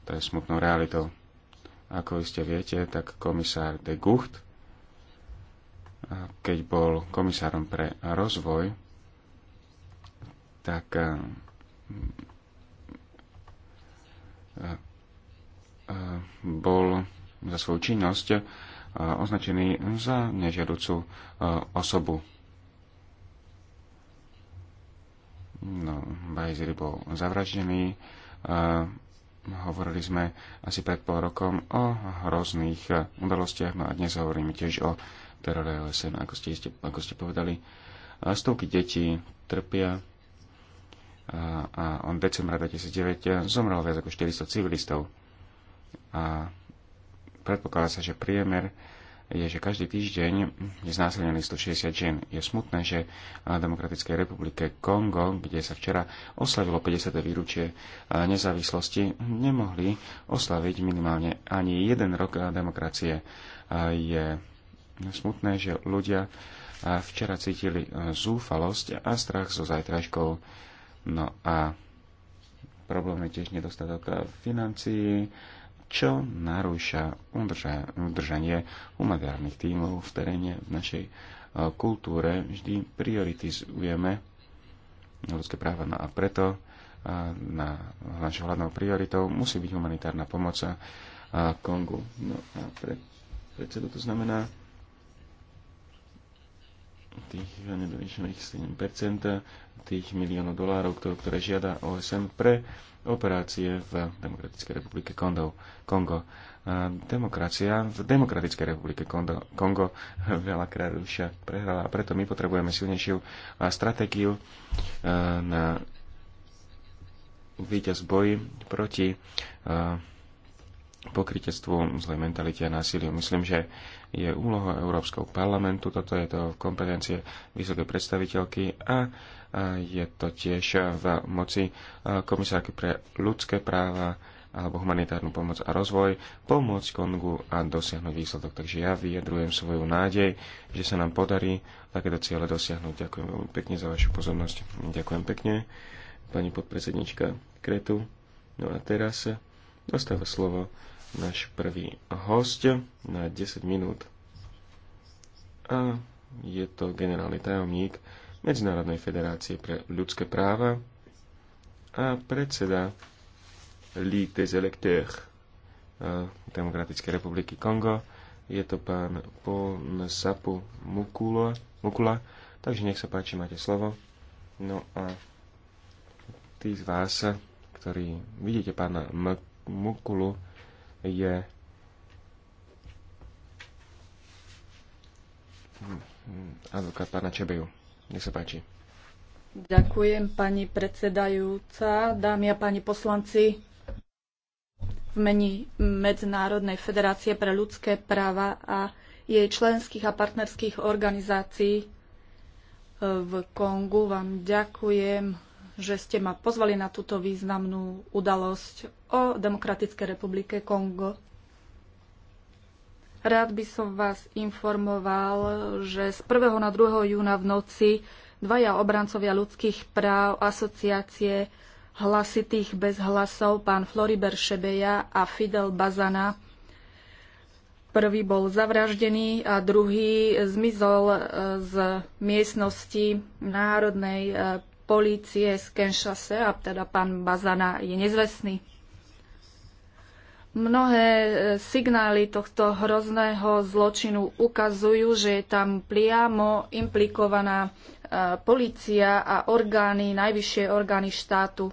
To je smutnou realitou. Ako iste viete, tak komisár de Gucht keď bol komisárom pre rozvoj, tak eh, eh, bol za svoju činnosť eh, označený za nežiaducu osobu. No, Bajzir bol zavraždený. Hovorili sme asi pred pol rokom o hrozných udalostiach, no a dnes hovoríme tiež o terore OSN, ako ste, ako ste povedali. A stovky detí trpia a, a on decembra 2009 zomrelo viac ako 400 civilistov. A predpokladá sa, že priemer je, že každý týždeň je znásilnený 160 žien. Je smutné, že v Demokratickej republike Kongo, kde sa včera oslavilo 50. výročie nezávislosti, nemohli oslaviť minimálne ani jeden rok demokracie. Je smutné, že ľudia včera cítili e, zúfalosť a strach zo zajtražkou. No a problém je tiež nedostatok e, financií, čo narúša udržanie humanitárnych tímov v teréne v našej e, kultúre. Vždy prioritizujeme ľudské práva no a preto na našou hlavnou prioritou musí byť humanitárna pomoc Kongu. No a pre, predsedu to znamená tých nedonešených 7% tých miliónov dolárov, ktoré žiada OSN pre operácie v Demokratickej republike Kongo. Kongo. Demokracia v Demokratickej republike Kongo, Kongo veľakrát už prehrala a preto my potrebujeme silnejšiu stratégiu e, na víťaz boji proti e, pokritectvu, zlej mentalite a násiliu. Myslím, že je úlohou Európskeho parlamentu, toto je to kompetencie vysokej predstaviteľky a je to tiež v moci komisárky pre ľudské práva alebo humanitárnu pomoc a rozvoj, pomôcť Kongu a dosiahnuť výsledok. Takže ja vyjadrujem svoju nádej, že sa nám podarí takéto ciele dosiahnuť. Ďakujem veľmi pekne za vašu pozornosť. Ďakujem pekne, pani podpredsednička Kretu. No a teraz dostáva slovo náš prvý host na 10 minút. A je to generálny tajomník Medzinárodnej federácie pre ľudské práva a predseda Ligue des électeurs Demokratickej republiky Kongo. Je to pán Paul Sapu Mukula, Mukula. Takže nech sa páči, máte slovo. No a tí z vás, ktorí vidíte pána Mukulu, je advokát pána Čebeju. Nech sa páči.
Ďakujem pani predsedajúca, dámy a páni poslanci. V meni Medzinárodnej federácie pre ľudské práva a jej členských a partnerských organizácií v Kongu vám ďakujem že ste ma pozvali na túto významnú udalosť o Demokratickej republike Kongo. Rád by som vás informoval, že z 1. na 2. júna v noci dvaja obrancovia ľudských práv asociácie hlasitých bez hlasov, pán Floriber Šebeja a Fidel Bazana, prvý bol zavraždený a druhý zmizol e, z miestnosti Národnej e, polície z Kenšase, a teda pán Bazana je nezvestný. Mnohé e, signály tohto hrozného zločinu ukazujú, že je tam priamo implikovaná e, polícia a orgány, najvyššie orgány štátu.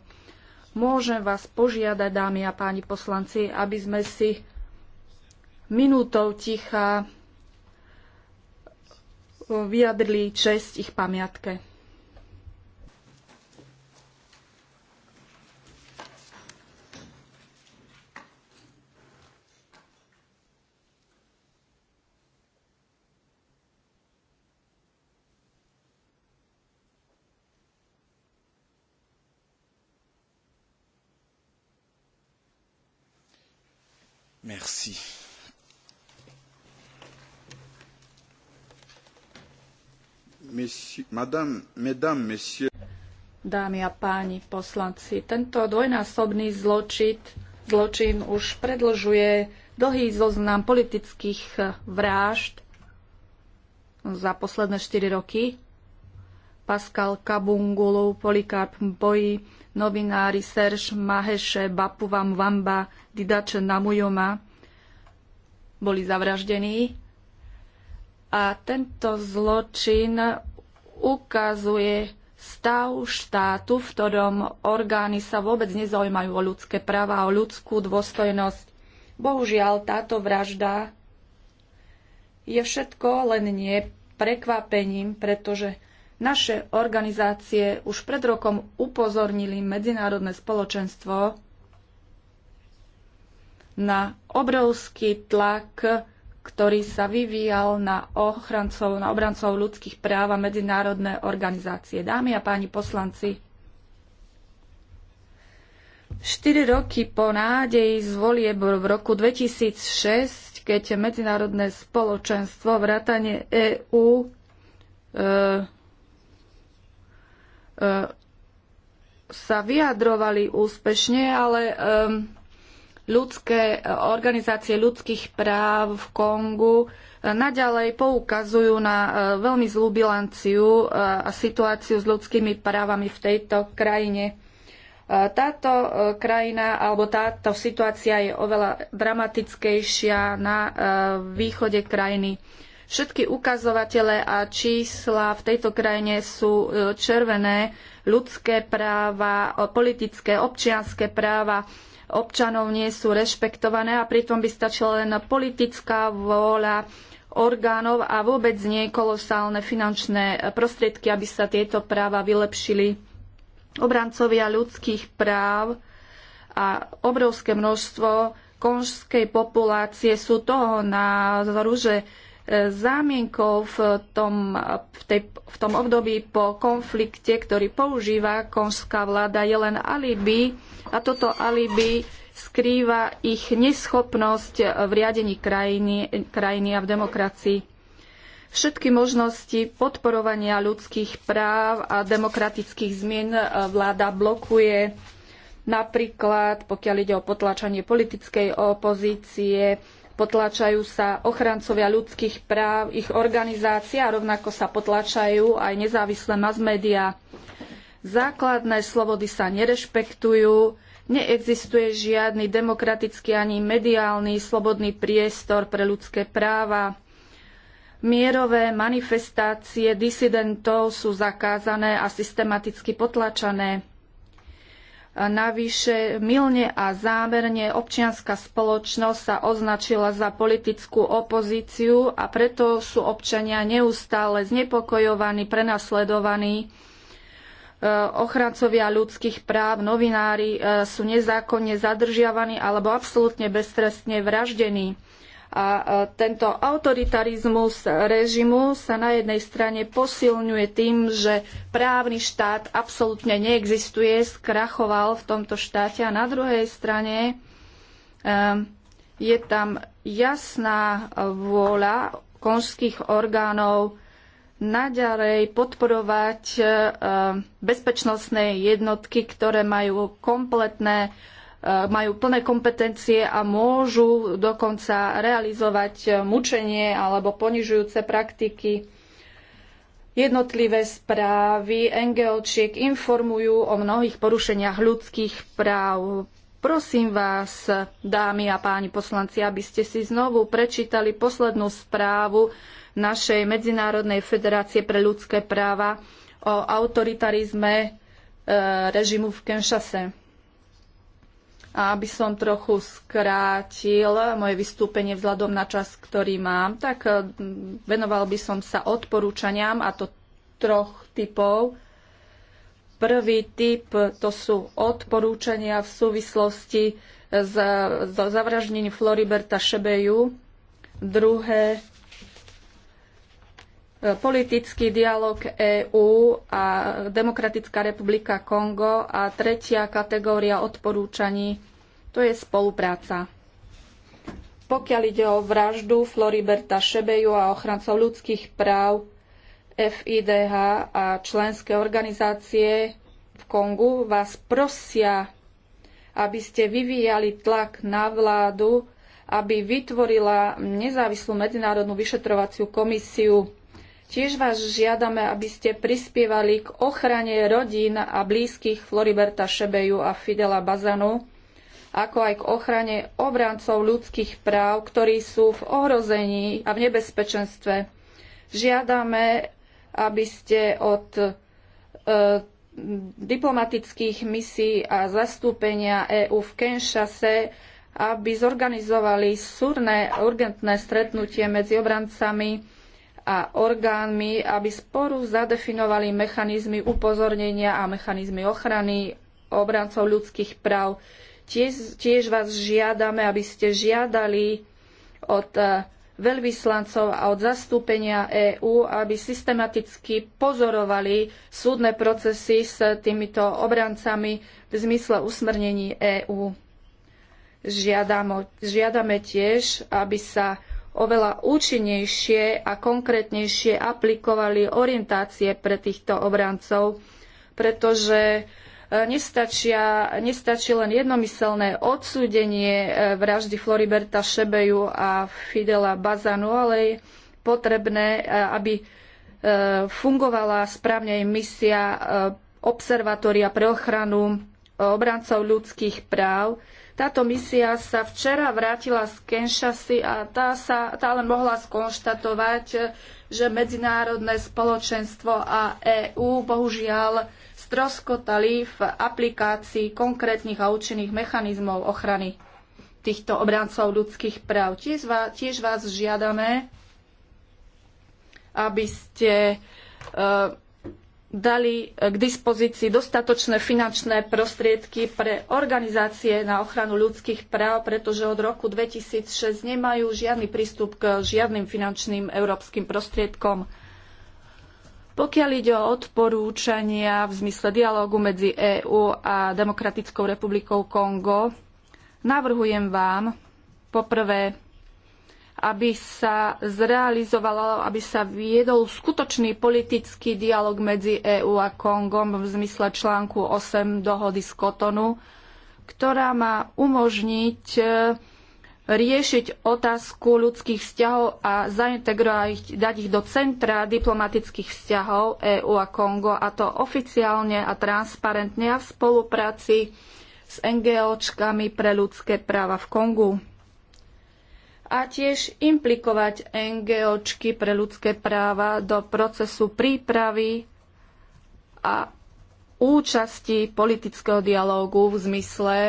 Môžem vás požiadať, dámy a páni poslanci, aby sme si minútou ticha e, vyjadrili čest ich pamiatke. Madame, mesdames, messieurs. Dámy a páni poslanci, tento dvojnásobný zločin, zločin už predlžuje dlhý zoznam politických vražd za posledné 4 roky. Pascal Kabungulu, Polikarp Boji, novinári Serge Maheše, Bapuvam Vamba, Didače Namujoma boli zavraždení. A tento zločin ukazuje stav štátu, v ktorom orgány sa vôbec nezaujímajú o ľudské práva, o ľudskú dôstojnosť. Bohužiaľ, táto vražda je všetko len nie prekvapením, pretože naše organizácie už pred rokom upozornili medzinárodné spoločenstvo na obrovský tlak ktorý sa vyvíjal na ochrancov, na obrancov ľudských práv a medzinárodné organizácie. Dámy a páni poslanci, 4 roky po nádeji z volieb v roku 2006, keď medzinárodné spoločenstvo vrátane EÚ e, e, sa vyjadrovali úspešne, ale e, ľudské organizácie ľudských práv v Kongu e, naďalej poukazujú na e, veľmi zlú bilanciu e, a situáciu s ľudskými právami v tejto krajine. Táto krajina alebo táto situácia je oveľa dramatickejšia na východe krajiny. Všetky ukazovatele a čísla v tejto krajine sú červené. Ľudské práva, politické, občianské práva, občanov nie sú rešpektované a pritom by stačila len politická vôľa orgánov a vôbec nie kolosálne finančné prostriedky, aby sa tieto práva vylepšili. Obrancovia ľudských práv a obrovské množstvo konžskej populácie sú toho názoru, že zámienkou v tom, v, tej, v tom období po konflikte, ktorý používa konská vláda, je len alibi a toto alibi skrýva ich neschopnosť v riadení krajiny, krajiny a v demokracii. Všetky možnosti podporovania ľudských práv a demokratických zmien e, vláda blokuje. Napríklad, pokiaľ ide o potlačanie politickej opozície, potláčajú sa ochrancovia ľudských práv, ich organizácia a rovnako sa potláčajú aj nezávislé masmédiá. Základné slobody sa nerešpektujú, neexistuje žiadny demokratický ani mediálny slobodný priestor pre ľudské práva. Mierové manifestácie disidentov sú zakázané a systematicky potlačané. Navyše milne a zámerne občianská spoločnosť sa označila za politickú opozíciu a preto sú občania neustále znepokojovaní, prenasledovaní. E, ochrancovia ľudských práv, novinári e, sú nezákonne zadržiavaní alebo absolútne beztrestne vraždení. A e, tento autoritarizmus režimu sa na jednej strane posilňuje tým, že právny štát absolútne neexistuje, skrachoval v tomto štáte a na druhej strane e, je tam jasná vôľa konžských orgánov naďalej podporovať e, bezpečnostné jednotky, ktoré majú kompletné majú plné kompetencie a môžu dokonca realizovať mučenie alebo ponižujúce praktiky. Jednotlivé správy NGOčiek informujú o mnohých porušeniach ľudských práv. Prosím vás, dámy a páni poslanci, aby ste si znovu prečítali poslednú správu našej Medzinárodnej federácie pre ľudské práva o autoritarizme e, režimu v Kenšase. A aby som trochu skrátil moje vystúpenie vzhľadom na čas, ktorý mám, tak eh, venoval by som sa odporúčaniam a to troch typov. Prvý typ to sú odporúčania v súvislosti s, s zavraždením Floriberta Šebeju. Druhé politický dialog EÚ a Demokratická republika Kongo a tretia kategória odporúčaní to je spolupráca. Pokiaľ ide o vraždu Floriberta Šebeju a ochrancov ľudských práv FIDH a členské organizácie v Kongu vás prosia, aby ste vyvíjali tlak na vládu, aby vytvorila nezávislú medzinárodnú vyšetrovaciu komisiu Tiež vás žiadame, aby ste prispievali k ochrane rodín a blízkych Floriberta Šebeju a Fidela Bazanu, ako aj k ochrane obrancov ľudských práv, ktorí sú v ohrození a v nebezpečenstve. Žiadame, aby ste od e, diplomatických misií a zastúpenia EÚ v Kenšase, aby zorganizovali súrne urgentné stretnutie medzi obrancami a orgánmi, aby sporu zadefinovali mechanizmy upozornenia a mechanizmy ochrany obrancov ľudských práv. Tiež, tiež vás žiadame, aby ste žiadali od e, veľvyslancov a od zastúpenia EÚ, aby systematicky pozorovali súdne procesy s týmito obrancami v zmysle usmrnení EÚ. Žiadame tiež, aby sa oveľa účinnejšie a konkrétnejšie aplikovali orientácie pre týchto obrancov, pretože e, nestačia, nestačí len jednomyselné odsúdenie e, vraždy Floriberta Šebeju a Fidela Bazanu, ale je potrebné, e, aby fungovala správne misia Observatória pre ochranu obrancov ľudských práv, táto misia sa včera vrátila z Kenšasy a tá, sa, tá len mohla skonštatovať, že medzinárodné spoločenstvo a EÚ bohužiaľ stroskotali v aplikácii konkrétnych a účinných mechanizmov ochrany týchto obrancov ľudských práv. Tiež vás, tiež vás žiadame, aby ste e, dali k dispozícii dostatočné finančné prostriedky pre organizácie na ochranu ľudských práv, pretože od roku 2006 nemajú žiadny prístup k žiadnym finančným európskym prostriedkom. Pokiaľ ide o odporúčania v zmysle dialógu medzi EÚ a Demokratickou republikou Kongo, navrhujem vám poprvé aby sa zrealizovalo, aby sa viedol skutočný politický dialog medzi EÚ a Kongom v zmysle článku 8 dohody z Kotonu, ktorá má umožniť e, riešiť otázku ľudských vzťahov a zaintegrovať, dať ich do centra diplomatických vzťahov EÚ a Kongo, a to oficiálne a transparentne a v spolupráci s NGOčkami pre ľudské práva v Kongu a tiež implikovať NGOčky pre ľudské práva do procesu prípravy a účasti politického dialógu v zmysle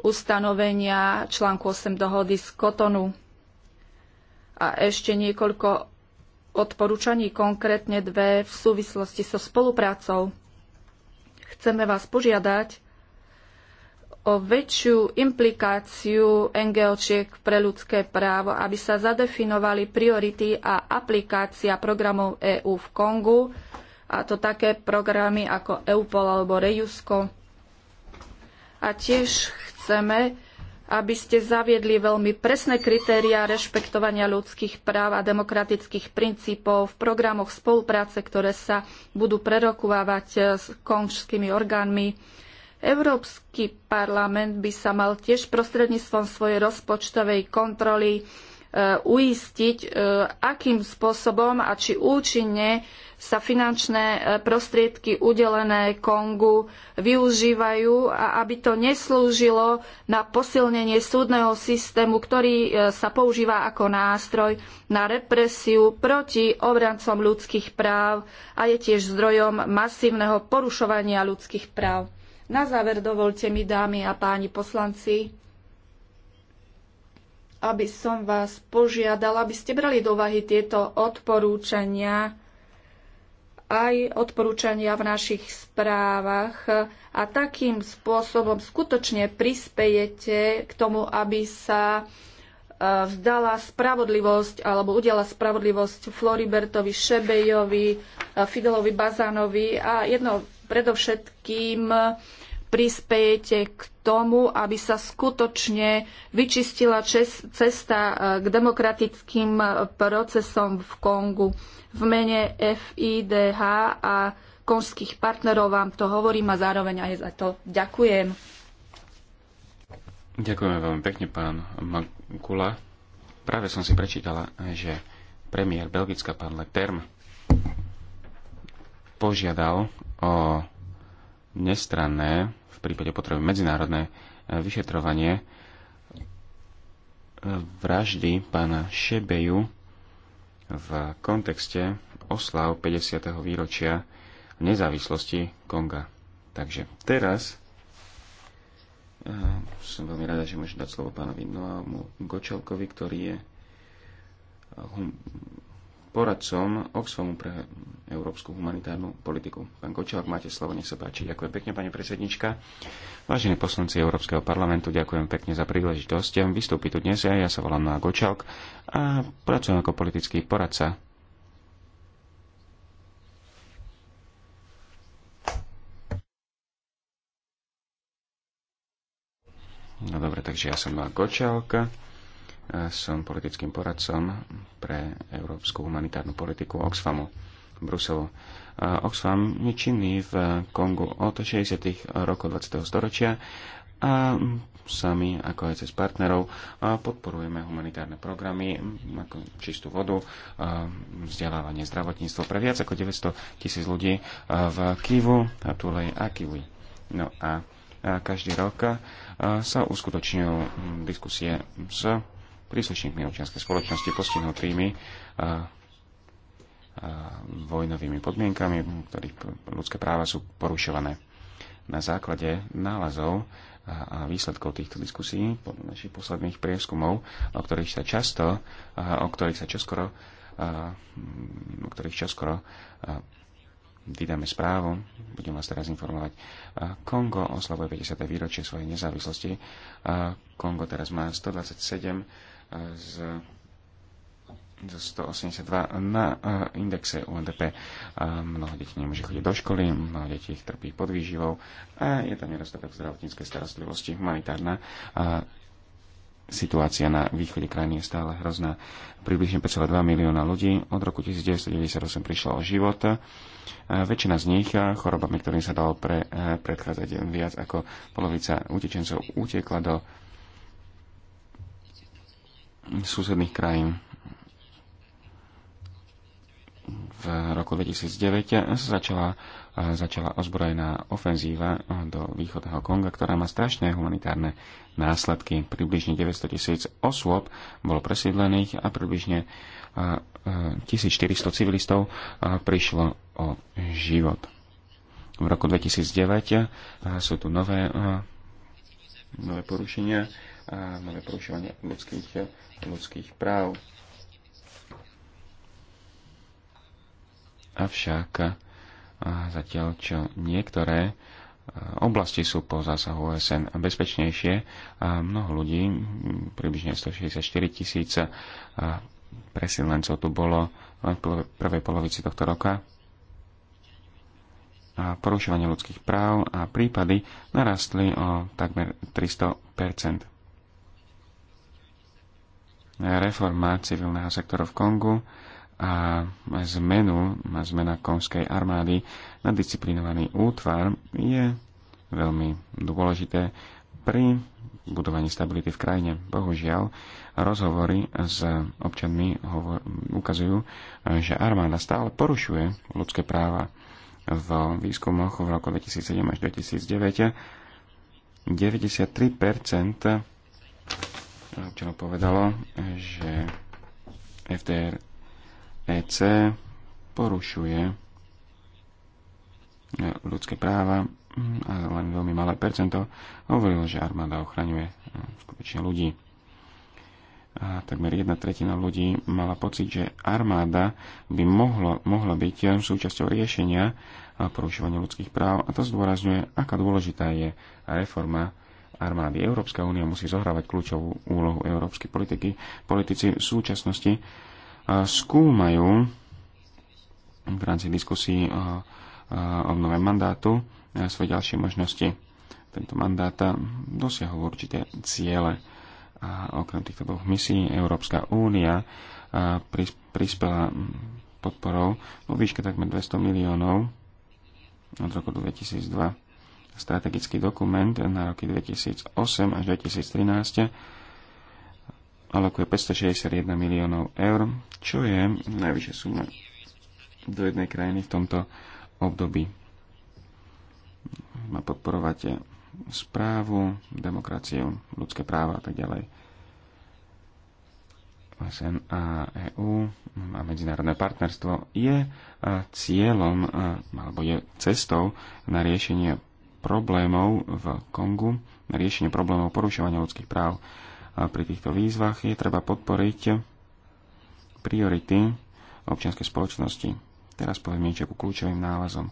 ustanovenia článku 8 dohody z Kotonu. A ešte niekoľko odporúčaní, konkrétne dve v súvislosti so spoluprácou. Chceme vás požiadať, o väčšiu implikáciu NGOčiek pre ľudské právo, aby sa zadefinovali priority a aplikácia programov EÚ v Kongu, a to také programy ako EUPOL alebo REJUSCO. A tiež chceme, aby ste zaviedli veľmi presné kritériá rešpektovania ľudských práv a demokratických princípov v programoch spolupráce, ktoré sa budú prerokovávať s konžskými orgánmi Európsky parlament by sa mal tiež prostredníctvom svojej rozpočtovej kontroly e, uistiť, e, akým spôsobom a či účinne sa finančné e, prostriedky udelené Kongu využívajú a aby to neslúžilo na posilnenie súdneho systému, ktorý sa používa ako nástroj na represiu proti obrancom ľudských práv a je tiež zdrojom masívneho porušovania ľudských práv. Na záver dovolte mi, dámy a páni poslanci, aby som vás požiadala, aby ste brali do vahy tieto odporúčania, aj odporúčania v našich správach a takým spôsobom skutočne prispejete k tomu, aby sa e, vzdala spravodlivosť alebo udiala spravodlivosť Floribertovi, Šebejovi, e, Fidelovi Bazanovi a jedno predovšetkým prispejete k tomu, aby sa skutočne vyčistila cesta eh, k demokratickým eh, procesom v Kongu. V mene FIDH a konžských partnerov vám to hovorím a zároveň aj za to ďakujem.
Ďakujeme veľmi pekne, pán Makula. Práve som si prečítala, že premiér Belgická, pán Leterm, požiadal o nestranné, v prípade potreby medzinárodné e, vyšetrovanie e, vraždy pána Šebeju v kontexte oslav 50. výročia nezávislosti Konga. Takže teraz e, som veľmi rada, že môžem dať slovo pánovi Noamu Gočelkovi, ktorý je poradcom Oxfamu pre európsku humanitárnu politiku. Pán kočák máte slovo, nech sa páči. Ďakujem pekne, pani predsednička. Vážení poslanci Európskeho parlamentu, ďakujem pekne za príležitosť vystúpiť tu dnes. Ja, ja sa volám Noa Gočalk a pracujem ako politický poradca No dobre, takže ja som Mark a som politickým poradcom pre európsku humanitárnu politiku Oxfamu. Bruselu. Oxfam je činný v Kongu od 60. rokov 20. storočia a sami, ako aj cez partnerov, podporujeme humanitárne programy, ako čistú vodu, vzdelávanie, zdravotníctvo pre viac ako 900 tisíc ľudí v Kivu, a Tulej a Kiwi. No a každý rok sa uskutočňujú diskusie s príslušníkmi občianskej spoločnosti postihnutými vojnovými podmienkami, v ktorých ľudské práva sú porušované. Na základe nálezov a výsledkov týchto diskusí, našich posledných prieskumov, o ktorých sa často, o ktorých sa čoskoro, o ktorých čoskoro vydáme správu, budem vás teraz informovať. Kongo oslavuje 50. výročie svojej nezávislosti. Kongo teraz má 127 z 182 na e, indexe UNDP. E, mnoho detí nemôže chodiť do školy, mnoho detí ich trpí pod výživou a je tam nedostatok zdravotníckej starostlivosti. Humanitárna e, situácia na východe krajiny je stále hrozná. Približne 5,2 milióna ľudí od roku 1998 prišlo o život. Väčšina z nich chorobami, ktorým sa dalo pre, predchádzať viac ako polovica utečencov, utekla do susedných krajín v roku 2009 sa začala, začala ozbrojená ofenzíva do východného Konga, ktorá má strašné humanitárne následky. Približne 900 tisíc osôb bolo presídlených a približne 1400 civilistov prišlo o život. V roku 2009 sú tu nové, nové porušenia, nové porušovanie ľudských, ľudských práv Avšak zatiaľ čo niektoré oblasti sú po zásahu OSN bezpečnejšie a mnoho ľudí, približne 164 tisíc presídlencov tu bolo len v prvej polovici tohto roka. A porušovanie ľudských práv a prípady narastli o takmer 300 Reforma civilného sektora v Kongu a zmenu, a zmena konskej armády na disciplinovaný útvar je veľmi dôležité pri budovaní stability v krajine. Bohužiaľ, rozhovory s občanmi hovor, ukazujú, že armáda stále porušuje ľudské práva. V výskumoch v roku 2007 až 2009 93% občanov povedalo, že FDR EC porušuje ľudské práva ale len veľmi malé percento hovorilo, že armáda ochraňuje e, skutočne ľudí. A takmer jedna tretina ľudí mala pocit, že armáda by mohlo, mohla byť súčasťou riešenia a e, porušovania ľudských práv a to zdôrazňuje, aká dôležitá je reforma armády. Európska únia musí zohrávať kľúčovú úlohu európskej politiky. Politici v súčasnosti skúmajú v rámci diskusí o obnove mandátu e, svoje ďalšie možnosti. Tento mandát e, dosiahol určité ciele. A okrem týchto dvoch misií Európska únia e, prispela podporou vo výške takmer 200 miliónov od roku 2002. Strategický dokument na roky 2008 až 2013 alokuje 561 miliónov eur, čo je najvyššia suma do jednej krajiny v tomto období. Má podporovať správu, demokraciu, ľudské práva a tak ďalej. OSN a EU a medzinárodné partnerstvo je cieľom alebo je cestou na riešenie problémov v Kongu, na riešenie problémov porušovania ľudských práv a pri týchto výzvach je treba podporiť priority občianskej spoločnosti. Teraz poviem niečo ku kľúčovým nálezom.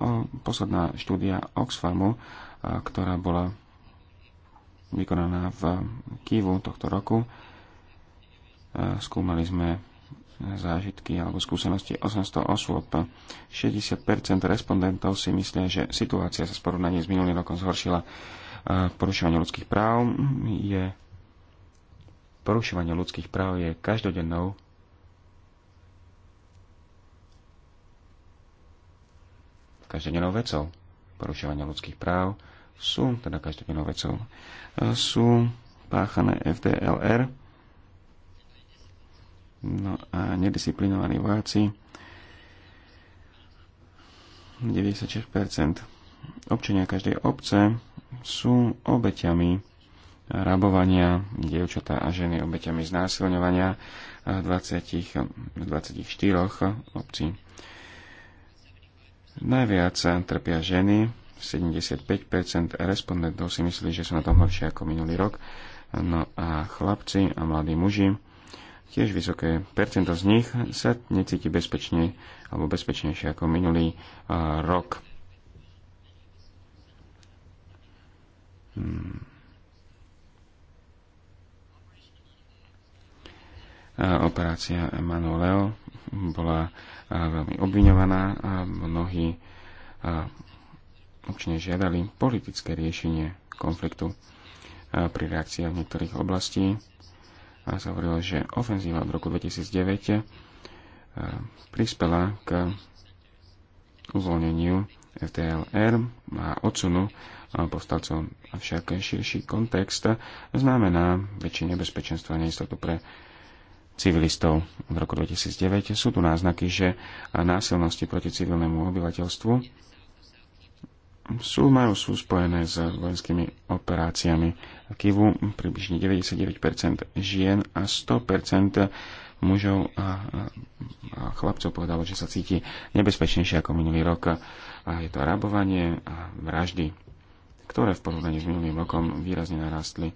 O, posledná štúdia Oxfamu, ktorá bola vykonaná v Kivu tohto roku. Skúmali sme zážitky alebo skúsenosti 800 osôb. 60% respondentov si myslia, že situácia sa v s minulým rokom zhoršila. Porušovanie ľudských práv je Porušovanie ľudských práv je každodennou každodennou vecou. Porušovanie ľudských práv sú, teda každodennou vecou, sú páchané FDLR, no a nedisciplinovaní vojaci 96% občania každej obce sú obeťami rabovania, dievčatá a ženy obeťami znásilňovania 20, 24 obcí. Najviac trpia ženy, 75% respondentov si myslí, že sú na tom horšie ako minulý rok, no a chlapci a mladí muži, tiež vysoké percento z nich sa necíti bezpečne alebo bezpečnejšie ako minulý rok. Hmm. E, operácia Emanuel bola e, veľmi obviňovaná a mnohí e, občania žiadali politické riešenie konfliktu. Pri reakciách v niektorých oblastí a sa hovorilo, že ofenzíva od roku 2009 prispela k uvoľneniu FTLR a odsunu povstalcov. Avšak širší kontext znamená väčšie nebezpečenstvo a neistotu pre civilistov. Od roku 2009 sú tu náznaky, že násilnosti proti civilnému obyvateľstvu sú, majú, sú spojené s vojenskými operáciami. Kivu približne 99% žien a 100% mužov a, a chlapcov povedalo, že sa cíti nebezpečnejšie ako minulý rok. A je to rabovanie a vraždy, ktoré v porovnaní s minulým rokom výrazne narastli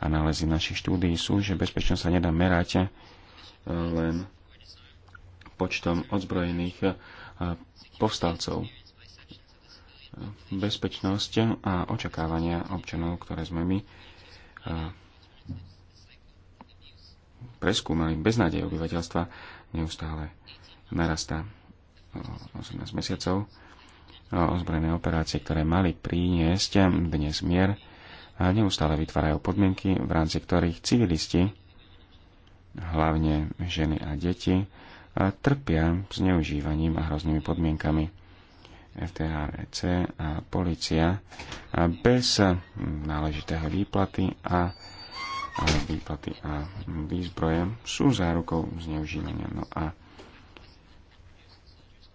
a nálezy našich štúdií sú, že bezpečnosť sa nedá merať eh, len počtom odzbrojených eh, povstalcov. Bezpečnosť a očakávania občanov, ktoré sme my eh, preskúmali beznádej obyvateľstva, neustále narastá 18 mesiacov ozbrojené operácie, ktoré mali priniesť dnes mier, neustále vytvárajú podmienky, v rámci ktorých civilisti, hlavne ženy a deti, trpia zneužívaním a hroznými podmienkami. FTHC a policia bez náležitého výplaty a a výplaty a výzbroje sú zárukou zneužívania. No a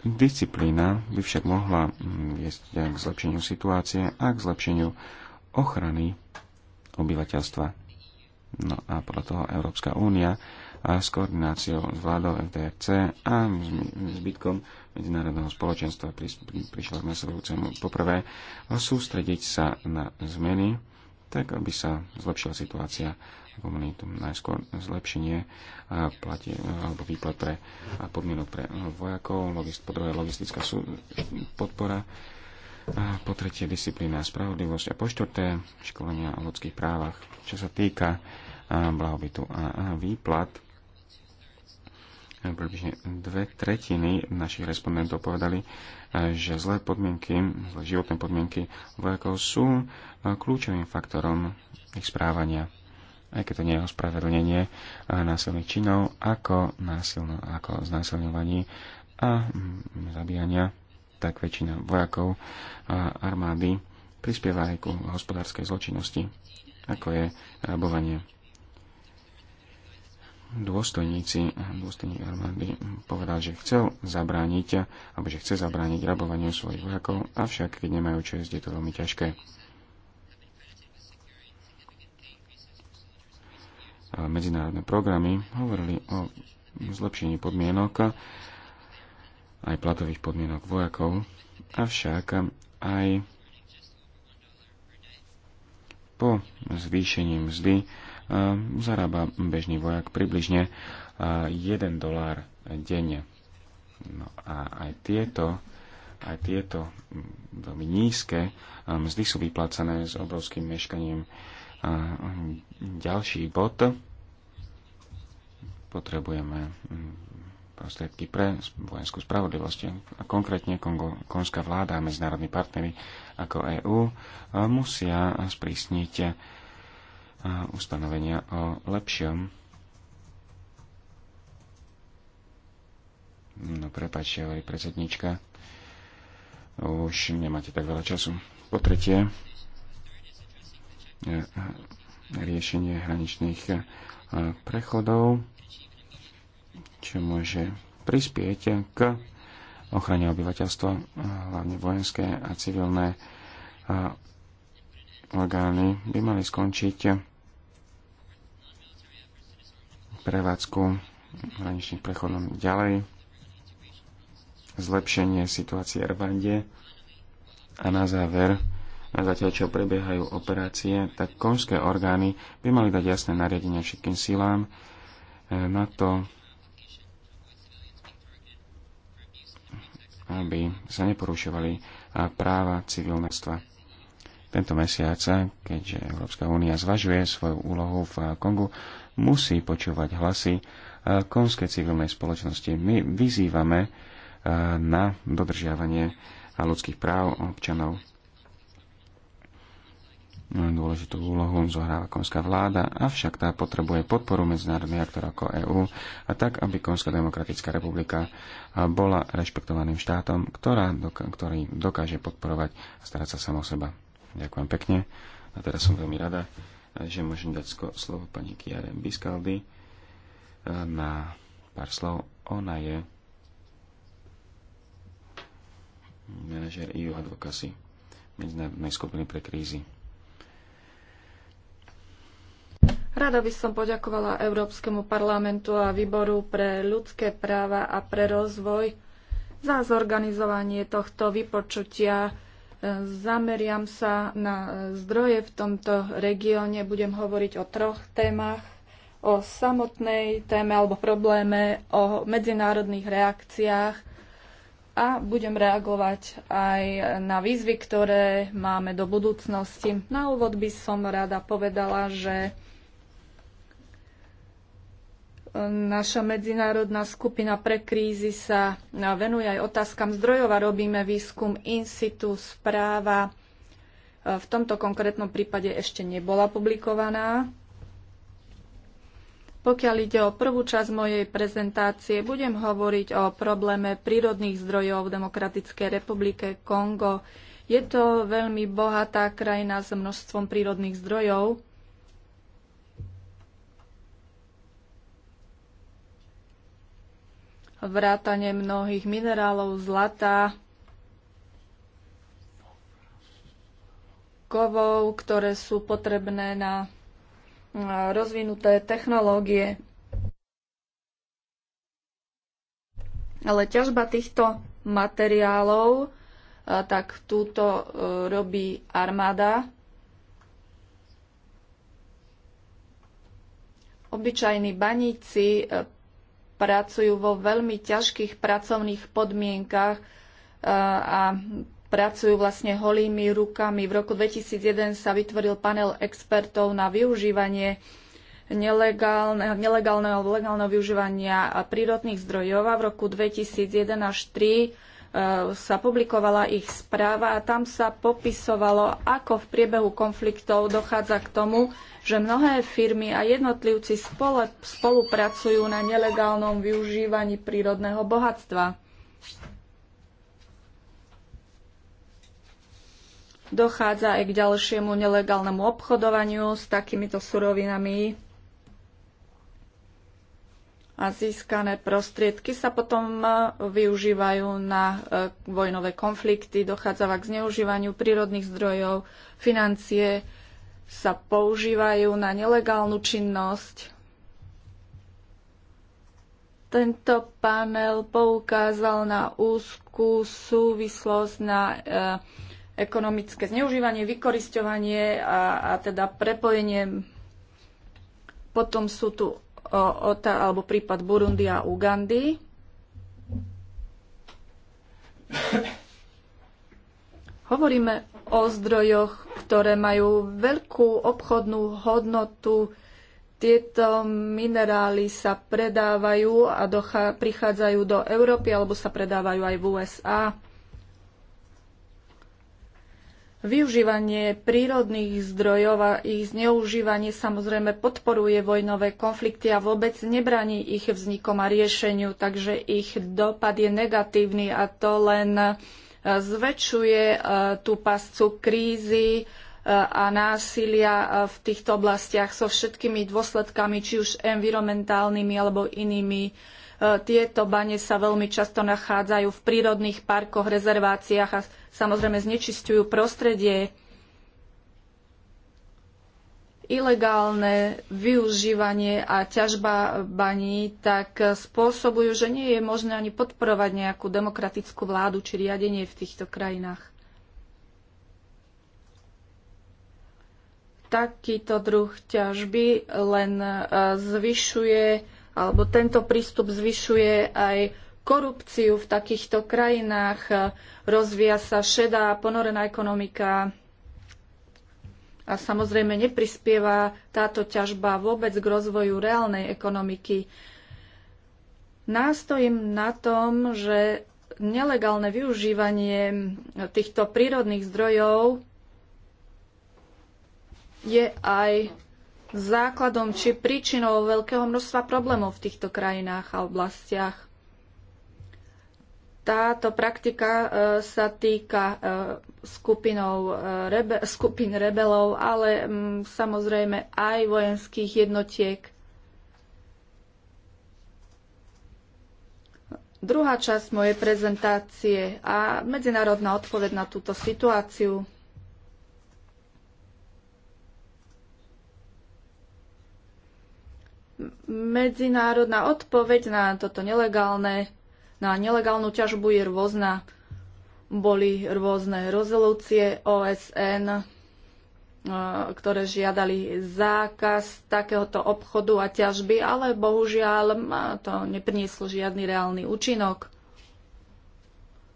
disciplína by však mohla viesť k zlepšeniu situácie a k zlepšeniu ochrany obyvateľstva. No a podľa toho Európska únia a s koordináciou s vládou FDRC a zbytkom medzinárodného spoločenstva pri, pri, prišla k nasledujúcemu poprvé sústrediť sa na zmeny, tak aby sa zlepšila situácia komunitum najskôr zlepšenie a platie, alebo výplat pre podmienok pre vojakov, logist, logistická sú, podpora a po tretie disciplína a spravodlivosť a po štvrté školenia o ľudských právach. Čo sa týka blahobytu a výplat, približne dve tretiny našich respondentov povedali, že zlé podmienky, zlé životné podmienky vojakov sú kľúčovým faktorom ich správania aj keď to nie je ospravedlnenie násilných činov, ako, násilno, ako znásilňovaní a zabíjania tak väčšina vojakov armády prispieva aj ku hospodárskej zločinnosti, ako je rabovanie. Dôstojníci, dôstojník armády povedal, že chcel zabrániť, alebo že chce zabrániť rabovaniu svojich vojakov, avšak keď nemajú čest, je to veľmi ťažké. Medzinárodné programy hovorili o zlepšení podmienok aj platových podmienok vojakov, avšak aj po zvýšení mzdy eh, zarába bežný vojak približne 1 eh, dolár denne. No a aj tieto, aj tieto hm, veľmi nízke eh, mzdy sú vyplácané s obrovským meškaním. Hm, ďalší bod potrebujeme hm, prostriedky pre vojenskú spravodlivosť a konkrétne Kongo, konská vláda a medzinárodní partnery ako EÚ e, musia sprísniť e, ustanovenia o lepšom. No prepáčte, hovorí predsednička. Už nemáte tak veľa času. Po tretie, e, riešenie hraničných prechodov čo môže prispieť k ochrane obyvateľstva, hlavne vojenské a civilné orgány by mali skončiť prevádzku hraničných prechodov ďalej, zlepšenie situácie v Rwande a na záver, na zatiaľ čo prebiehajú operácie, tak konžské orgány by mali dať jasné nariadenia všetkým silám e, na to, aby sa neporušovali práva civilnectva. Tento mesiac, keďže Európska únia zvažuje svoju úlohu v Kongu, musí počúvať hlasy konskej civilnej spoločnosti. My vyzývame na dodržiavanie ľudských práv občanov Dôležitú úlohu zohráva konská vláda, avšak tá potrebuje podporu medzinárodných aktorov ako EÚ a tak, aby Konská demokratická republika bola rešpektovaným štátom, ktorá, ktorý dokáže podporovať a starať sa samo seba. Ďakujem pekne a teraz som veľmi rada, že môžem dať slovo pani Kiare Biskaldy na pár slov. Ona je manažer EU Advocacy medzinárodnej skupiny pre krízy.
Rada by som poďakovala Európskemu parlamentu a výboru pre ľudské práva a pre rozvoj za zorganizovanie tohto vypočutia. E, zameriam sa na zdroje v tomto regióne. Budem hovoriť o troch témach o samotnej téme alebo probléme, o medzinárodných reakciách a budem reagovať aj na výzvy, ktoré máme do budúcnosti. Na úvod by som rada povedala, že Naša medzinárodná skupina pre krízy sa no, venuje aj otázkam zdrojov a robíme výskum in situ správa. E, v tomto konkrétnom prípade ešte nebola publikovaná. Pokiaľ ide o prvú časť mojej prezentácie, budem hovoriť o probléme prírodných zdrojov v Demokratickej republike Kongo. Je to veľmi bohatá krajina s množstvom prírodných zdrojov vrátane mnohých minerálov, zlata, kovov, ktoré sú potrebné na rozvinuté technológie. Ale ťažba týchto materiálov, tak túto e, robí armáda. Obyčajní baníci e, pracujú vo veľmi ťažkých pracovných podmienkach e, a pracujú vlastne holými rukami. V roku 2001 sa vytvoril panel expertov na využívanie nelegálne, nelegálneho alebo legálneho využívania prírodných zdrojov a v roku 2001 až 2003 E, sa publikovala ich správa a tam sa popisovalo, ako v priebehu konfliktov dochádza k tomu, že mnohé firmy a jednotlivci spole, spolupracujú na nelegálnom využívaní prírodného bohatstva. Dochádza aj k ďalšiemu nelegálnemu obchodovaniu s takýmito surovinami a získané prostriedky sa potom e, využívajú na e, vojnové konflikty, dochádza k zneužívaniu prírodných zdrojov, financie sa používajú na nelegálnu činnosť. Tento panel poukázal na úzkú súvislosť na e, ekonomické zneužívanie, vykorisťovanie a, a teda prepojenie. Potom sú tu o, o tá, alebo prípad Burundi a Ugandy. Hovoríme o zdrojoch, ktoré majú veľkú obchodnú hodnotu. Tieto minerály sa predávajú a prichádzajú do Európy alebo sa predávajú aj v USA. Využívanie prírodných zdrojov a ich zneužívanie samozrejme podporuje vojnové konflikty a vôbec nebraní ich vznikom a riešeniu, takže ich dopad je negatívny a to len e, zväčšuje e, tú pascu krízy e, a násilia v týchto oblastiach so všetkými dôsledkami, či už environmentálnymi alebo inými E, tieto bane sa veľmi často nachádzajú v prírodných parkoch, rezerváciách a samozrejme znečisťujú prostredie. Ilegálne využívanie a ťažba baní tak spôsobujú, že nie je možné ani podporovať nejakú demokratickú vládu či riadenie v týchto krajinách. takýto druh ťažby len e, zvyšuje alebo tento prístup zvyšuje aj korupciu v takýchto krajinách, rozvíja sa šedá, ponorená ekonomika a samozrejme neprispieva táto ťažba vôbec k rozvoju reálnej ekonomiky. Nástojím na tom, že nelegálne využívanie týchto prírodných zdrojov je aj základom či príčinou veľkého množstva problémov v týchto krajinách a oblastiach. Táto praktika e, sa týka e, skupinov, e, rebe, skupín rebelov, ale mm, samozrejme aj vojenských jednotiek. Druhá časť mojej prezentácie a medzinárodná odpoveď na túto situáciu. medzinárodná odpoveď na toto nelegálne, na nelegálnu ťažbu je rôzna. Boli rôzne rezolúcie OSN, e, ktoré žiadali zákaz takéhoto obchodu a ťažby, ale bohužiaľ e, to neprinieslo žiadny reálny účinok.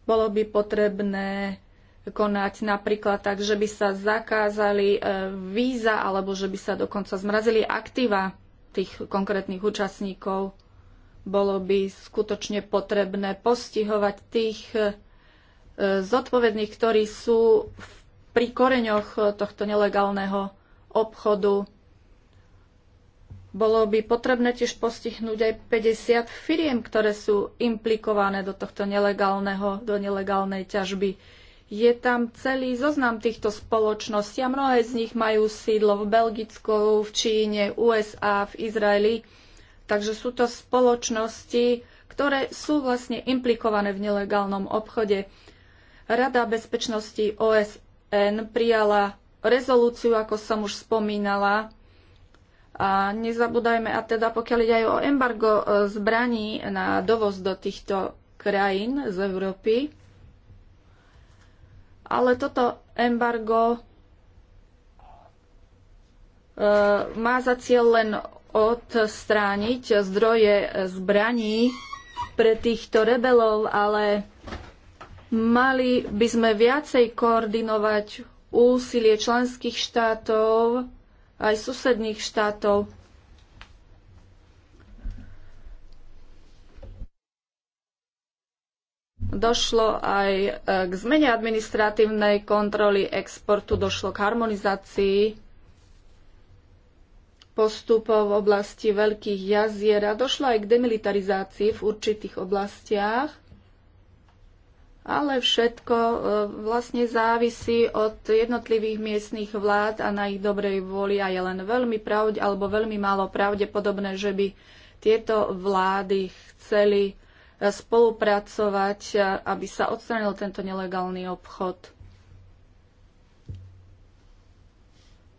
Bolo by potrebné konať napríklad tak, že by sa zakázali e, víza alebo že by sa dokonca zmrazili aktíva tých konkrétnych účastníkov. Bolo by skutočne potrebné postihovať tých e, zodpovedných, ktorí sú pri koreňoch tohto nelegálneho obchodu. Bolo by potrebné tiež postihnúť aj 50 firiem, ktoré sú implikované do tohto nelegálneho, do nelegálnej ťažby je tam celý zoznam týchto spoločností a mnohé z nich majú sídlo v Belgicku, v Číne, USA, v Izraeli. Takže sú to spoločnosti, ktoré sú vlastne implikované v nelegálnom obchode. Rada bezpečnosti OSN prijala rezolúciu, ako som už spomínala, a nezabúdajme, a teda pokiaľ ide aj o embargo e, zbraní na dovoz do týchto krajín z Európy, ale toto embargo e, má za cieľ len odstrániť zdroje zbraní pre týchto rebelov, ale mali by sme viacej koordinovať úsilie členských štátov aj susedných štátov Došlo aj e, k zmene administratívnej kontroly exportu, došlo k harmonizácii postupov v oblasti veľkých jazier a došlo aj k demilitarizácii v určitých oblastiach. Ale všetko e, vlastne závisí od jednotlivých miestnych vlád a na ich dobrej vôli a je len veľmi pravde, alebo veľmi málo pravdepodobné, že by tieto vlády chceli spolupracovať, aby sa odstranil tento nelegálny obchod.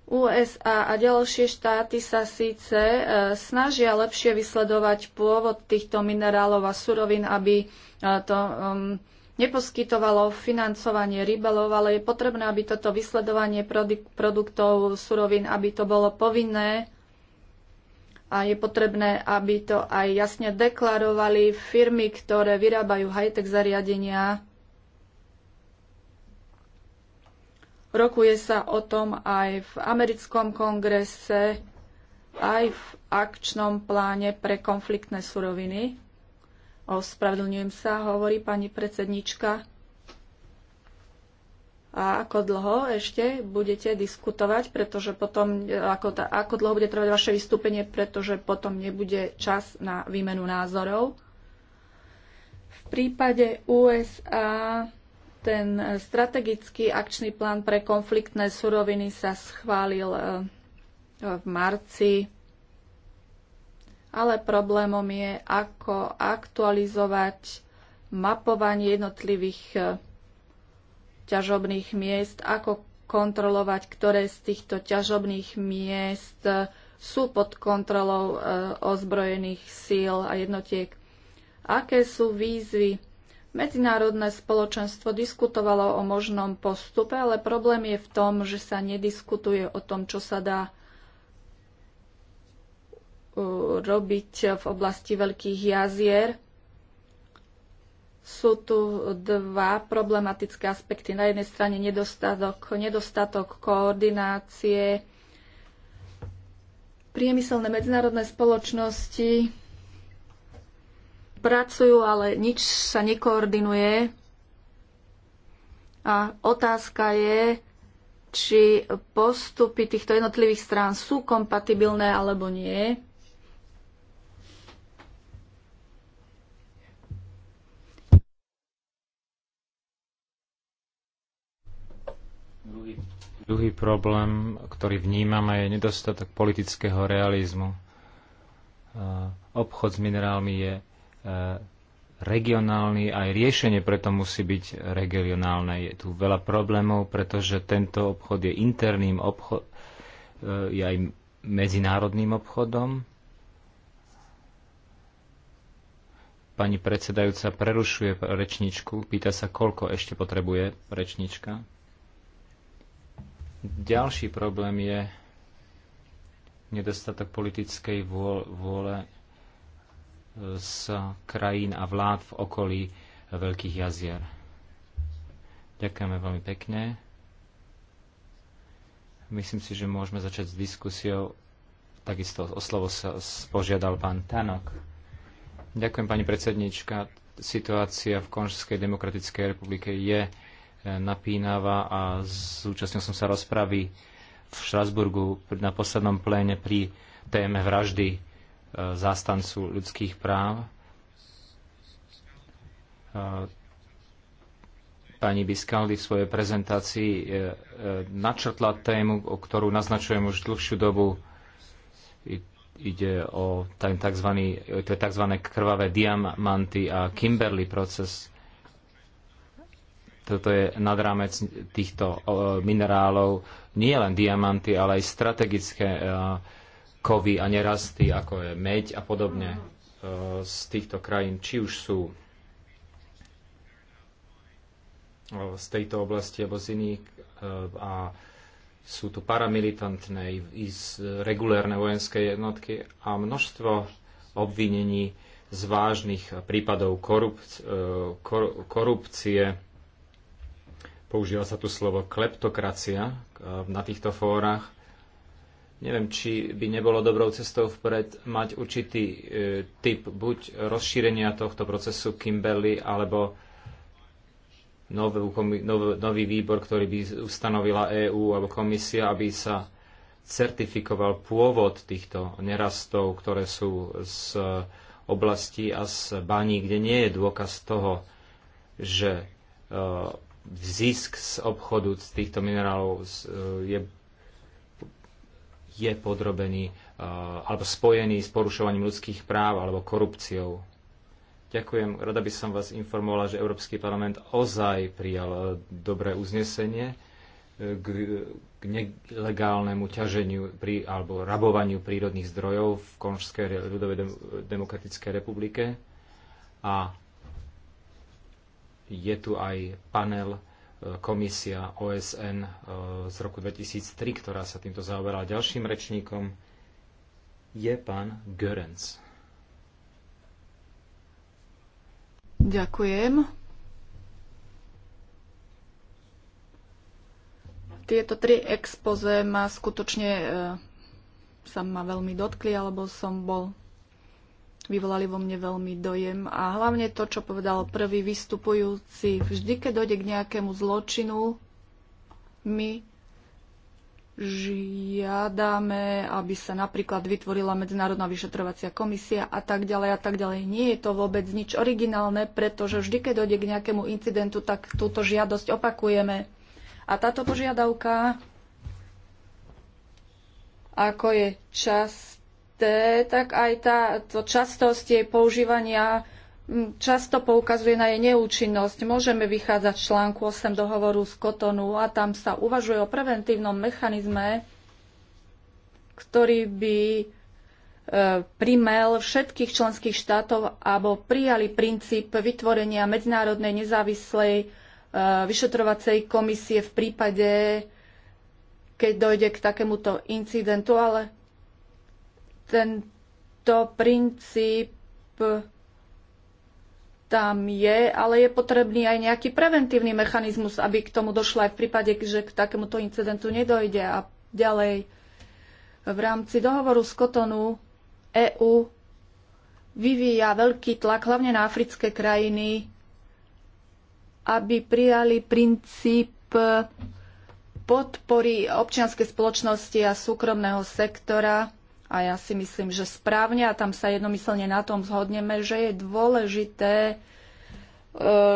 USA a ďalšie štáty sa síce e, snažia lepšie vysledovať pôvod týchto minerálov a surovín, aby e, to um, neposkytovalo financovanie rybelov, ale je potrebné, aby toto vysledovanie produktov, surovín, aby to bolo povinné a je potrebné, aby to aj jasne deklarovali firmy, ktoré vyrábajú high-tech zariadenia. Rokuje sa o tom aj v americkom kongrese, aj v akčnom pláne pre konfliktné suroviny. Ospravedlňujem sa, hovorí pani predsednička a ako dlho ešte budete diskutovať, pretože potom, e, ako, tá, ako dlho bude trvať vaše vystúpenie, pretože potom nebude čas na výmenu názorov. V prípade USA ten strategický akčný plán pre konfliktné suroviny sa schválil e, e, v marci, ale problémom je, ako aktualizovať mapovanie jednotlivých ťažobných miest, ako kontrolovať, ktoré z týchto ťažobných miest e, sú pod kontrolou e, ozbrojených síl a jednotiek. Aké sú výzvy? Medzinárodné spoločenstvo diskutovalo o možnom postupe, ale problém je v tom, že sa nediskutuje o tom, čo sa dá e, robiť v oblasti veľkých jazier sú tu dva problematické aspekty. Na jednej strane nedostatok, nedostatok koordinácie. Priemyselné medzinárodné spoločnosti pracujú, ale nič sa nekoordinuje. A otázka je, či postupy týchto jednotlivých strán sú kompatibilné alebo nie.
Druhý, druhý problém, ktorý vnímame, je nedostatok politického realizmu. E, obchod s minerálmi je e, regionálny, aj riešenie preto musí byť regionálne. Je tu veľa problémov, pretože tento obchod je interným obchod, e, je aj medzinárodným obchodom. Pani predsedajúca prerušuje rečničku, pýta sa, koľko ešte potrebuje rečnička. Ďalší problém je nedostatok politickej vôle e, z krajín a vlád v okolí veľkých jazier. Ďakujeme veľmi pekne. Myslím si, že môžeme začať s diskusiou. Takisto o slovo sa požiadal pán Tanok. Ďakujem, pani predsednička. Situácia v Konžskej demokratickej republike je napínava a zúčastnil som sa rozpravy v Štrasburgu na poslednom pléne pri téme vraždy e, zástancu ľudských práv. E, pani Biskaldi v svojej prezentácii e, načrtla tému, o ktorú naznačujem už dlhšiu dobu. Ide o tzv. tzv. krvavé diamanty a Kimberly proces toto je nad rámec týchto e, minerálov nie len diamanty, ale aj strategické e, kovy a nerasty, ako je meď a podobne e, z týchto krajín, či už sú z tejto oblasti alebo z iných a sú tu paramilitantné i regulérne vojenské jednotky a množstvo obvinení z vážnych prípadov korupcie Používa sa tu slovo kleptokracia eh, na týchto fórach. Neviem, či by nebolo dobrou cestou vpred mať určitý e, typ buď rozšírenia tohto procesu Kimberly, alebo novú, nov, nový výbor, ktorý by ustanovila EÚ alebo komisia, aby sa certifikoval pôvod týchto nerastov, ktoré sú z oblasti a z baní, kde nie je dôkaz toho, že eh, zisk z obchodu z týchto minerálov e, je, je podrobený e, alebo spojený s porušovaním ľudských práv alebo korupciou. Ďakujem. Rada by som vás informovala, že Európsky parlament ozaj prijal e, dobré uznesenie k, k nelegálnemu ťaženiu pri, alebo rabovaniu prírodných zdrojov v Konžskej ľudovej demokratickej republike. A je tu aj panel e, komisia OSN e, z roku 2003, ktorá sa týmto zaoberala. Ďalším rečníkom je pán Görens.
Ďakujem. Tieto tri expoze ma skutočne e, sa ma veľmi dotkli, alebo som bol vyvolali vo mne veľmi dojem. A hlavne to, čo povedal prvý vystupujúci, vždy, keď dojde k nejakému zločinu, my žiadame, aby sa napríklad vytvorila Medzinárodná vyšetrovacia komisia a tak ďalej a tak ďalej. Nie je to vôbec nič originálne, pretože vždy, keď dojde k nejakému incidentu, tak túto žiadosť opakujeme. A táto požiadavka, ako je čas isté, tak aj tá, to častosť jej používania často poukazuje na jej neúčinnosť. Môžeme vychádzať z článku 8 dohovoru z Kotonu a tam sa uvažuje o preventívnom mechanizme, ktorý by e, primel všetkých členských štátov, alebo prijali princíp vytvorenia medzinárodnej nezávislej e, vyšetrovacej komisie v prípade, keď dojde k takémuto incidentu, ale tento princíp tam je, ale je potrebný aj nejaký preventívny mechanizmus, aby k tomu došlo aj v prípade, že k takémuto incidentu nedojde. A ďalej, v rámci dohovoru z Kotonu EÚ vyvíja veľký tlak hlavne na africké krajiny, aby prijali princíp podpory občianskej spoločnosti a súkromného sektora a ja si myslím, že správne a tam sa jednomyselne na tom zhodneme, že je dôležité e,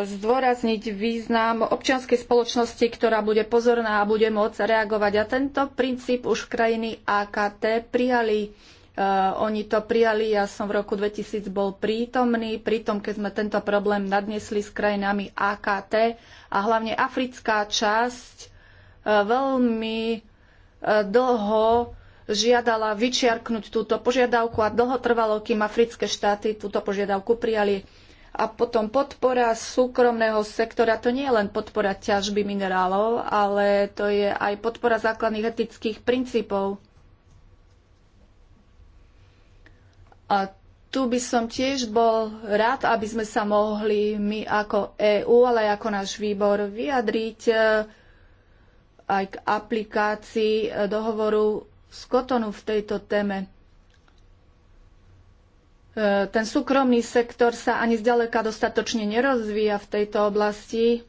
zdôrazniť význam občianskej spoločnosti, ktorá bude pozorná a bude môcť reagovať. A tento princíp už krajiny AKT prijali. Uh, oni to prijali, ja som v roku 2000 bol prítomný, pritom keď sme tento problém nadnesli s krajinami AKT a hlavne africká časť uh, veľmi uh, dlho žiadala vyčiarknúť túto požiadavku a dlho trvalo, kým africké štáty túto požiadavku prijali. A potom podpora súkromného sektora, to nie je len podpora ťažby minerálov, ale to je aj podpora základných etických princípov. A tu by som tiež bol rád, aby sme sa mohli my ako EÚ, ale aj ako náš výbor vyjadriť eh, aj k aplikácii eh, dohovoru z Kotonu v tejto téme. E, ten súkromný sektor sa ani zďaleka dostatočne nerozvíja v tejto oblasti.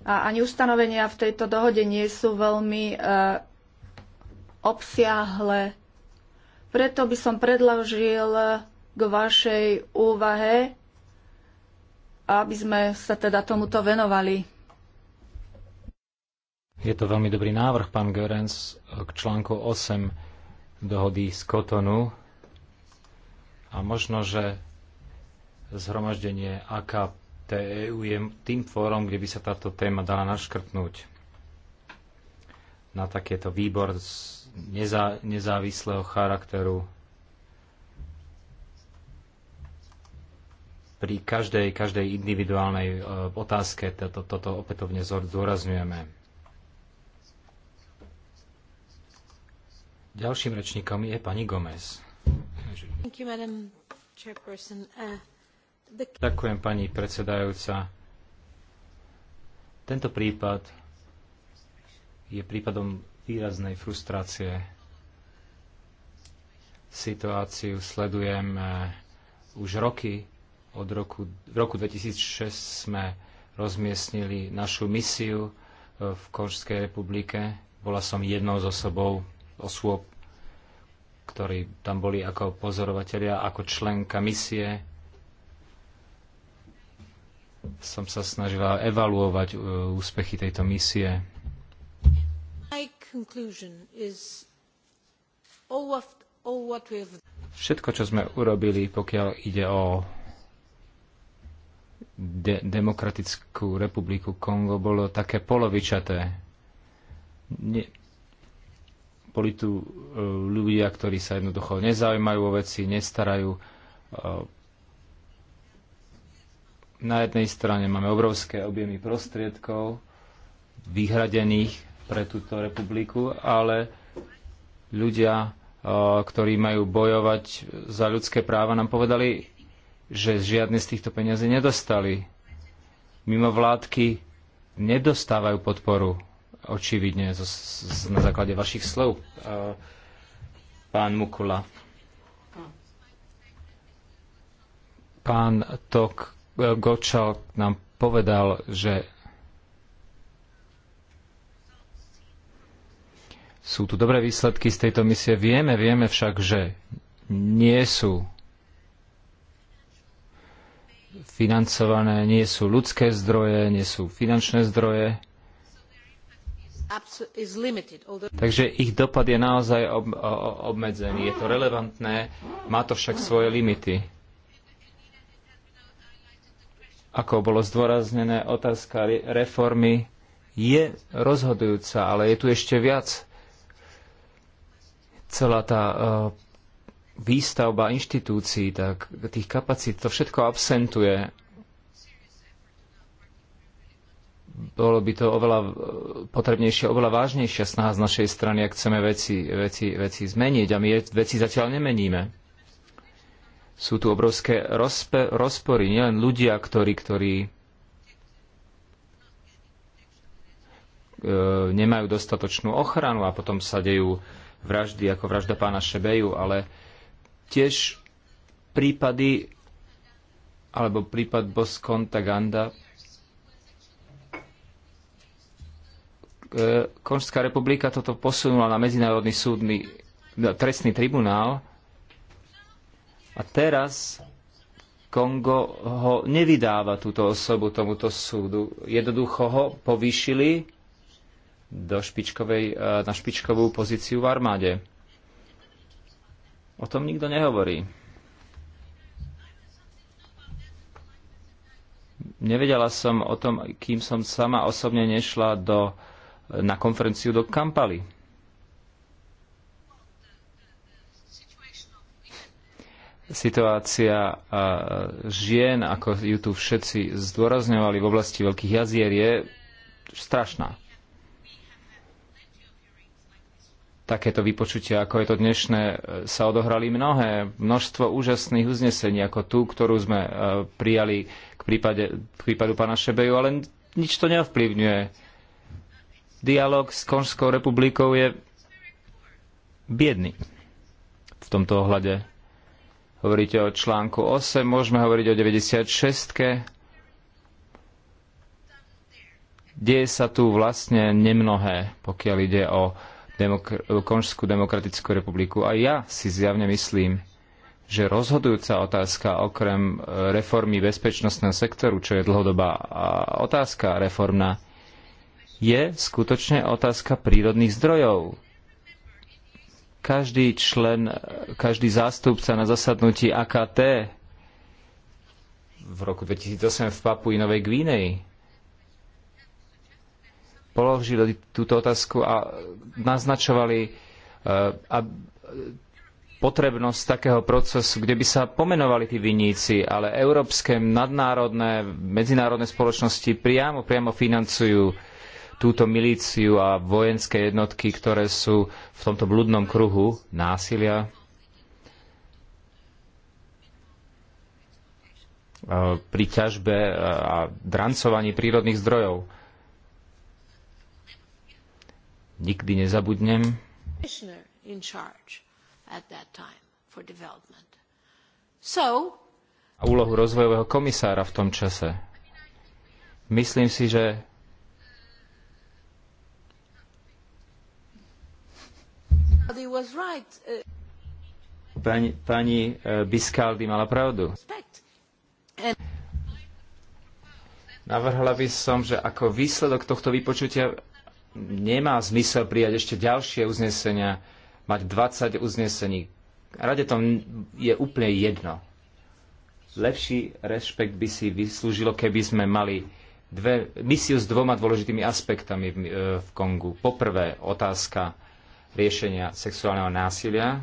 A ani ustanovenia v tejto dohode nie sú veľmi e, obsiahle. Preto by som predložil e, k vašej úvahe, aby sme sa teda tomuto venovali.
Je to veľmi dobrý návrh, pán Görens, k článku 8 dohody z Kotonu. A možno, že zhromaždenie AKTEU je tým fórom, kde by sa táto téma dala naškrtnúť na takéto výbor z nezá, nezávislého charakteru. Pri každej, každej individuálnej e, otázke toto, toto opätovne zdôrazňujeme. Ďalším rečníkom je pani Gomez. Uh, Ďakujem, pani predsedajúca. Tento prípad je prípadom výraznej frustrácie. Situáciu sledujem uh, už roky. Od roku, v roku 2006 sme rozmiestnili našu misiu uh, v Konžskej republike. Bola som jednou z osobou, osôb, ktorí tam boli ako pozorovateľia, ako členka misie. Som sa snažila evaluovať e, úspechy tejto misie. Všetko, čo sme urobili, pokiaľ ide o de- Demokratickú republiku Kongo, bolo také polovičaté. Nie. Boli tu e, ľudia, ktorí sa jednoducho nezaujímajú o veci, nestarajú. E, na jednej strane máme obrovské objemy prostriedkov vyhradených pre túto republiku, ale ľudia, e, ktorí majú bojovať za ľudské práva, nám povedali, že žiadne z týchto peniazí nedostali. Mimo vládky nedostávajú podporu očividne na základe vašich slov, pán Mukula. Pán Tok e, Gočal nám povedal, že sú tu dobré výsledky z tejto misie. Vieme, vieme však, že nie sú financované, nie sú ľudské zdroje, nie sú finančné zdroje. Takže ich dopad je naozaj ob, obmedzený. Je to relevantné, má to však svoje limity. Ako bolo zdôraznené, otázka reformy je rozhodujúca, ale je tu ešte viac. Celá tá e, výstavba inštitúcií, tak, tých kapacít, to všetko absentuje bolo by to oveľa e, potrebnejšia, oveľa vážnejšia snaha z našej strany, ak chceme veci, veci, veci zmeniť. A my veci zatiaľ nemeníme. Sú tu obrovské rozpe, rozpory, nielen ľudia, ktorí, ktorí e, nemajú dostatočnú ochranu a potom sa dejú vraždy ako vražda pána Šebeju, ale tiež prípady alebo prípad Boskonta Ganda, E, Konžská republika toto posunula na Medzinárodný súdny trestný tribunál a teraz Kongo ho nevydáva túto osobu tomuto súdu. Jednoducho ho povýšili do špičkovej, e, na špičkovú pozíciu v armáde. O tom nikto nehovorí. Nevedela som o tom, kým som sama osobne nešla do na konferenciu do Kampaly. Situácia žien, ako ju tu všetci zdôrazňovali v oblasti veľkých jazier, je strašná. Takéto vypočutia, ako je to dnešné, sa odohrali mnohé. Množstvo úžasných uznesení, ako tú, ktorú sme prijali k, prípade, k prípadu pána Šebeju, ale nič to neovplyvňuje dialog s Konžskou republikou je biedný v tomto ohľade. Hovoríte o článku 8, môžeme hovoriť o 96. Deje sa tu vlastne nemnohé, pokiaľ ide o demokra- Konžskú demokratickú republiku. A ja si zjavne myslím, že rozhodujúca otázka okrem e, reformy bezpečnostného sektoru, čo je dlhodobá otázka reformná, je skutočne otázka prírodných zdrojov. Každý člen, každý zástupca na zasadnutí AKT v roku 2008 v Papui Novej Gvínej položili túto otázku a naznačovali e, a potrebnosť takého procesu, kde by sa pomenovali tí viníci, ale európske, nadnárodné, medzinárodné spoločnosti priamo, priamo financujú túto milíciu a vojenské jednotky, ktoré sú v tomto blúdnom kruhu násilia. pri ťažbe a drancovaní prírodných zdrojov. Nikdy nezabudnem a úlohu rozvojového komisára v tom čase. Myslím si, že Uh, pani, pani e, Biskaldi mala pravdu. Navrhla by som, že ako výsledok tohto vypočutia nemá zmysel prijať ešte ďalšie uznesenia, mať 20 uznesení. Rade to je úplne jedno. Lepší rešpekt by si vyslúžilo, keby sme mali dve, misiu s dvoma dôležitými aspektami v, e, v Kongu. Poprvé, otázka riešenia sexuálneho násilia,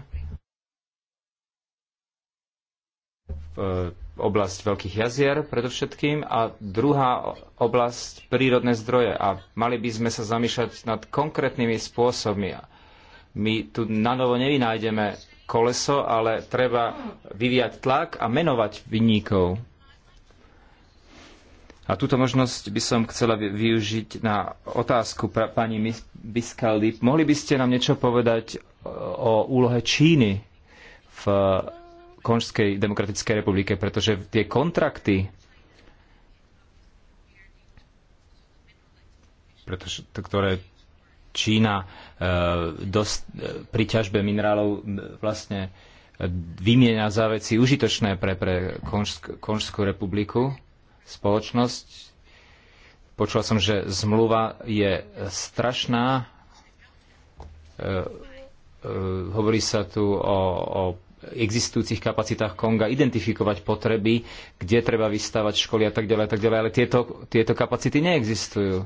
e, oblasť veľkých jazier predovšetkým a druhá oblasť prírodné zdroje a mali by sme sa zamýšľať nad konkrétnymi spôsobmi. My tu na novo nevynájdeme koleso, ale treba vyvíjať tlak a menovať vinníkov. A túto možnosť by som chcela využiť na otázku pra, pani Biskaldy. Mohli by ste nám niečo povedať o úlohe Číny v Konžskej demokratickej republike, pretože tie kontrakty, pretože, ktoré Čína e, dosť, e, pri ťažbe minerálov vlastne e, vymieňa za veci užitočné pre, pre Konžskú republiku, spoločnosť. Počul som, že zmluva je strašná. E, e, hovorí sa tu o, o existujúcich kapacitách Konga, identifikovať potreby, kde treba vystávať školy a tak ďalej, a tak ďalej, ale tieto, tieto kapacity neexistujú.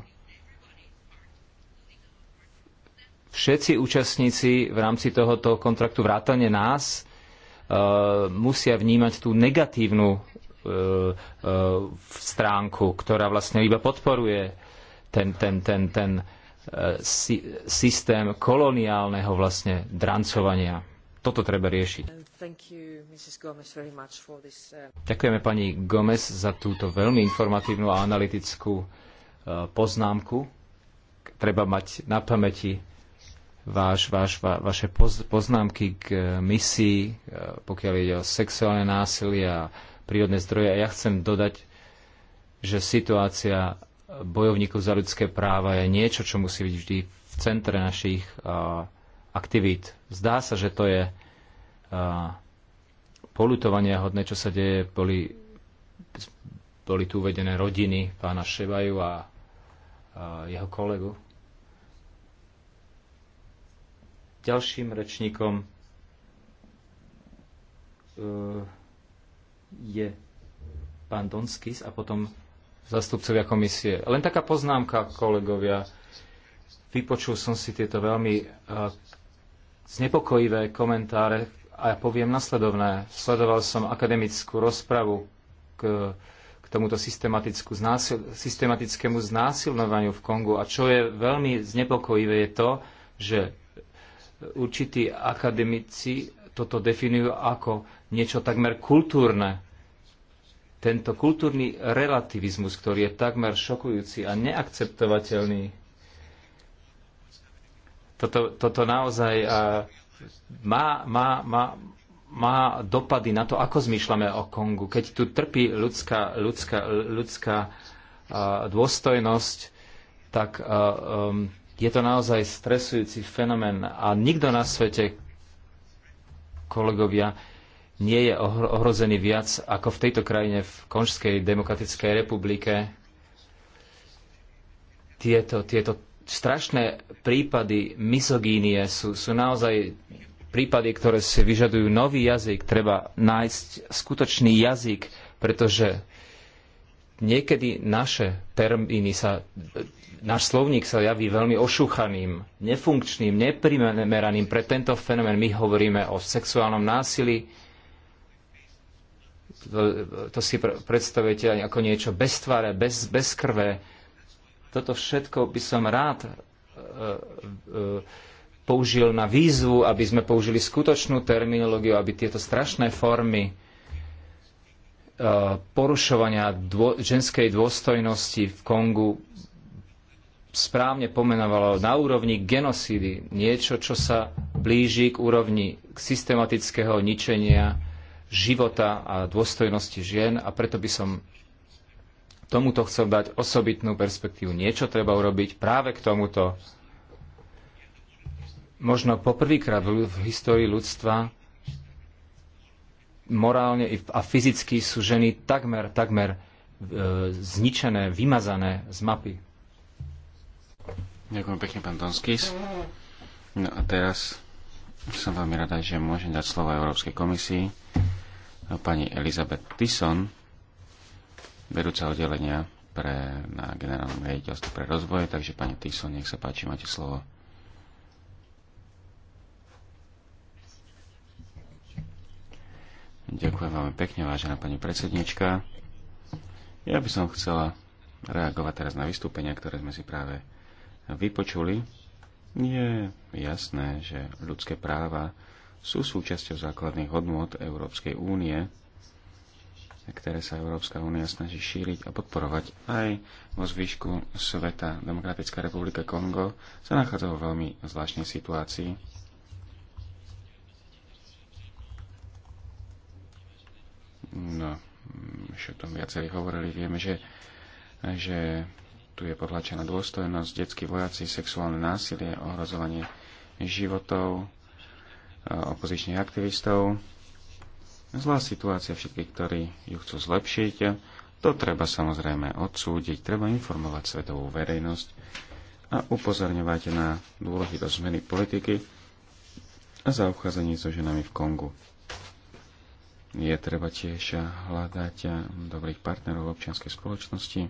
Všetci účastníci v rámci tohoto kontraktu vrátane nás e, musia vnímať tú negatívnu E, e, stránku, ktorá vlastne iba podporuje ten, ten, ten, ten e, systém koloniálneho vlastne drancovania. Toto treba riešiť. Uh, uh, Ďakujeme pani Gomez za túto veľmi informatívnu a analytickú poznámku. Treba mať na pamäti váš, váš, va, vaše poznámky k misii, pokiaľ ide o sexuálne násilie a prírodné zdroje. A ja chcem dodať, že situácia bojovníkov za ľudské práva je niečo, čo musí byť vždy v centre našich uh, aktivít. Zdá sa, že to je uh, polutovania hodné, čo sa deje. Boli, boli tu uvedené rodiny pána Ševaju a, uh, jeho kolegu. Ďalším rečníkom uh, je pán Donskis a potom zastupcovia komisie. Len taká poznámka, kolegovia. Vypočul som si tieto veľmi uh, znepokojivé komentáre a ja poviem nasledovné. Sledoval som akademickú rozpravu k, k tomuto znásil, systematickému znásilňovaniu v Kongu. A čo je veľmi znepokojivé je to, že určití akademici toto definujú ako niečo takmer kultúrne. Tento kultúrny relativizmus, ktorý je takmer šokujúci a neakceptovateľný, toto, toto naozaj má, má, má, má dopady na to, ako zmýšľame o Kongu. Keď tu trpí ľudská, ľudská, ľudská dôstojnosť, tak um, je to naozaj stresujúci fenomén a nikto na svete, kolegovia, nie je ohrozený viac ako v tejto krajine, v Konžskej demokratickej republike. Tieto, tieto strašné prípady misogínie sú, sú naozaj prípady, ktoré si vyžadujú nový jazyk. Treba nájsť skutočný jazyk, pretože Niekedy naše termíny sa, náš slovník sa javí veľmi ošúchaným, nefunkčným, neprimeraným pre tento fenomén. My hovoríme o sexuálnom násilí, to, to si predstavujete ako niečo bez tváre, bez, bez krve. Toto všetko by som rád e, e, použil na výzvu, aby sme použili skutočnú terminológiu, aby tieto strašné formy porušovania ženskej dôstojnosti v Kongu správne pomenovalo na úrovni genocídy niečo, čo sa blíži k úrovni systematického ničenia života a dôstojnosti žien a preto by som tomuto chcel dať osobitnú perspektívu. Niečo treba urobiť práve k tomuto. Možno poprvýkrát v histórii ľudstva morálne a fyzicky sú ženy takmer, takmer e, zničené, vymazané z mapy. Ďakujem pekne, pán Donskis. No a teraz som veľmi
rada, že môžem dať slovo Európskej komisii pani Elizabeth Tyson, vedúca oddelenia pre, na generálnom riaditeľstve pre rozvoj. Takže pani Tyson, nech sa páči, máte slovo. Ďakujem veľmi pekne, vážená pani predsednička. Ja by som chcela reagovať teraz na vystúpenia, ktoré sme si práve vypočuli. Je jasné, že ľudské práva sú súčasťou základných hodnôt Európskej únie, ktoré sa Európska únia snaží šíriť a podporovať. Aj vo zvyšku sveta Demokratická republika Kongo sa nachádza vo veľmi zvláštnej situácii No, už o tom viacerí hovorili. Vieme, že, že tu je potlačená dôstojnosť, detskí vojaci, sexuálne násilie, ohrozovanie životov, e, opozičných aktivistov. Zlá situácia všetkých, ktorí ju chcú zlepšiť. To treba samozrejme odsúdiť, treba informovať svetovú verejnosť a upozorňovať na dôležitosť zmeny politiky a zaobchádzanie so ženami v Kongu je treba tiež hľadať dobrých partnerov v občianskej spoločnosti.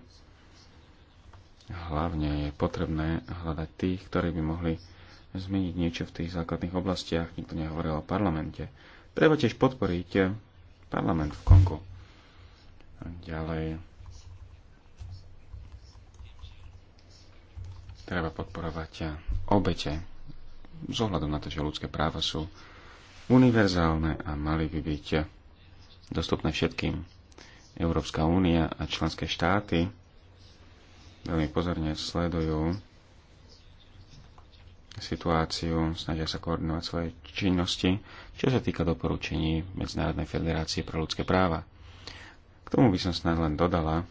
Hlavne je potrebné hľadať tých, ktorí by mohli zmeniť niečo v tých základných oblastiach. Nikto nehovoril o parlamente. Treba tiež podporiť parlament v Kongu. A ďalej treba podporovať obete z ohľadom na to, že ľudské práva sú univerzálne a mali by byť dostupné všetkým. Európska únia a členské štáty veľmi pozorne sledujú situáciu, snažia sa koordinovať svoje činnosti, čo sa týka doporučení Medzinárodnej federácie pre ľudské práva. K tomu by som snad len dodala,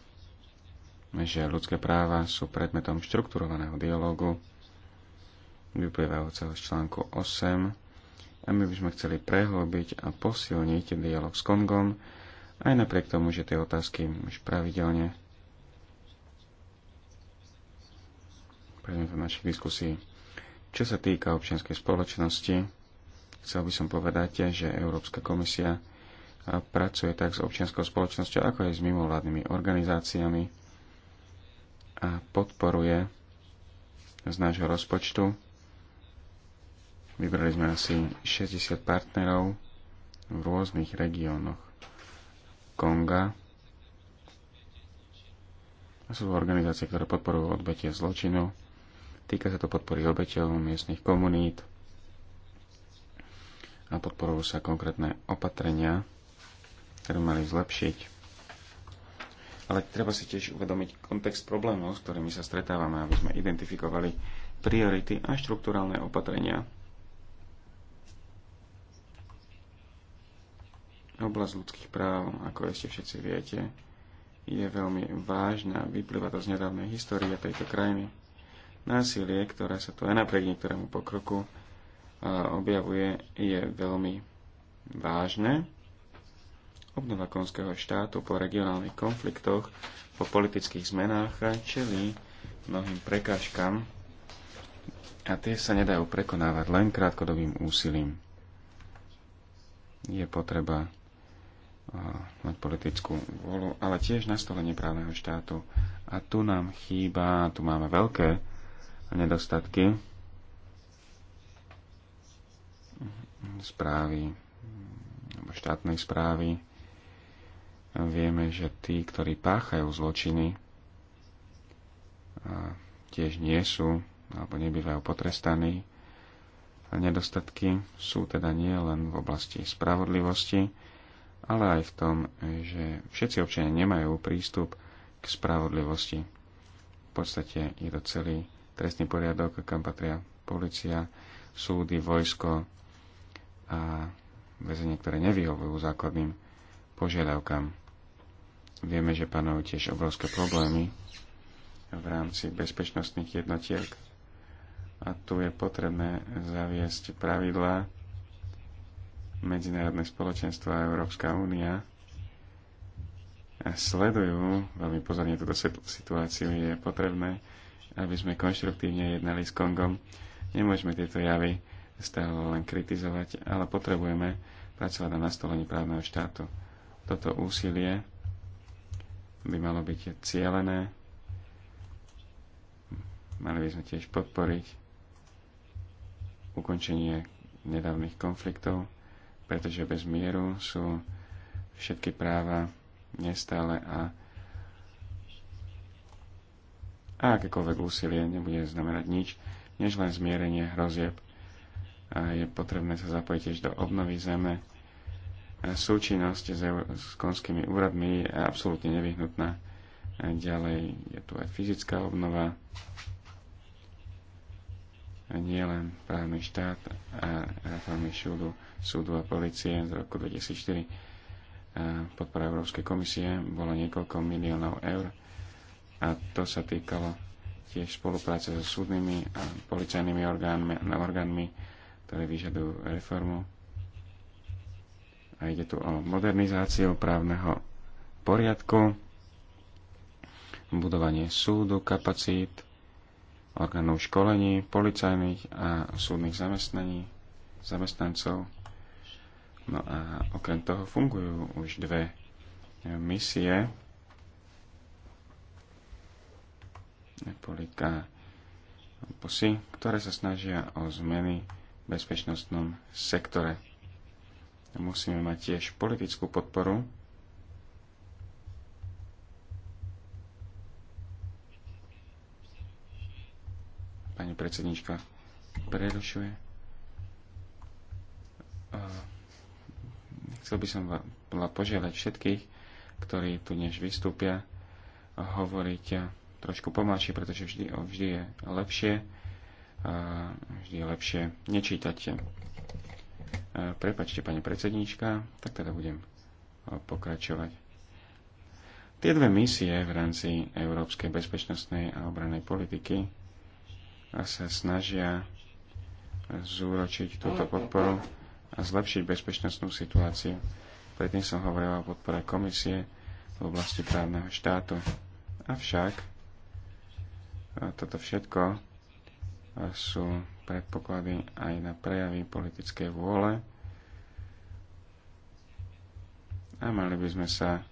že ľudské práva sú predmetom štrukturovaného dialogu, vyplývajúceho z článku 8 a my by sme chceli prehlbiť a posilniť dialog s Kongom, aj napriek tomu, že tie otázky už pravidelne v našich diskusí. Čo sa týka občianskej spoločnosti, chcel by som povedať, že Európska komisia pracuje tak s občianskou spoločnosťou, ako aj s mimovládnymi organizáciami a podporuje z nášho rozpočtu Vybrali sme asi 60 partnerov v rôznych regiónoch Konga. A sú to organizácie, ktoré podporujú odbetie zločinu. Týka sa to podpory obeťov, miestnych komunít a podporujú sa konkrétne opatrenia, ktoré mali zlepšiť ale treba si tiež uvedomiť kontext problémov, s ktorými sa stretávame, aby sme identifikovali priority a štruktúralné opatrenia, Oblasť ľudských práv, ako ešte všetci viete, je veľmi vážna. Vyplýva to z nedávnej histórie tejto krajiny. Násilie, ktoré sa tu aj napriek niektorému pokroku objavuje, je veľmi vážne. Obnova konského štátu po regionálnych konfliktoch, po politických zmenách čelí mnohým prekážkam a tie sa nedajú prekonávať len krátkodobým úsilím. Je potreba mať politickú volu, ale tiež nastolenie právneho štátu. A tu nám chýba, tu máme veľké nedostatky správy, alebo štátnej správy. Vieme, že tí, ktorí páchajú zločiny, tiež nie sú alebo nebývajú potrestaní. Nedostatky sú teda nie len v oblasti spravodlivosti, ale aj v tom, že všetci občania nemajú prístup k spravodlivosti. V podstate je to celý trestný poriadok, kam patria policia, súdy, vojsko a väzenie, ktoré nevyhovujú základným požiadavkám. Vieme, že panujú tiež obrovské problémy v rámci bezpečnostných jednotiek a tu je potrebné zaviesť pravidlá, medzinárodné spoločenstvo a Európska únia sledujú veľmi pozorne túto situáciu, je potrebné, aby sme konštruktívne jednali s Kongom. Nemôžeme tieto javy stále len kritizovať, ale potrebujeme pracovať na nastolení právneho štátu. Toto úsilie by malo byť cielené. Mali by sme tiež podporiť ukončenie nedávnych konfliktov pretože bez mieru sú všetky práva nestále a a akékoľvek úsilie nebude znamenať nič, než len zmierenie hrozieb. A je potrebné sa zapojiť tiež do obnovy zeme. A súčinnosť s, eur- s konskými úradmi je absolútne nevyhnutná. A ďalej je tu aj fyzická obnova, nielen právny štát a reformy súdu, súdu a policie z roku 2004. Podpora Európskej komisie bolo niekoľko miliónov eur a to sa týkalo tiež spolupráce so súdnymi a policajnými orgánmi, orgánmi ktoré vyžadujú reformu. A ide tu o modernizáciu právneho poriadku, budovanie súdu, kapacít, orgánov školení, policajných a súdnych zamestnaní, zamestnancov. No a okrem toho fungujú už dve misie. Polika posy, ktoré sa snažia o zmeny v bezpečnostnom sektore. Musíme mať tiež politickú podporu Pani predsednička prerušuje. Chcel by som vám požiadať všetkých, ktorí tu dnes vystúpia, hovoriť trošku pomalšie, pretože vždy, vždy je lepšie, vždy je lepšie nečítať. Prepačte, pani predsednička, tak teda budem pokračovať. Tie dve misie v rámci európskej bezpečnostnej a obrannej politiky sa snažia zúročiť túto podporu a zlepšiť bezpečnostnú situáciu. Predtým som hovoril o podpore komisie v oblasti právneho štátu. Avšak toto všetko sú predpoklady aj na prejavy politickej vôle a mali by sme sa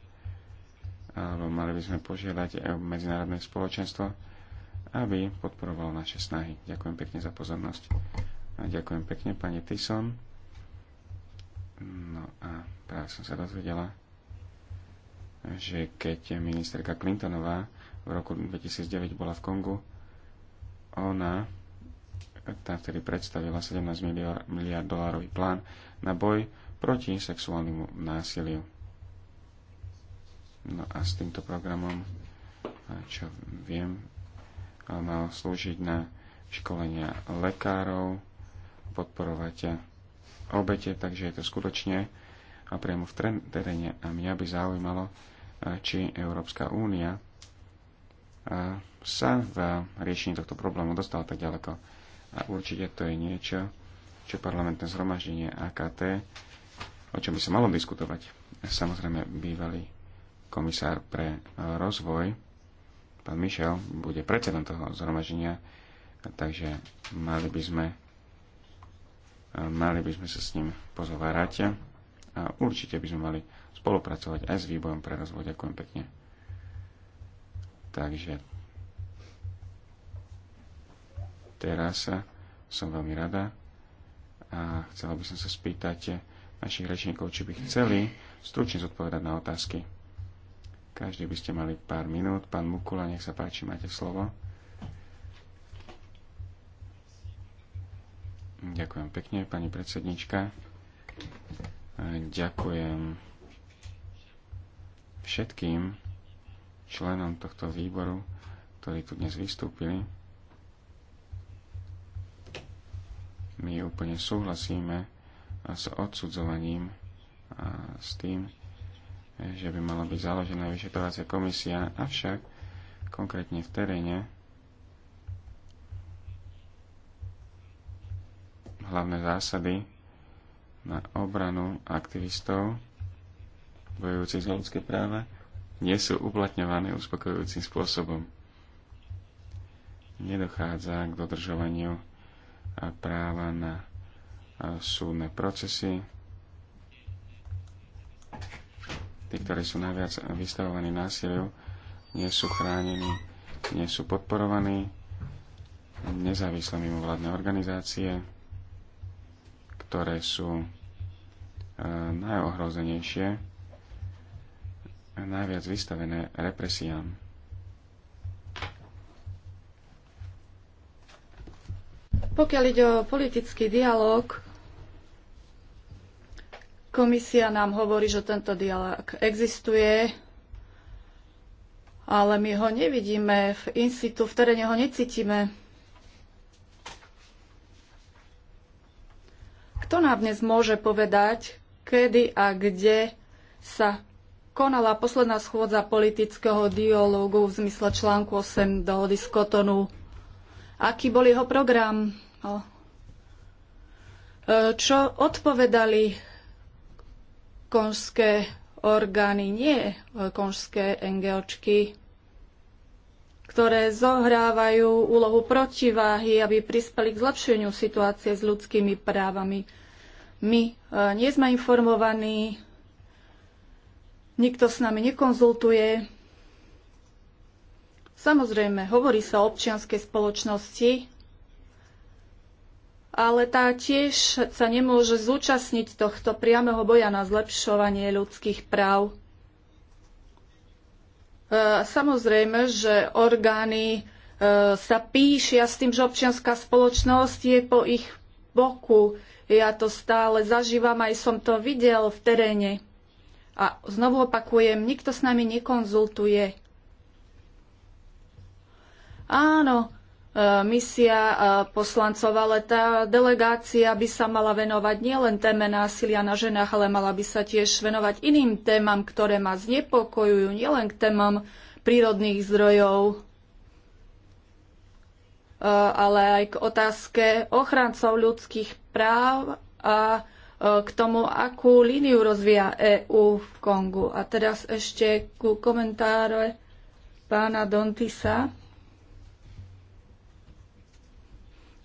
alebo mali by sme požiadať e, medzinárodné spoločenstvo, aby podporoval naše snahy. Ďakujem pekne za pozornosť. A ďakujem pekne, pani Tyson. No a práve som sa dozvedela, že keď ministerka Clintonová v roku 2009 bola v Kongu, ona tá vtedy predstavila 17 miliard, miliard dolárový plán na boj proti sexuálnemu násiliu. No a s týmto programom, čo viem, mal slúžiť na školenia lekárov, podporovať obete, takže je to skutočne a priamo v teréne. A mňa by zaujímalo, či Európska únia sa v riešení tohto problému dostala tak ďaleko. A určite to je niečo, čo parlamentné zhromaždenie AKT, o čom by sa malo diskutovať. Samozrejme, bývalý komisár pre rozvoj pán Mišel bude predsedom toho zhromaženia, takže mali by sme mali by sme sa s ním pozovárať a určite by sme mali spolupracovať aj s výbojom pre rozvoj. Ďakujem pekne. Takže teraz som veľmi rada a chcela by som sa spýtať našich rečníkov, či by chceli stručne zodpovedať na otázky. Každý by ste mali pár minút. Pán Mukula, nech sa páči, máte slovo. Ďakujem pekne, pani predsednička. Ďakujem všetkým členom tohto výboru, ktorí tu dnes vystúpili. My úplne súhlasíme s odsudzovaním a s tým, že by mala byť založená vyšetrovacia komisia, avšak konkrétne v teréne hlavné zásady na obranu aktivistov bojujúcich za ľudské práva nie sú uplatňované uspokojujúcim spôsobom. Nedochádza k dodržovaniu práva na súdne procesy, tí, ktorí sú najviac vystavovaní násiliu, nie sú chránení, nie sú podporovaní, nezávislé mimovládne organizácie, ktoré sú e, najohrozenejšie, najviac vystavené represiám.
Pokiaľ ide o politický dialog, Komisia nám hovorí, že tento dialog existuje, ale my ho nevidíme v institu, v teréne ho necítime. Kto nám dnes môže povedať, kedy a kde sa konala posledná schôdza politického dialógu v zmysle článku 8 dohody z Kotonu? Aký bol jeho program? No. E, čo odpovedali konžské orgány, nie konžské engelčky, ktoré zohrávajú úlohu protiváhy, aby prispeli k zlepšeniu situácie s ľudskými právami. My e, nie sme informovaní, nikto s nami nekonzultuje. Samozrejme, hovorí sa o občianskej spoločnosti, ale tá tiež sa nemôže zúčastniť tohto priameho boja na zlepšovanie ľudských práv. E, samozrejme, že orgány e, sa píšia s tým, že občianská spoločnosť je po ich boku. Ja to stále zažívam, aj som to videl v teréne. A znovu opakujem, nikto s nami nekonzultuje. Áno, E, misia e, poslancov, ale tá delegácia by sa mala venovať nielen téme násilia na ženách, ale mala by sa tiež venovať iným témam, ktoré ma znepokojujú, nielen k témam prírodných zdrojov, e, ale aj k otázke ochrancov ľudských práv a k tomu, akú líniu rozvíja EÚ v Kongu. A teraz ešte ku komentáre pána Dontisa.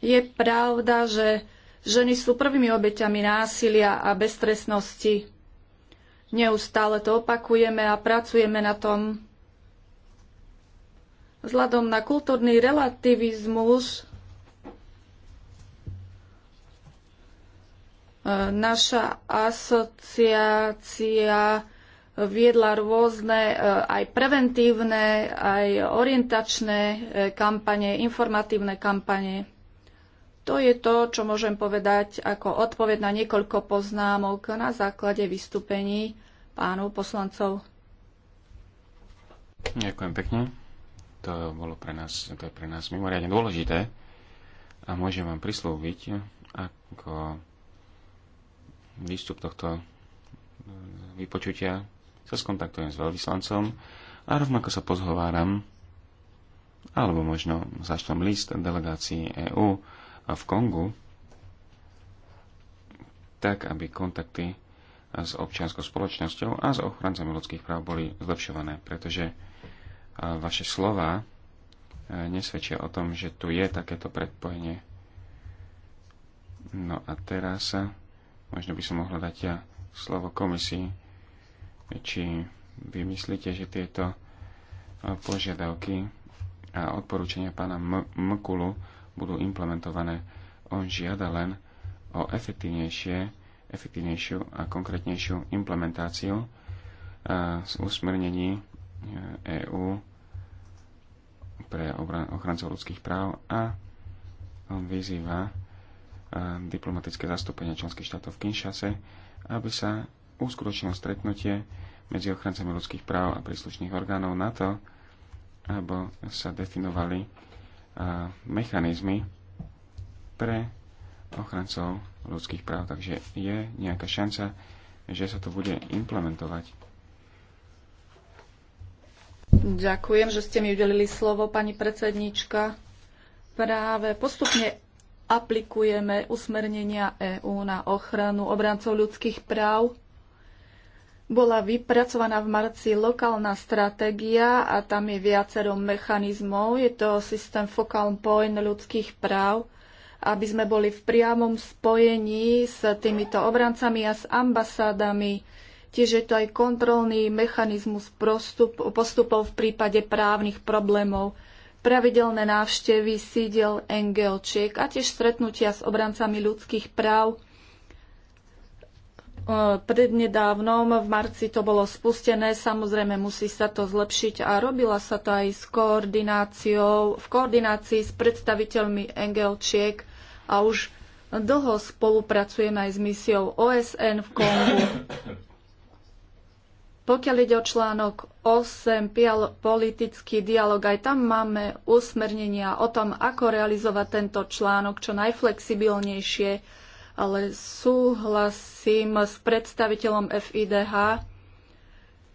Je pravda, že ženy sú prvými obeťami násilia a beztresnosti. Neustále to opakujeme a pracujeme na tom. Vzhľadom na kultúrny relativizmus e, naša asociácia viedla rôzne e, aj preventívne, aj orientačné e, kampane, informatívne kampane. To je to, čo môžem povedať ako odpoved na niekoľko poznámok na základe vystúpení pánov poslancov.
Ďakujem pekne. To bolo pre nás, to je pre nás mimoriadne dôležité a môžem vám prislúbiť, ako výstup tohto e, vypočutia sa skontaktujem s veľvyslancom a rovnako sa pozhováram alebo možno zašlom list delegácii EÚ, v Kongu, tak aby kontakty s občianskou spoločnosťou a s ochrancami ľudských práv boli zlepšované, pretože e, vaše slova e, nesvedčia o tom, že tu je takéto predpojenie. No a teraz e, možno by som mohla dať ja slovo komisii, či vy myslíte, že tieto požiadavky a odporúčania pána M- Mkulu budú implementované. On žiada len o efektívnejšie, efektívnejšiu a konkrétnejšiu implementáciu z eh, usmernení EÚ eh, e pre ochrancov ľudských práv a on vyzýva eh, diplomatické zastúpenie členských štátov v Kinshase, aby sa uskutočnilo stretnutie medzi ochrancami ľudských práv a príslušných orgánov na to, aby sa definovali mechanizmy pre ochrancov ľudských práv. Takže je nejaká šanca, že sa to bude implementovať.
Ďakujem, že ste mi udelili slovo, pani predsednička. Práve postupne aplikujeme usmernenia EÚ na ochranu obrancov ľudských práv bola vypracovaná v marci lokálna stratégia a tam je viacero mechanizmov. Je to systém focal point ľudských práv, aby sme boli v priamom spojení s týmito obrancami a s ambasádami. Tiež je to aj kontrolný mechanizmus postup, postupov v prípade právnych problémov, pravidelné návštevy sídel NGOčiek a tiež stretnutia s obrancami ľudských práv – Prednedávnom v marci to bolo spustené, samozrejme musí sa to zlepšiť a robila sa to aj s koordináciou, v koordinácii s predstaviteľmi Engelčiek a už dlho spolupracujeme aj s misiou OSN v Kongu. Pokiaľ ide o článok 8, politický dialog, aj tam máme usmernenia o tom, ako realizovať tento článok čo najflexibilnejšie ale súhlasím s predstaviteľom FIDH,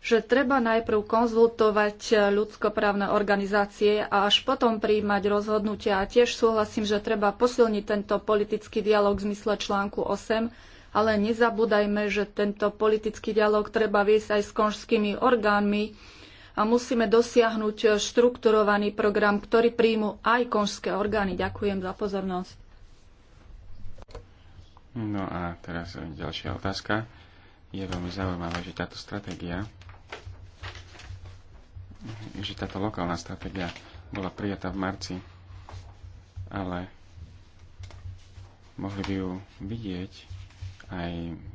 že treba najprv konzultovať ľudskoprávne organizácie a až potom príjmať rozhodnutia. A tiež súhlasím, že treba posilniť tento politický dialog v zmysle článku 8, ale nezabúdajme, že tento politický dialog treba viesť aj s konžskými orgánmi a musíme dosiahnuť štrukturovaný program, ktorý príjmu aj konžské orgány. Ďakujem za pozornosť.
No a teraz ďalšia otázka. Je veľmi zaujímavé, že táto stratégia, že táto lokálna stratégia bola prijatá v marci, ale mohli by ju vidieť aj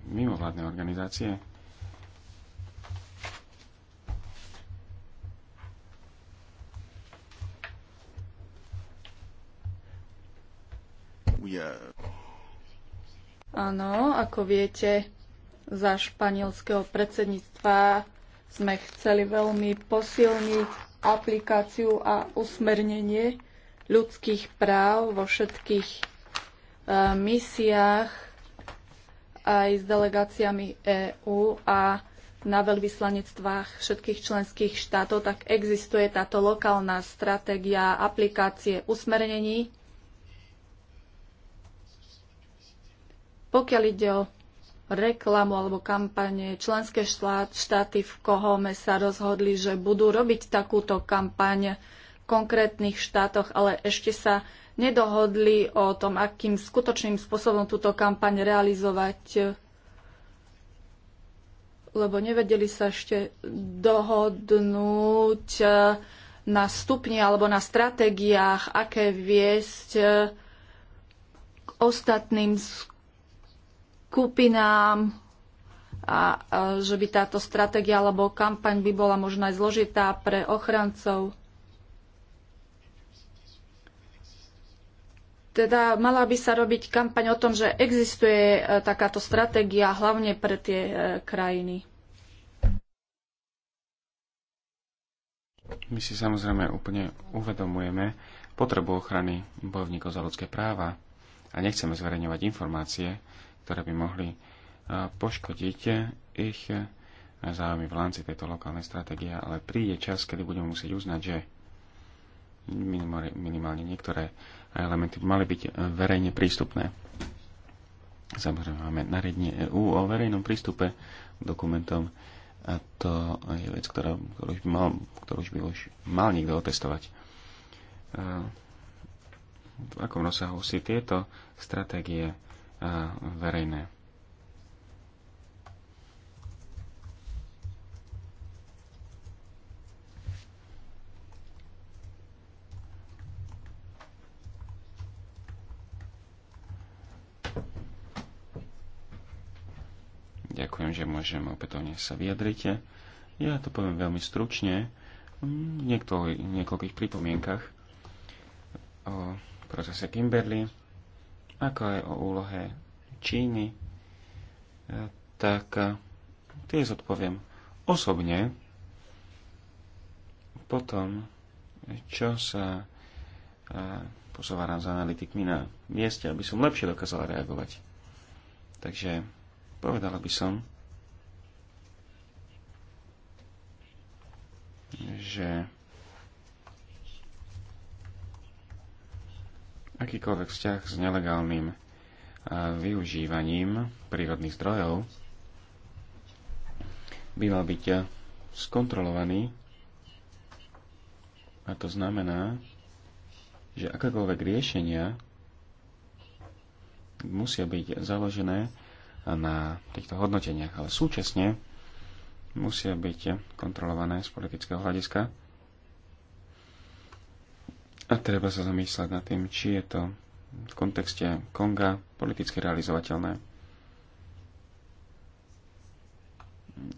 mimovládne organizácie. We, uh...
Áno, ako viete, za španielského predsedníctva sme chceli veľmi posilniť aplikáciu a usmernenie ľudských práv vo všetkých e, misiách aj s delegáciami EÚ a na veľvyslanectvách všetkých členských štátov, tak existuje táto lokálna stratégia aplikácie usmernení Pokiaľ ide o reklamu alebo kampane, členské štáty v Kohome sa rozhodli, že budú robiť takúto kampaň v konkrétnych štátoch, ale ešte sa nedohodli o tom, akým skutočným spôsobom túto kampaň realizovať lebo nevedeli sa ešte dohodnúť e, na stupni alebo na stratégiách, aké viesť e, k ostatným skupinám a že by táto stratégia alebo kampaň by bola možno aj zložitá pre ochrancov. Teda mala by sa robiť kampaň o tom, že existuje e, takáto stratégia hlavne pre tie e, krajiny.
My si samozrejme úplne uvedomujeme potrebu ochrany bojovníkov za ľudské práva a nechceme zverejňovať informácie, ktoré by mohli e, poškodiť e, ich e, záujmy v rámci tejto lokálnej stratégie, ale príde čas, kedy budeme musieť uznať, že minimálne niektoré elementy by mali byť verejne prístupné. Samozrejme máme nariadenie EÚ o verejnom prístupe k dokumentom a to je vec, ktorá, ktorú, už by mal, ktorú už by už mal niekto otestovať. V akom rozsahu si tieto stratégie verejné. Ďakujem, že môžem opätovne sa vyjadriť. Ja to poviem veľmi stručne, v niekoľkých pripomienkach o procese Kimberley ako aj o úlohe Číny, e, tak e, tie zodpoviem osobne. Potom, čo sa e, pozováram s analytikmi na mieste, aby som lepšie dokázala reagovať. Takže povedala by som, že akýkoľvek vzťah s nelegálnym eh, využívaním prírodných zdrojov by mal byť eh, skontrolovaný. A to znamená, že akékoľvek riešenia musia byť založené na týchto hodnoteniach, ale súčasne musia byť eh, kontrolované z politického hľadiska a treba sa zamýšľať nad tým, či je to v kontexte Konga politicky realizovateľné.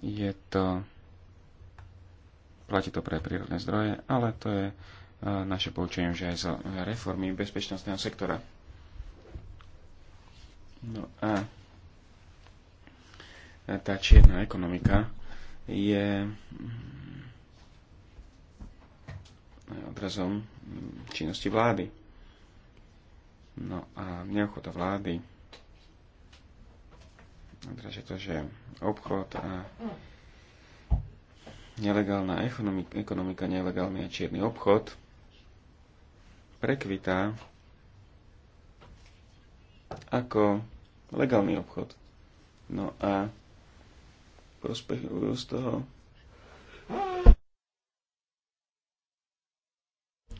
Je to... Platí to pre prírodné zdroje, ale to je e, naše poučenie, že aj z reformy bezpečnostného sektora. No a tá čierna ekonomika je odrazom činnosti vlády. No a neochota vlády odraže to, že obchod a nelegálna ekonomika, ekonomika nelegálny a čierny obchod prekvitá ako legálny obchod. No a prospechujú z toho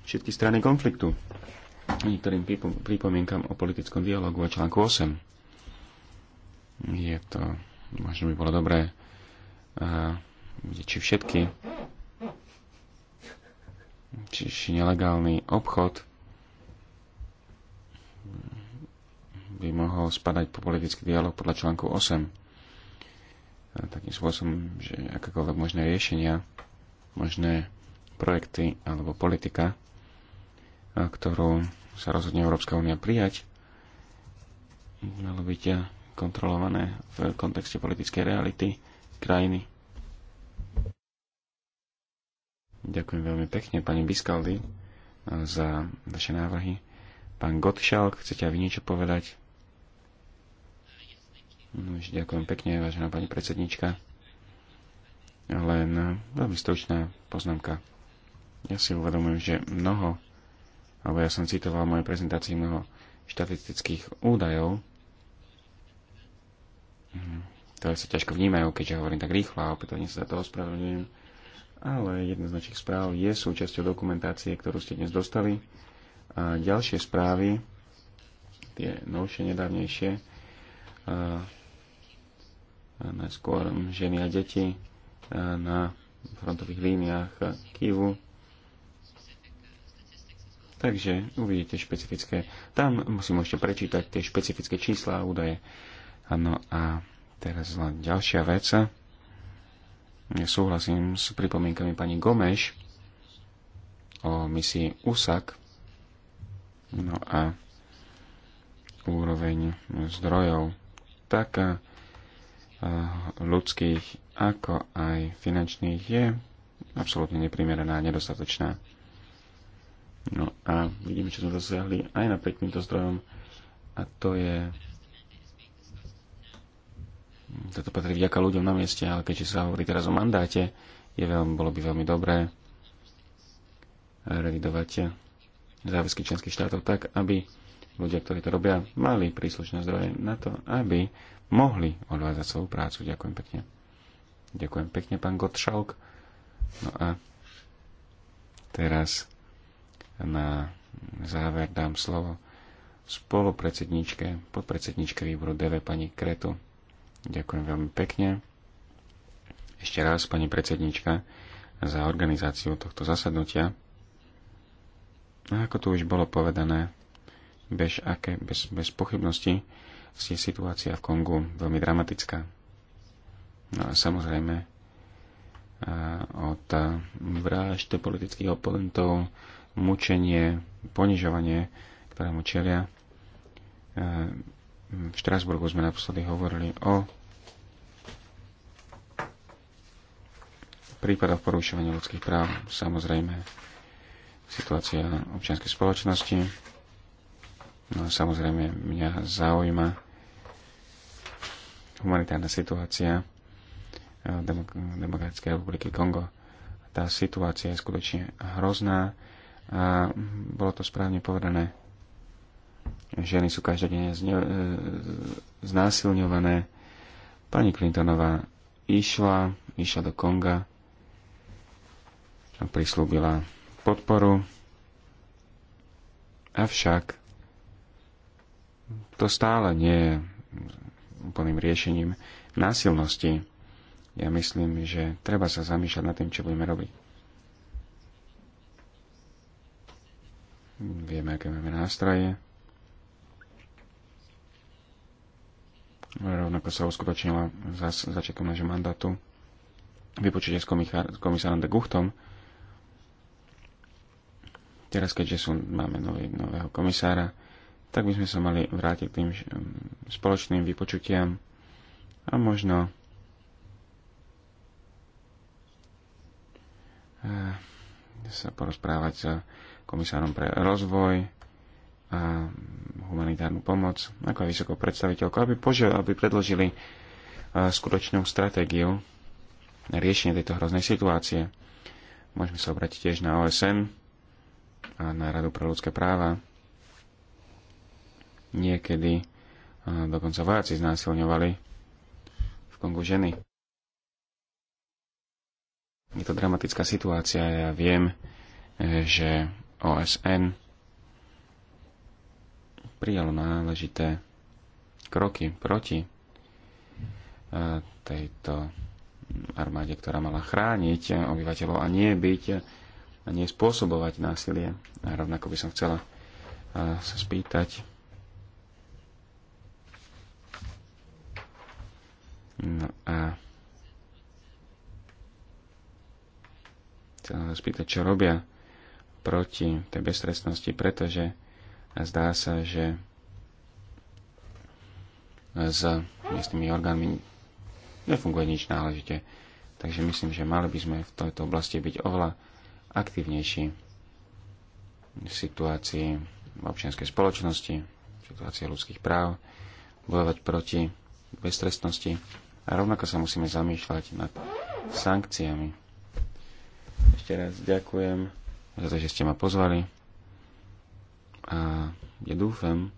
všetky strany konfliktu niektorým pripomienkam o politickom dialogu a článku 8. Je to, možno by bolo dobré, či všetky, či nelegálny obchod by mohol spadať po politický dialog podľa článku 8. A takým spôsobom, že akékoľvek možné riešenia, možné projekty alebo politika ktorú sa rozhodne Európska únia prijať, malo byť eh, kontrolované v kontexte politickej reality krajiny. Ďakujem veľmi pekne, pani Biskaldy, eh, za vaše návrhy. Pán Gottschalk, chcete aj vy niečo povedať? No, ďakujem pekne, vážená pani predsednička. Len eh, veľmi stručná poznámka. Ja si uvedomujem, že mnoho alebo ja som citoval v mojej prezentácii mnoho štatistických údajov, mhm. ktoré sa ťažko vnímajú, keďže hovorím tak rýchlo a opätovne sa za to ospravedlňujem. Ale jedna z našich správ je súčasťou dokumentácie, ktorú ste dnes dostali. A ďalšie správy, tie novšie, nedávnejšie, a, najskôr ženy a deti na frontových líniách Kivu, Takže uvidíte špecifické, tam si môžete prečítať tie špecifické čísla a údaje. Áno a teraz len ďalšia vec. Ja súhlasím s pripomienkami pani Gomeš o misii USAK. No a úroveň zdrojov, tak eh, ľudských ako aj finančných je absolútne neprimeraná a nedostatočná. No a vidíme, čo sme dosiahli aj na týmto zdrojom a to je toto patrí vďaka ľuďom na mieste, ale keďže sa hovorí teraz o mandáte, je veľmi, bolo by veľmi dobré revidovať záväzky členských štátov tak, aby ľudia, ktorí to robia, mali príslušné zdroje na to, aby mohli odvázať svoju prácu. Ďakujem pekne. Ďakujem pekne, pán Gottschalk. No a teraz na záver dám slovo spolupredsedničke, podpredsedničke výboru DV pani Kretu. Ďakujem veľmi pekne. Ešte raz, pani predsednička, za organizáciu tohto zasadnutia. A ako tu už bolo povedané, bez, aké, bez, bez pochybnosti je situácia v Kongu veľmi dramatická. No a samozrejme, od vražd politických oponentov, mučenie, ponižovanie, ktorému čelia. E, v Štrásburgu sme naposledy hovorili o prípadoch porušovania ľudských práv, samozrejme situácia občianskej spoločnosti. No a samozrejme mňa zaujíma humanitárna situácia e, Demokratickej republiky Kongo. Tá situácia je skutočne hrozná a bolo to správne povedané. Ženy sú každodenne e, znásilňované. Pani Clintonová išla, išla do Konga a prislúbila podporu. Avšak to stále nie je úplným riešením násilnosti. Ja myslím, že treba sa zamýšľať nad tým, čo budeme robiť. Vieme, aké máme nástroje. Rovnako sa uskutočnila za začiatkom nášho mandátu vypočutie s komisárom de Guchtom. Teraz, keďže sú, máme nový, nového komisára, tak by sme sa mali vrátiť k tým spoločným vypočutiam a možno eh, sa porozprávať s komisárom pre rozvoj a humanitárnu pomoc, ako aj vysokou predstaviteľkou, aby, aby predložili e, skutočnú stratégiu na riešenie tejto hroznej situácie. Môžeme sa obrátiť tiež na OSN a na Radu pre ľudské práva. Niekedy e, dokonca vojaci znásilňovali v Kongu ženy. Je to dramatická situácia, ja viem, e, že OSN prijalo náležité kroky proti e, tejto armáde, ktorá mala chrániť obyvateľov a nie byť a nie spôsobovať násilie. A rovnako by som chcela e, sa spýtať no a chcela sa spýtať, čo robia proti tej beztrestnosti, pretože zdá sa, že s miestnymi orgánmi nefunguje nič náležite. Takže myslím, že mali by sme v tejto oblasti byť oveľa aktívnejší v situácii v občianskej spoločnosti, v situácii ľudských práv, bojovať proti beztrestnosti a rovnako sa musíme zamýšľať nad sankciami. Ešte raz ďakujem za to, že ste ma pozvali. A ja dúfam,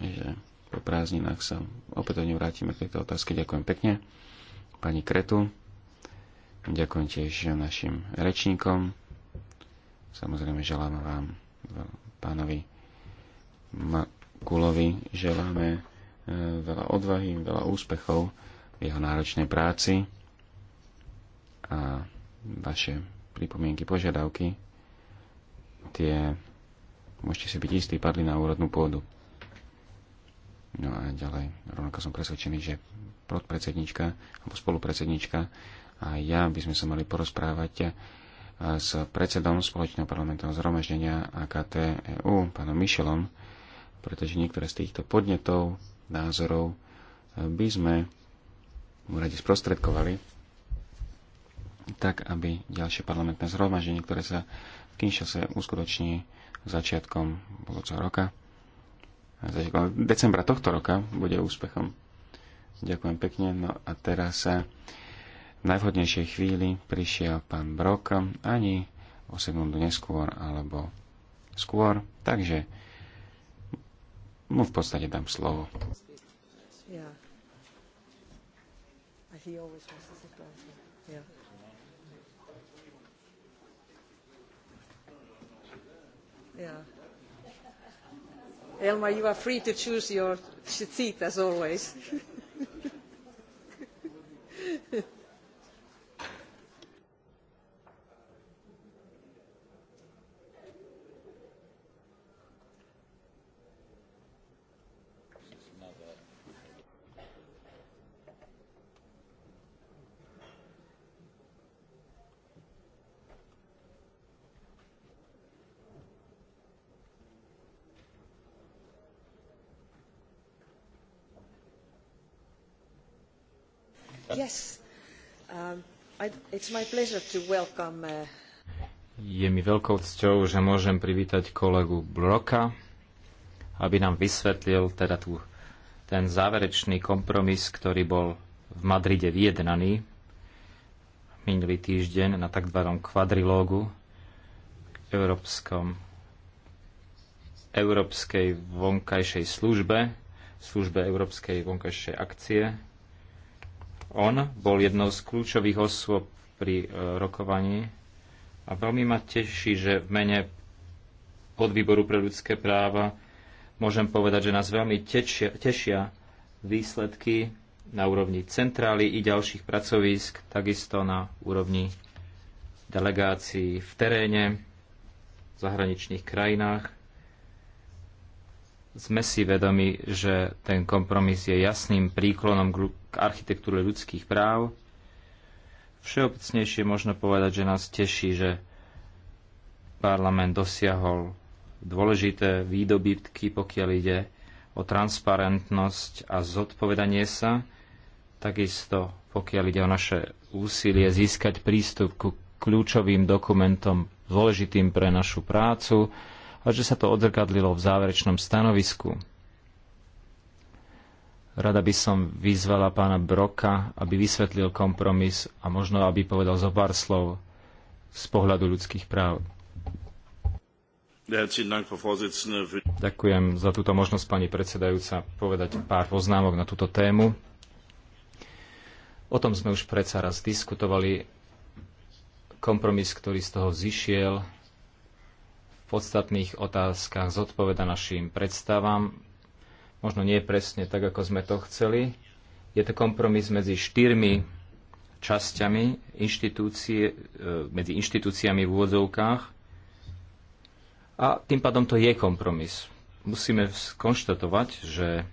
že po prázdninách sa opätovne vrátime k tejto otázke. Ďakujem pekne pani Kretu. Ďakujem tiež našim rečníkom. Samozrejme želám vám, pánovi Makulovi, želáme e, veľa odvahy, veľa úspechov v jeho náročnej práci a vaše pripomienky, požiadavky, tie, môžete si byť istí, padli na úrodnú pôdu. No a ďalej, rovnako som presvedčený, že podpredsednička alebo spolupredsednička a ja by sme sa mali porozprávať eh, s predsedom spoločného parlamentného zhromaždenia AKT EU, pánom Michelom, pretože niektoré z týchto podnetov, názorov eh, by sme mu radi sprostredkovali tak aby ďalšie parlamentné zhromaždenie, ktoré sa v Kinshase uskutoční začiatkom budúceho roka, začiatkom decembra tohto roka, bude úspechom. Ďakujem pekne. No a teraz sa v najvhodnejšej chvíli prišiel pán Brok ani o sekundu neskôr alebo skôr, takže mu v podstate dám slovo. Yeah.
Yeah. Elma, you are free to choose your seat as always. Um, uh,
je mi veľkou cťou, že môžem privítať kolegu Broka, aby nám vysvetlil teda tú, ten záverečný kompromis, ktorý bol v Madride vyjednaný minulý týždeň na tzv. kvadrilógu Európskom, Európskej vonkajšej službe, službe Európskej vonkajšej akcie on bol jednou z kľúčových osôb pri e, rokovaní a veľmi ma teší, že v mene podvýboru pre ľudské práva môžem povedať, že nás veľmi tečia, tešia výsledky na úrovni centrály i ďalších pracovísk, takisto na úrovni delegácií v teréne, v zahraničných krajinách. Sme si vedomi, že ten kompromis je jasným príklonom k architektúre ľudských práv. Všeobecnejšie možno povedať, že nás teší, že parlament dosiahol dôležité výdobytky, pokiaľ ide o transparentnosť a zodpovedanie sa, takisto pokiaľ ide o naše úsilie získať prístup ku kľúčovým dokumentom dôležitým pre našu prácu, a že sa to odrkadlilo v záverečnom stanovisku. Rada by som vyzvala pána Broka, aby vysvetlil kompromis a možno, aby povedal zo pár slov z pohľadu ľudských práv. Ďakujem za túto možnosť, pani predsedajúca, povedať pár poznámok na túto tému. O tom sme už predsa raz diskutovali. Kompromis, ktorý z toho zišiel, podstatných otázkach zodpoveda našim predstavám. Možno nie presne tak, ako sme to chceli. Je to kompromis medzi štyrmi časťami inštitúcie, e, medzi inštitúciami v úvodzovkách. A tým pádom to je kompromis. Musíme skonštatovať, že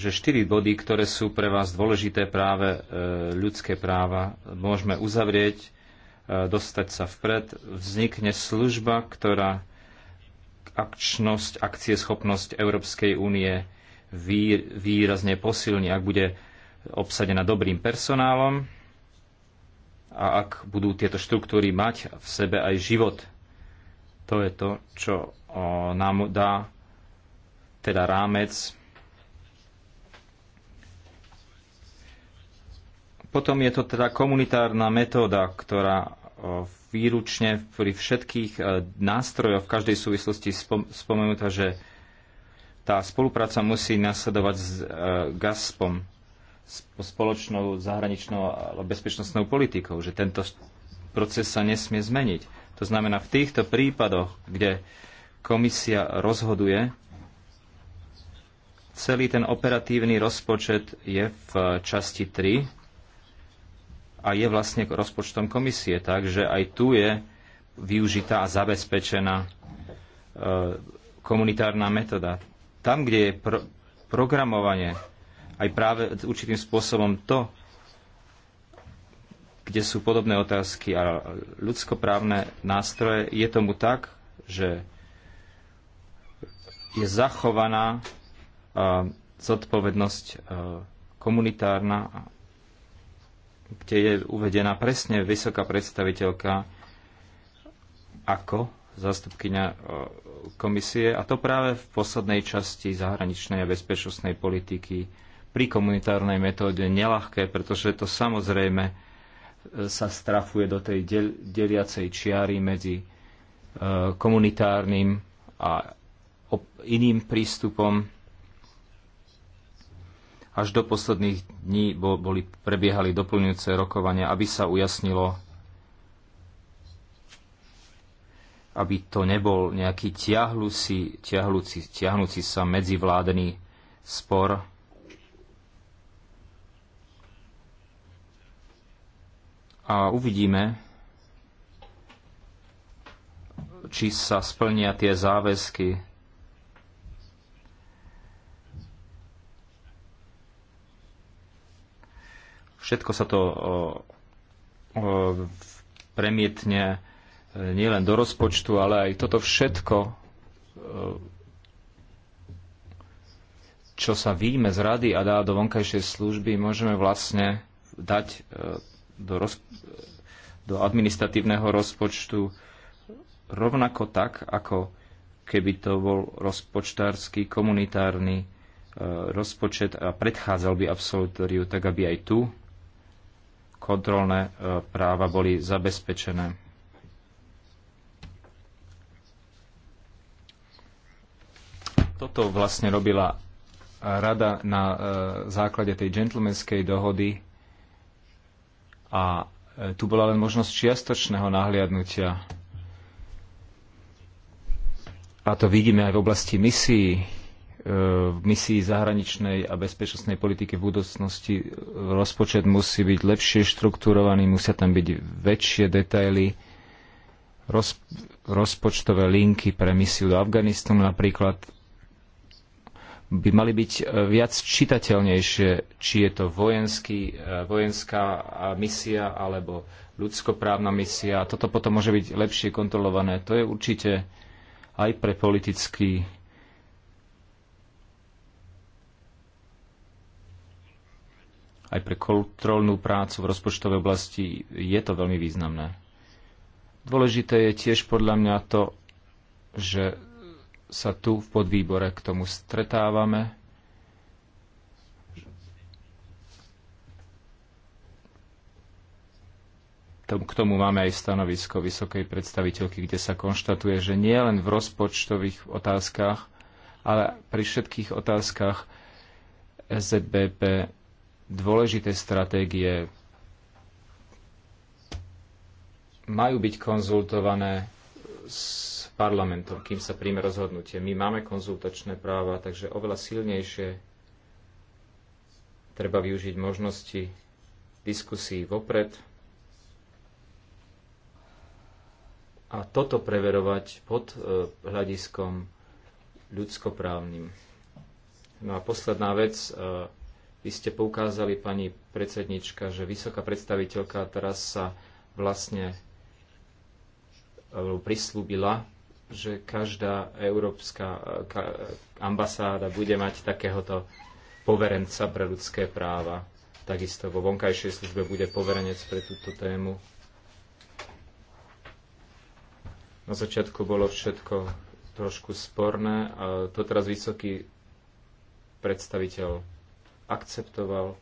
že štyri body, ktoré sú pre vás dôležité práve e, ľudské práva, môžeme uzavrieť, e, dostať sa vpred. Vznikne služba, ktorá akčnosť, akcieschopnosť Európskej únie výrazne posilní, ak bude obsadená dobrým personálom a ak budú tieto štruktúry mať v sebe aj život. To je to, čo nám dá teda rámec Potom je to teda komunitárna metóda, ktorá výručne pri všetkých e, nástrojoch v každej súvislosti spom- spomenutá, že tá spolupráca musí nasledovať s e, GASPom, s spoločnou zahraničnou a bezpečnostnou politikou, že tento proces sa nesmie zmeniť. To znamená, v týchto prípadoch, kde komisia rozhoduje, celý ten operatívny rozpočet je v e, časti 3 a je vlastne rozpočtom komisie. Takže aj tu je využitá a zabezpečená e, komunitárna metóda. Tam, kde je pro- programovanie aj práve určitým spôsobom to, kde sú podobné otázky a ľudskoprávne nástroje, je tomu tak, že je zachovaná e, zodpovednosť e, komunitárna kde je uvedená presne vysoká predstaviteľka ako zastupkynia e, komisie a to práve v poslednej časti zahraničnej a bezpečnostnej politiky pri komunitárnej metóde nelahké, pretože to samozrejme e, sa strafuje do tej del- deliacej čiary medzi e, komunitárnym a iným prístupom až do posledných dní boli, prebiehali doplňujúce rokovania, aby sa ujasnilo, aby to nebol nejaký tiahlúci, tiahlúci, tiahnúci sa medzivládny spor. A uvidíme, či sa splnia tie záväzky Všetko sa to premietne e, nielen do rozpočtu, ale aj toto všetko, e, čo sa výjme z rady a dá do vonkajšej služby, môžeme vlastne dať e, do, roz, do administratívneho rozpočtu rovnako tak, ako keby to bol rozpočtársky, komunitárny rozpočet a predchádzal by absolutóriu, tak aby aj tu kontrolné e, práva boli zabezpečené. Toto vlastne robila rada na e, základe tej džentlmenskej dohody a e, tu bola len možnosť čiastočného nahliadnutia. A to vidíme aj v oblasti misií v misii zahraničnej a bezpečnostnej politiky v budúcnosti rozpočet musí byť lepšie štrukturovaný, musia tam byť väčšie detaily, roz, rozpočtové linky pre misiu do Afganistanu napríklad by mali byť eh, viac čitateľnejšie, či je to vojenský, eh, vojenská misia alebo ľudskoprávna misia. Toto potom môže byť lepšie kontrolované. To je určite aj pre politický aj pre kontrolnú prácu v rozpočtovej oblasti je to veľmi významné. Dôležité je tiež podľa mňa to, že sa tu v podvýbore k tomu stretávame. K tomu máme aj stanovisko vysokej predstaviteľky, kde sa konštatuje, že nie len v rozpočtových otázkach, ale pri všetkých otázkach SZBP dôležité stratégie majú byť konzultované s parlamentom, kým sa príjme rozhodnutie. My máme konzultačné práva, takže oveľa silnejšie treba využiť možnosti diskusí vopred a toto preverovať pod e, hľadiskom ľudskoprávnym. No a posledná vec, e, vy ste poukázali, pani predsednička, že vysoká predstaviteľka teraz sa vlastne prislúbila, že každá európska ambasáda bude mať takéhoto poverenca pre ľudské práva. Takisto vo vonkajšej službe bude poverenec pre túto tému. Na začiatku bolo všetko trošku sporné a to teraz vysoký predstaviteľ akceptoval,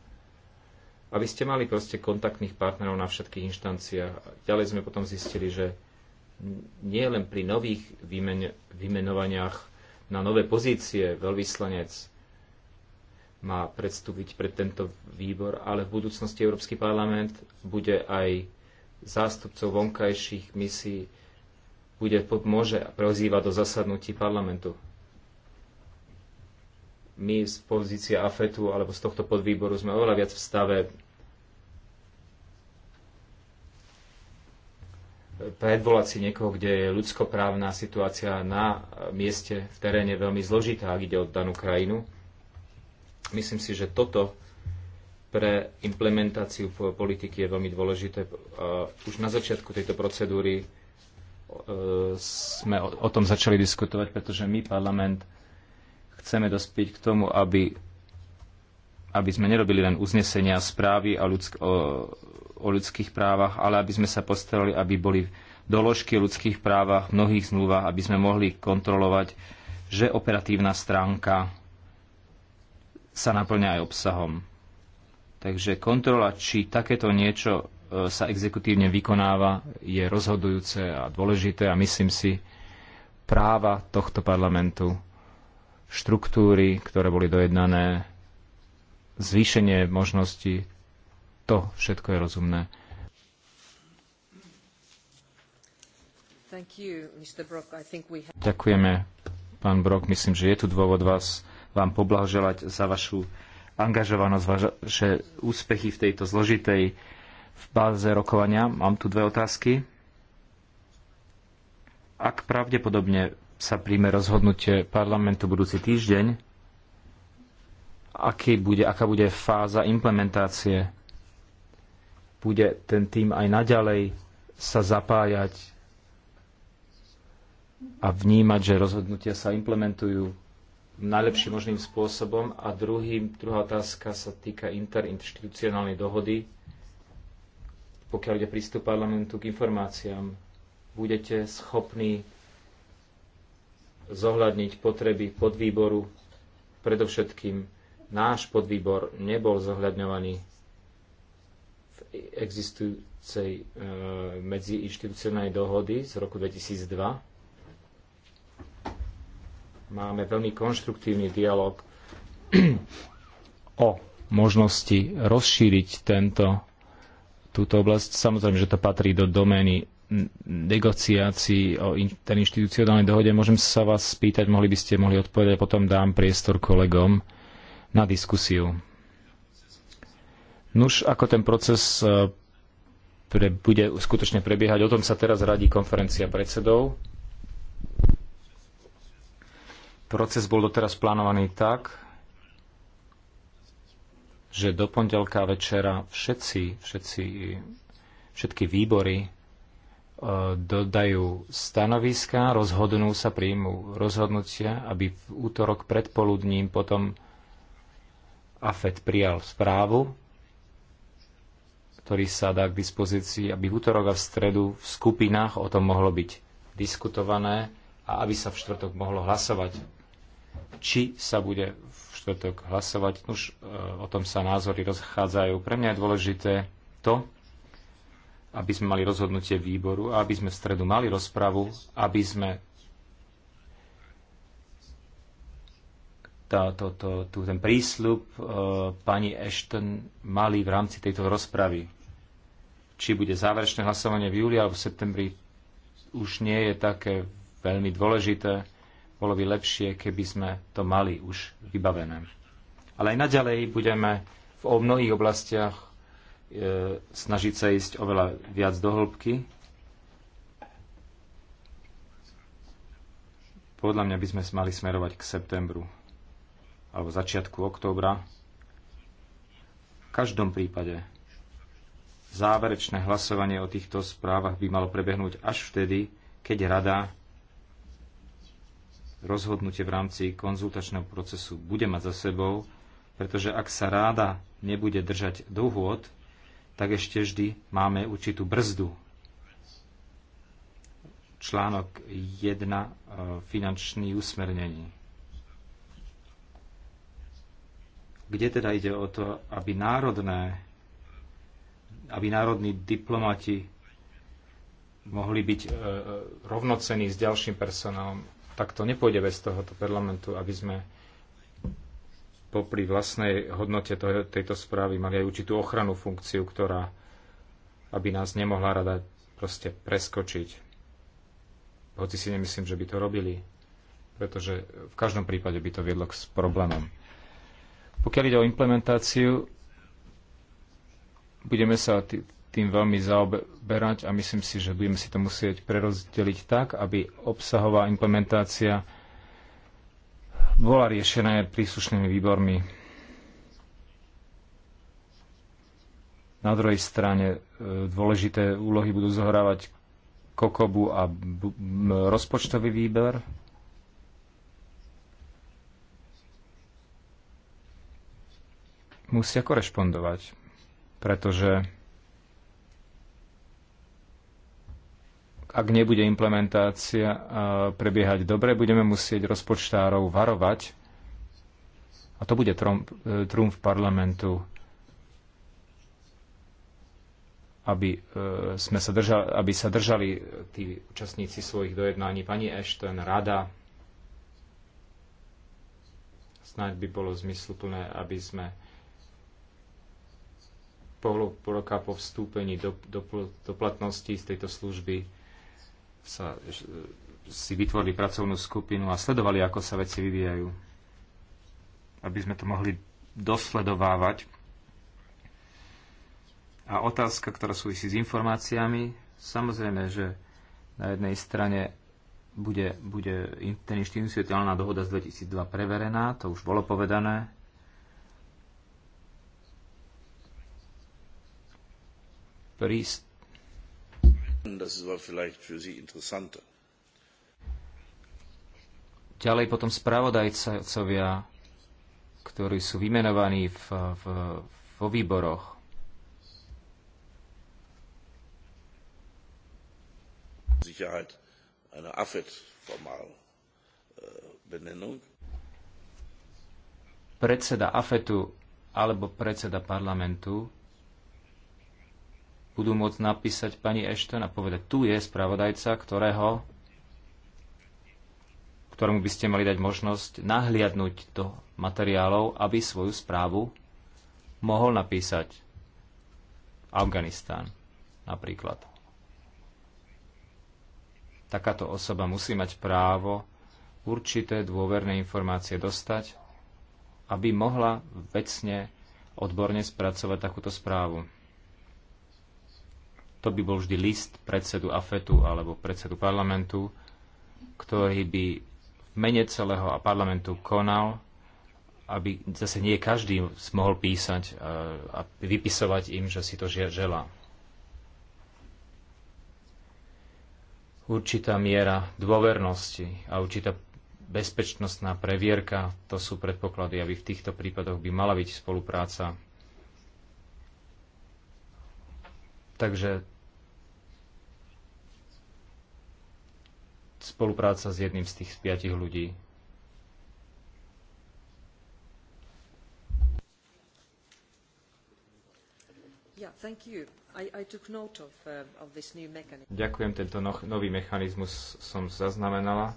aby ste mali proste kontaktných partnerov na všetkých inštanciách. Ďalej sme potom zistili, že nie len pri nových vymen- vymenovaniach na nové pozície veľvyslanec má predstúpiť pred tento výbor, ale v budúcnosti Európsky parlament bude aj zástupcov vonkajších misií, bude, môže prozývať do zasadnutí parlamentu my z pozície AFETu alebo z tohto podvýboru sme oveľa viac v stave predvolať si niekoho, kde je ľudskoprávna situácia na mieste, v teréne veľmi zložitá, ak ide o danú krajinu. Myslím si, že toto pre implementáciu politiky je veľmi dôležité. Už na začiatku tejto procedúry e, sme o tom začali diskutovať, pretože my, parlament, Chceme dospieť k tomu, aby, aby sme nerobili len uznesenia správy a ľudsk- o, o ľudských právach, ale aby sme sa postarali, aby boli doložky o ľudských právach v mnohých zmluvách, aby sme mohli kontrolovať, že operatívna stránka sa naplňa aj obsahom. Takže kontrola, či takéto niečo e, sa exekutívne vykonáva, je rozhodujúce a dôležité a myslím si, práva tohto parlamentu štruktúry, ktoré boli dojednané, zvýšenie možností, to všetko je rozumné. You, have... Ďakujeme, pán Brok. Myslím, že je tu dôvod vás, vám poblahoželať za vašu angažovanosť, vaše úspechy v tejto zložitej v báze rokovania. Mám tu dve otázky. Ak pravdepodobne sa príjme rozhodnutie parlamentu budúci týždeň, aký bude, aká bude fáza implementácie. Bude ten tým aj naďalej sa zapájať a vnímať, že rozhodnutia sa implementujú najlepším možným spôsobom. A druhý, druhá otázka sa týka interinstitucionálnej dohody, pokiaľ ide prístup parlamentu k informáciám. Budete schopní zohľadniť potreby podvýboru. Predovšetkým náš podvýbor nebol zohľadňovaný v existujúcej e, medziinstitucionálnej dohody z roku 2002. Máme veľmi konštruktívny dialog o možnosti rozšíriť tento, túto oblasť. Samozrejme, že to patrí do domény negociácii, o interinstitucionálnej dohode. Môžem sa vás spýtať, mohli by ste mohli odpovedať, potom dám priestor kolegom na diskusiu. Nuž, ako ten proces e, pre, bude skutočne prebiehať, o tom sa teraz radí konferencia predsedov. Proces bol doteraz plánovaný tak, že do pondelka večera všetci, všetci, všetky výbory dodajú stanoviska, rozhodnú sa, príjmu rozhodnutia, aby v útorok predpoludním potom AFED prijal správu, ktorý sa dá k dispozícii, aby v útorok a v stredu v skupinách o tom mohlo byť diskutované a aby sa v štvrtok mohlo hlasovať. Či sa bude v štvrtok hlasovať, už e, o tom sa názory rozchádzajú. Pre mňa je dôležité to, aby sme mali rozhodnutie výboru a aby sme v stredu mali rozpravu, aby sme tá, to, to, tú, ten prísľub e, pani Ashton mali v rámci tejto rozpravy. Či bude záverečné hlasovanie v júli alebo v septembri, už nie je také veľmi dôležité. Bolo by lepšie, keby sme to mali už vybavené. Ale aj naďalej budeme v mnohých oblastiach E, snažiť sa ísť oveľa viac do hĺbky. Podľa mňa by sme mali smerovať k septembru alebo začiatku októbra. V každom prípade záverečné hlasovanie o týchto správach by malo prebehnúť až vtedy, keď rada rozhodnutie v rámci konzultačného procesu bude mať za sebou, pretože ak sa ráda nebude držať dohôd, tak ešte vždy máme určitú brzdu. Článok 1 e, finančný usmernení. Kde teda ide o to, aby národné aby národní diplomati mohli byť e, e rovnocení s ďalším personálom, tak to nepôjde bez tohoto parlamentu, aby sme popri vlastnej hodnote tejto správy mali aj určitú ochranu funkciu, ktorá aby nás nemohla rada proste preskočiť. Hoci si nemyslím, že by to robili, pretože v každom prípade by to viedlo k problémom. Pokiaľ ide o implementáciu, budeme sa tým veľmi zaoberať a myslím si, že budeme si to musieť prerozdeliť tak, aby obsahová implementácia bola riešená príslušnými výbormi. Na druhej strane e, dôležité úlohy budú zohrávať Kokobu a rozpočtový výber. Musia korešpondovať, pretože ak nebude implementácia prebiehať dobre, budeme musieť rozpočtárov varovať. A to bude v e, parlamentu, aby, e, sme sa držali, aby sa držali tí účastníci svojich dojednání. Pani Ashton, rada, snáď by bolo zmysluplné, aby sme pol roka po vstúpení do, do, do platnosti z tejto služby sa, si vytvorili pracovnú skupinu a sledovali, ako sa veci vyvíjajú. Aby sme to mohli dosledovávať. A otázka, ktorá súvisí s informáciami, samozrejme, že na jednej strane bude, bude ten inštitucionálna dohoda z 2002 preverená, to už bolo povedané. Príst, Ďalej potom spravodajcovia, ktorí sú vymenovaní v, v, vo výboroch.
Sicherheit afet äh, Benennung.
Predseda AFETu alebo predseda parlamentu budú môcť napísať pani Ashton a povedať, tu je spravodajca, ktorého ktorému by ste mali dať možnosť nahliadnúť do materiálov, aby svoju správu mohol napísať Afganistán napríklad. Takáto osoba musí mať právo určité dôverné informácie dostať, aby mohla vecne, odborne spracovať takúto správu to by bol vždy list predsedu AFETu alebo predsedu parlamentu, ktorý by v mene celého a parlamentu konal, aby zase nie každý mohol písať eh, a vypisovať im, že si to želá. Určitá miera dôvernosti a určitá bezpečnostná previerka, to sú predpoklady, aby v týchto prípadoch by mala byť spolupráca Takže spolupráca s jedným z tých piatich ľudí.
Yeah, I, I of, uh, of Ďakujem, tento
no, nový mechanizmus som zaznamenala.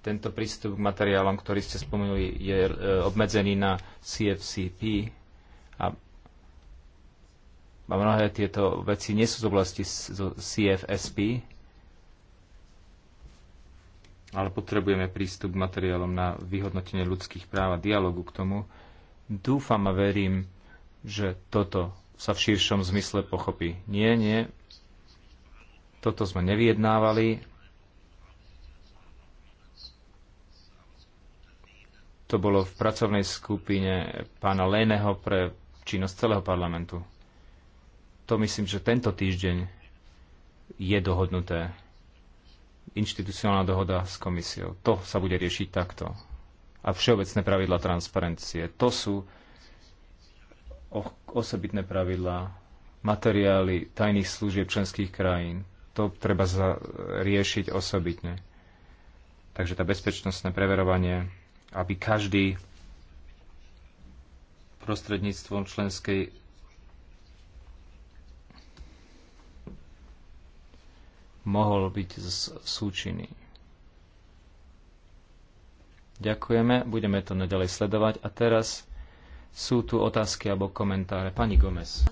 Tento prístup k materiálom, ktorý ste spomenuli, je e, obmedzený na CFCP. A, a mnohé tieto veci nie sú z oblasti CFSP, ale potrebujeme prístup k materiálom na vyhodnotenie ľudských práv a dialogu k tomu. Dúfam a verím, že toto sa v širšom zmysle pochopí. Nie, nie, toto sme nevyjednávali. To bolo v pracovnej skupine pána Leného pre činnosť celého parlamentu. To myslím, že tento týždeň je dohodnuté inštitucionálna dohoda s komisiou. To sa bude riešiť takto. A všeobecné pravidla transparencie. To sú osobitné pravidlá, materiály tajných služieb členských krajín. To treba riešiť osobitne. Takže tá bezpečnostné preverovanie, aby každý prostredníctvom členskej mohol byť súčinný. Ďakujeme, budeme to naďalej sledovať. A teraz sú tu otázky alebo komentáre. Pani Gomez.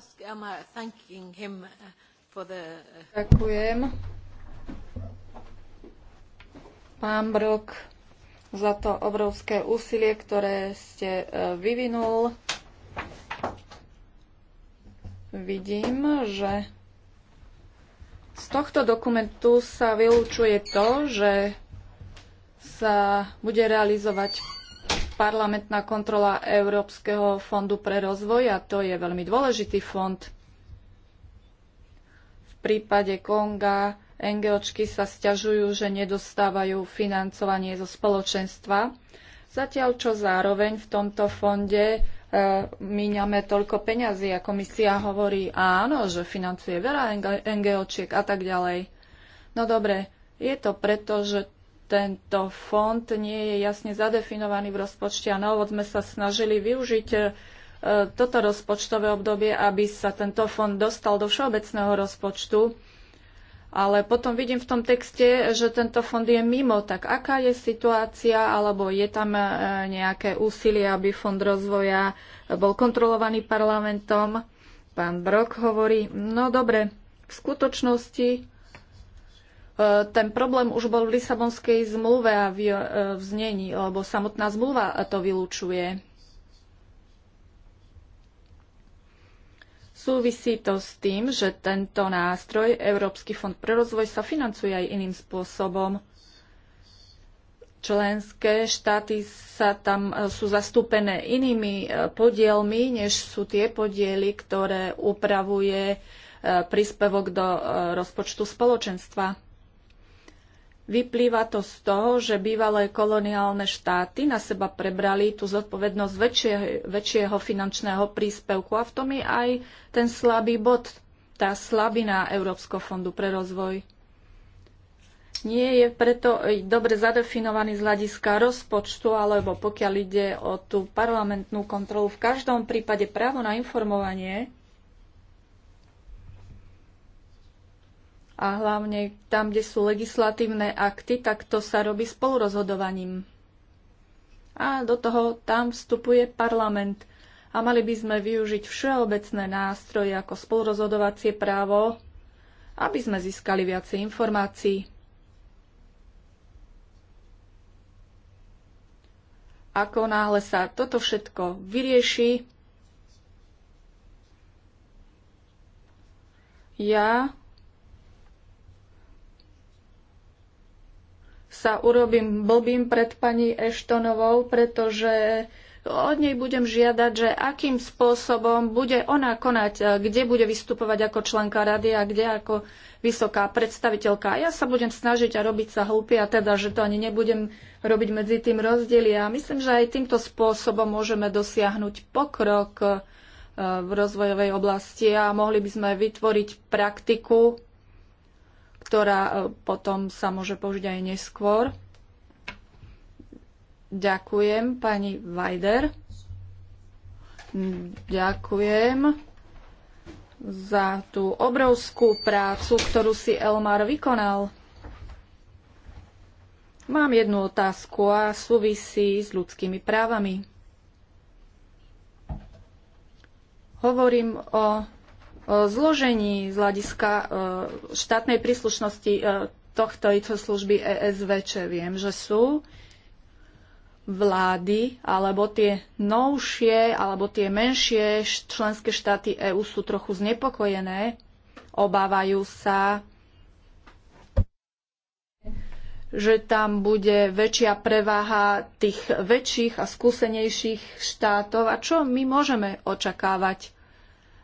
Ďakujem. Pán Brok, za to obrovské úsilie, ktoré ste e, vyvinul vidím, že z tohto dokumentu sa vylúčuje to, že sa bude realizovať parlamentná kontrola Európskeho fondu pre rozvoj a to je veľmi dôležitý fond. V prípade Konga NGOčky sa stiažujú, že nedostávajú financovanie zo spoločenstva, zatiaľ čo zároveň v tomto fonde E, míňame toľko peňazí a komisia hovorí áno, že financuje veľa NGOčiek a tak ďalej. No dobre, je to preto, že tento fond nie je jasne zadefinovaný v rozpočte a naovod sme sa snažili využiť e, toto rozpočtové obdobie, aby sa tento fond dostal do všeobecného rozpočtu ale potom vidím v tom texte, že tento fond je mimo. Tak aká je situácia, alebo je tam e, nejaké úsilie, aby fond rozvoja bol kontrolovaný parlamentom? Pán Brok hovorí, no dobre, v skutočnosti e, ten problém už bol v Lisabonskej zmluve a v, e, znení, lebo samotná zmluva to vylúčuje. Súvisí to s tým, že tento nástroj, Európsky fond pre rozvoj, sa financuje aj iným spôsobom. Členské štáty sa tam e, sú zastúpené inými e, podielmi, než sú tie podiely, ktoré upravuje e, príspevok do rozpočtu spoločenstva. Vyplýva to z toho, že bývalé koloniálne štáty na seba prebrali tú zodpovednosť väčšieho, väčšieho finančného príspevku a v tom je aj ten slabý bod, tá slabina Európskeho fondu pre rozvoj. Nie je preto dobre zadefinovaný z hľadiska rozpočtu, alebo pokiaľ ide o tú parlamentnú kontrolu. V každom prípade právo na informovanie a hlavne tam, kde sú legislatívne akty, tak to sa robí spolurozhodovaním. A do toho tam vstupuje parlament. A mali by sme využiť všeobecné nástroje ako spolurozhodovacie právo, aby sme získali viacej informácií. Ako náhle sa toto všetko vyrieši, ja sa urobím blbým pred pani Eštonovou, pretože od nej budem žiadať, že akým spôsobom bude ona konať, kde bude vystupovať ako členka rady a kde ako vysoká predstaviteľka. A ja sa budem snažiť a robiť sa hlúpia, teda, že to ani nebudem robiť medzi tým rozdiely. A myslím, že aj týmto spôsobom môžeme dosiahnuť pokrok e, v rozvojovej oblasti a mohli by sme vytvoriť praktiku, ktorá e, potom sa môže použiť aj neskôr. Ďakujem, pani Vajder. Ďakujem za tú obrovskú prácu, ktorú si Elmar vykonal. Mám jednu otázku a súvisí s ľudskými právami. Hovorím o E, zložení z hľadiska e, štátnej príslušnosti e, tohto ICO služby čo Viem, že sú vlády alebo tie novšie alebo tie menšie členské štáty EÚ sú trochu znepokojené, obávajú sa, že tam bude väčšia preváha tých väčších a skúsenejších štátov. A čo my môžeme očakávať?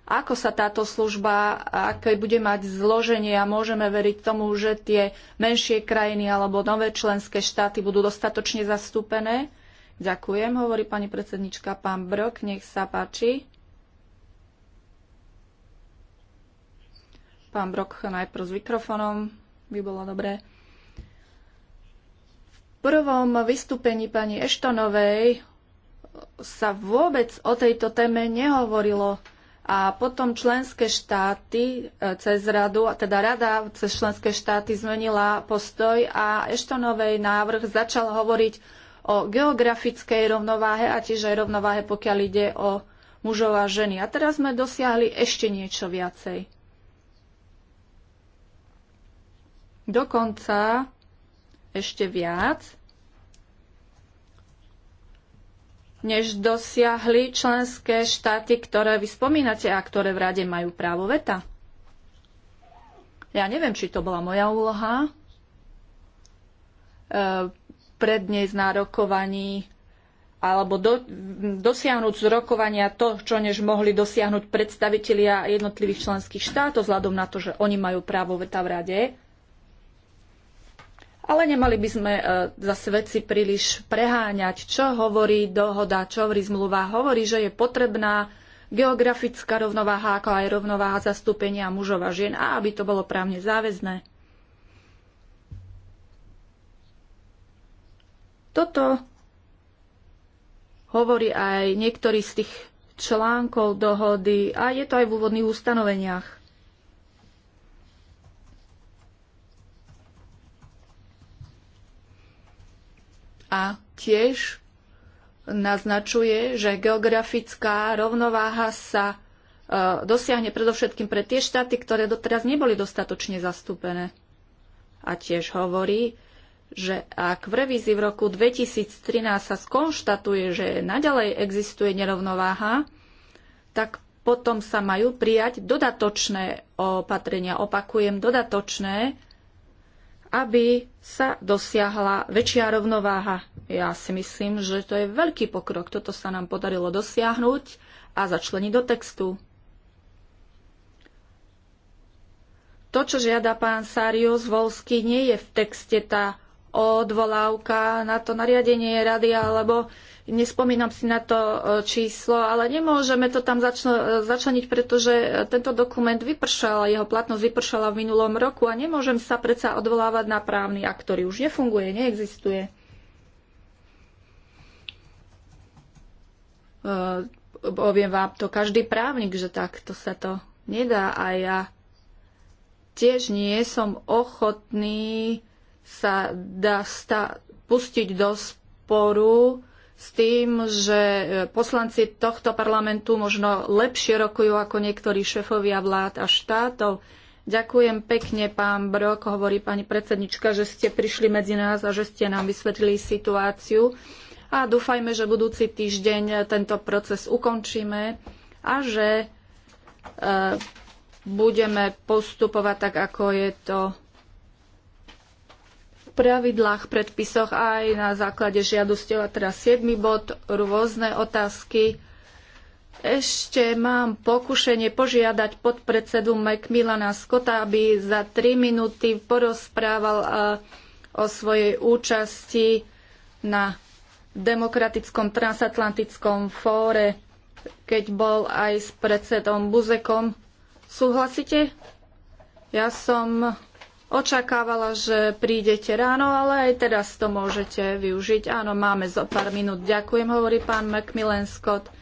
ako sa táto služba, aké bude mať zloženie a môžeme veriť tomu, že tie menšie krajiny alebo nové členské štáty budú dostatočne zastúpené. Ďakujem, hovorí pani predsednička pán Brok, nech sa páči. Pán Brok najprv s mikrofonom, by bolo dobré. V prvom vystúpení pani Eštonovej sa vôbec o tejto téme nehovorilo a potom členské štáty e, cez radu, teda rada cez členské štáty zmenila postoj a Eštonovej návrh začal hovoriť o geografickej rovnováhe a tiež aj rovnováhe, pokiaľ ide o mužov a ženy. A teraz sme dosiahli ešte niečo viacej. Dokonca ešte viac než dosiahli členské štáty, ktoré vy spomínate a ktoré v rade majú právo veta. Ja neviem, či to bola moja úloha. E, predniesť na rokovaní alebo do, dosiahnuť z rokovania to, čo než mohli dosiahnuť predstavitelia jednotlivých členských štátov, vzhľadom na to, že oni majú právo veta v rade ale nemali by sme e, zase veci príliš preháňať. Čo hovorí dohoda, čo hovorí zmluva? Hovorí, že je potrebná geografická rovnováha, ako aj rovnováha zastúpenia mužov a žien a aby to bolo právne záväzné. Toto hovorí aj niektorý z tých článkov dohody a je to aj v úvodných ustanoveniach. a tiež naznačuje, že geografická rovnováha sa e, dosiahne predovšetkým pre tie štáty, ktoré doteraz neboli dostatočne zastúpené. A tiež hovorí, že ak v revízii v roku 2013 sa skonštatuje, že naďalej existuje nerovnováha, tak potom sa majú prijať dodatočné opatrenia. Opakujem, dodatočné, aby sa dosiahla väčšia rovnováha. Ja si myslím, že to je veľký pokrok. Toto sa nám podarilo dosiahnuť a začleniť do textu. To, čo žiada pán Sarius Volsky, nie je v texte tá odvolávka na to nariadenie rady, alebo nespomínam si na to e, číslo, ale nemôžeme to tam začaniť, e, začleniť, pretože tento dokument vypršal, jeho platnosť vypršala v minulom roku a nemôžem sa predsa odvolávať na právny akt, ktorý už nefunguje, neexistuje. E, poviem vám to každý právnik, že takto sa to nedá a ja tiež nie som ochotný sa dá sta- pustiť do sporu s tým, že e, poslanci tohto parlamentu možno lepšie rokujú ako niektorí šefovia vlád a štátov. Ďakujem pekne, pán Brok, hovorí pani predsednička, že ste prišli medzi nás a že ste nám vysvetlili situáciu. A dúfajme, že budúci týždeň tento proces ukončíme a že e, budeme postupovať tak, ako je to pravidlách, predpisoch aj na základe žiadosťov. A teraz 7. bod, rôzne otázky. Ešte mám pokušenie požiadať podpredsedu Macmillana Scotta, aby za 3 minúty porozprával e, o svojej účasti na demokratickom transatlantickom fóre, keď bol aj s predsedom Buzekom. Súhlasíte? Ja som Očakávala, že prídete ráno, ale aj teraz to môžete využiť. Áno, máme zo pár minút. Ďakujem, hovorí pán Macmillan Scott.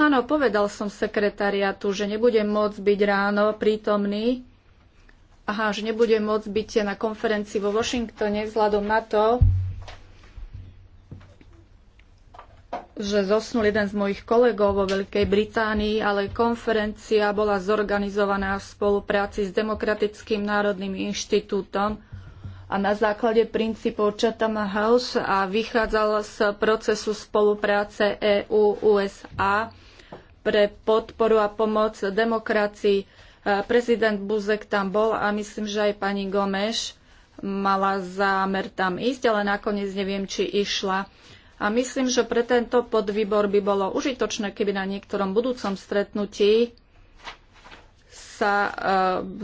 Áno, povedal som sekretariatu, že nebudem môcť byť ráno prítomný. Aha, že nebudem môcť byť na konferencii vo Washingtone vzhľadom na to, že zosnul jeden z mojich kolegov vo Veľkej Británii, ale konferencia bola zorganizovaná v spolupráci s Demokratickým národným inštitútom a na základe princípov Chatham House a vychádzal z procesu spolupráce EU-USA pre podporu a pomoc demokracii. Prezident Buzek tam bol a myslím, že aj pani Gomeš mala zámer tam ísť, ale nakoniec neviem, či išla. A myslím, že pre tento podvýbor by bolo užitočné, keby na niektorom budúcom stretnutí sa e,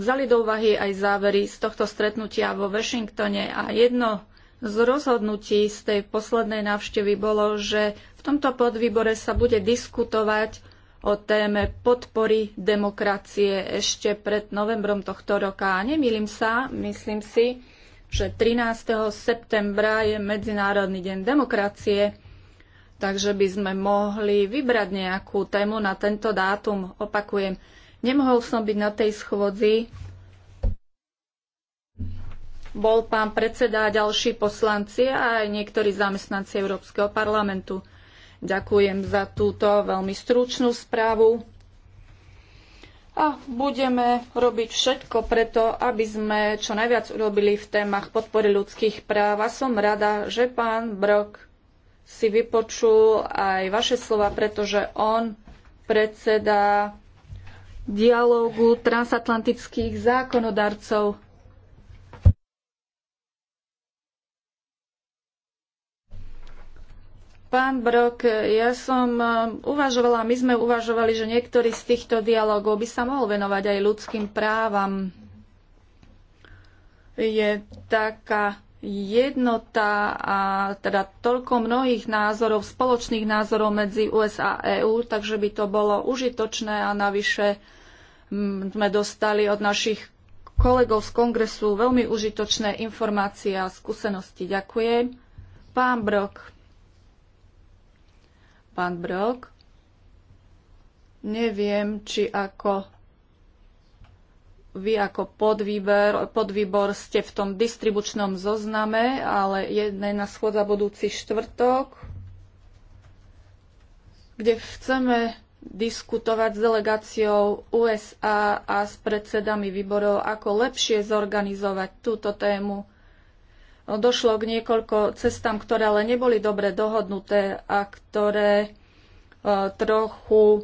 vzali do úvahy aj závery z tohto stretnutia vo Washingtone. A jedno z rozhodnutí z tej poslednej návštevy bolo, že v tomto podvýbore sa bude diskutovať o téme podpory demokracie ešte pred novembrom tohto roka. A Nemýlim sa, myslím si, že 13. septembra je Medzinárodný deň demokracie, takže by sme mohli vybrať nejakú tému na tento dátum. Opakujem, nemohol som byť na tej schôdzi, bol pán predseda a ďalší poslanci a aj niektorí zamestnanci Európskeho parlamentu. Ďakujem za túto veľmi stručnú správu a budeme robiť všetko preto, aby sme čo najviac urobili v témach podpory ľudských práv. A som rada, že pán Brok si vypočul aj vaše slova, pretože on predseda dialógu transatlantických zákonodarcov Pán Brok, ja som eh, uvažovala, my sme uvažovali, že niektorý z týchto dialogov by sa mohol venovať aj ľudským právam. Je taká jednota a teda toľko mnohých názorov, spoločných názorov medzi USA a EÚ, takže by to bolo užitočné a navyše mm, sme dostali od našich kolegov z kongresu veľmi užitočné informácie a skúsenosti. Ďakujem. Pán Brok, pán Brok. Neviem, či ako vy ako podvýber, podvýbor ste v tom distribučnom zozname, ale jedna schôdza budúci štvrtok, kde chceme diskutovať s delegáciou USA a s predsedami výborov, ako lepšie zorganizovať túto tému došlo k niekoľko cestám, ktoré ale neboli dobre dohodnuté a ktoré e, trochu e,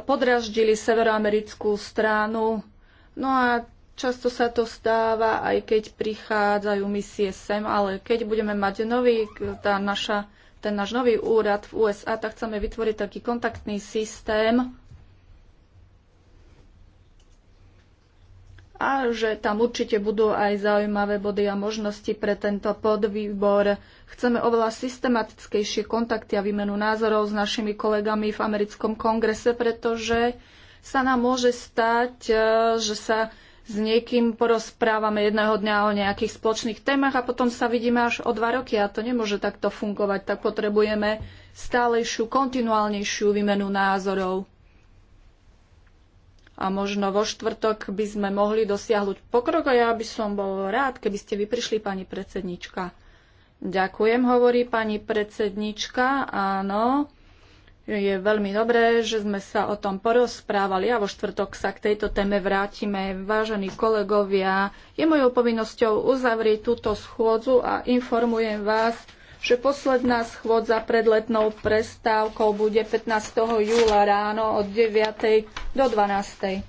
podraždili severoamerickú stranu. No a často sa to stáva, aj keď prichádzajú misie sem, ale keď budeme mať nový, tá naša, ten náš nový úrad v USA, tak chceme vytvoriť taký kontaktný systém, a že tam určite budú aj zaujímavé body a možnosti pre tento podvýbor. Chceme oveľa systematickejšie kontakty a výmenu názorov s našimi kolegami v americkom kongrese, pretože sa nám môže stať, e, že sa s niekým porozprávame jedného dňa o nejakých spoločných témach a potom sa vidíme až o dva roky a to nemôže takto fungovať. Tak potrebujeme stálejšiu, kontinuálnejšiu výmenu názorov a možno vo štvrtok by sme mohli dosiahnuť pokrok a ja by som bol rád, keby ste vy prišli, pani predsednička. Ďakujem, hovorí pani predsednička. Áno, je veľmi dobré, že sme sa o tom porozprávali a vo štvrtok sa k tejto téme vrátime. Vážení kolegovia, je mojou povinnosťou uzavrieť túto schôdzu a informujem vás, že posledná schôdza pred letnou prestávkou bude 15. júla ráno od 9. do 12.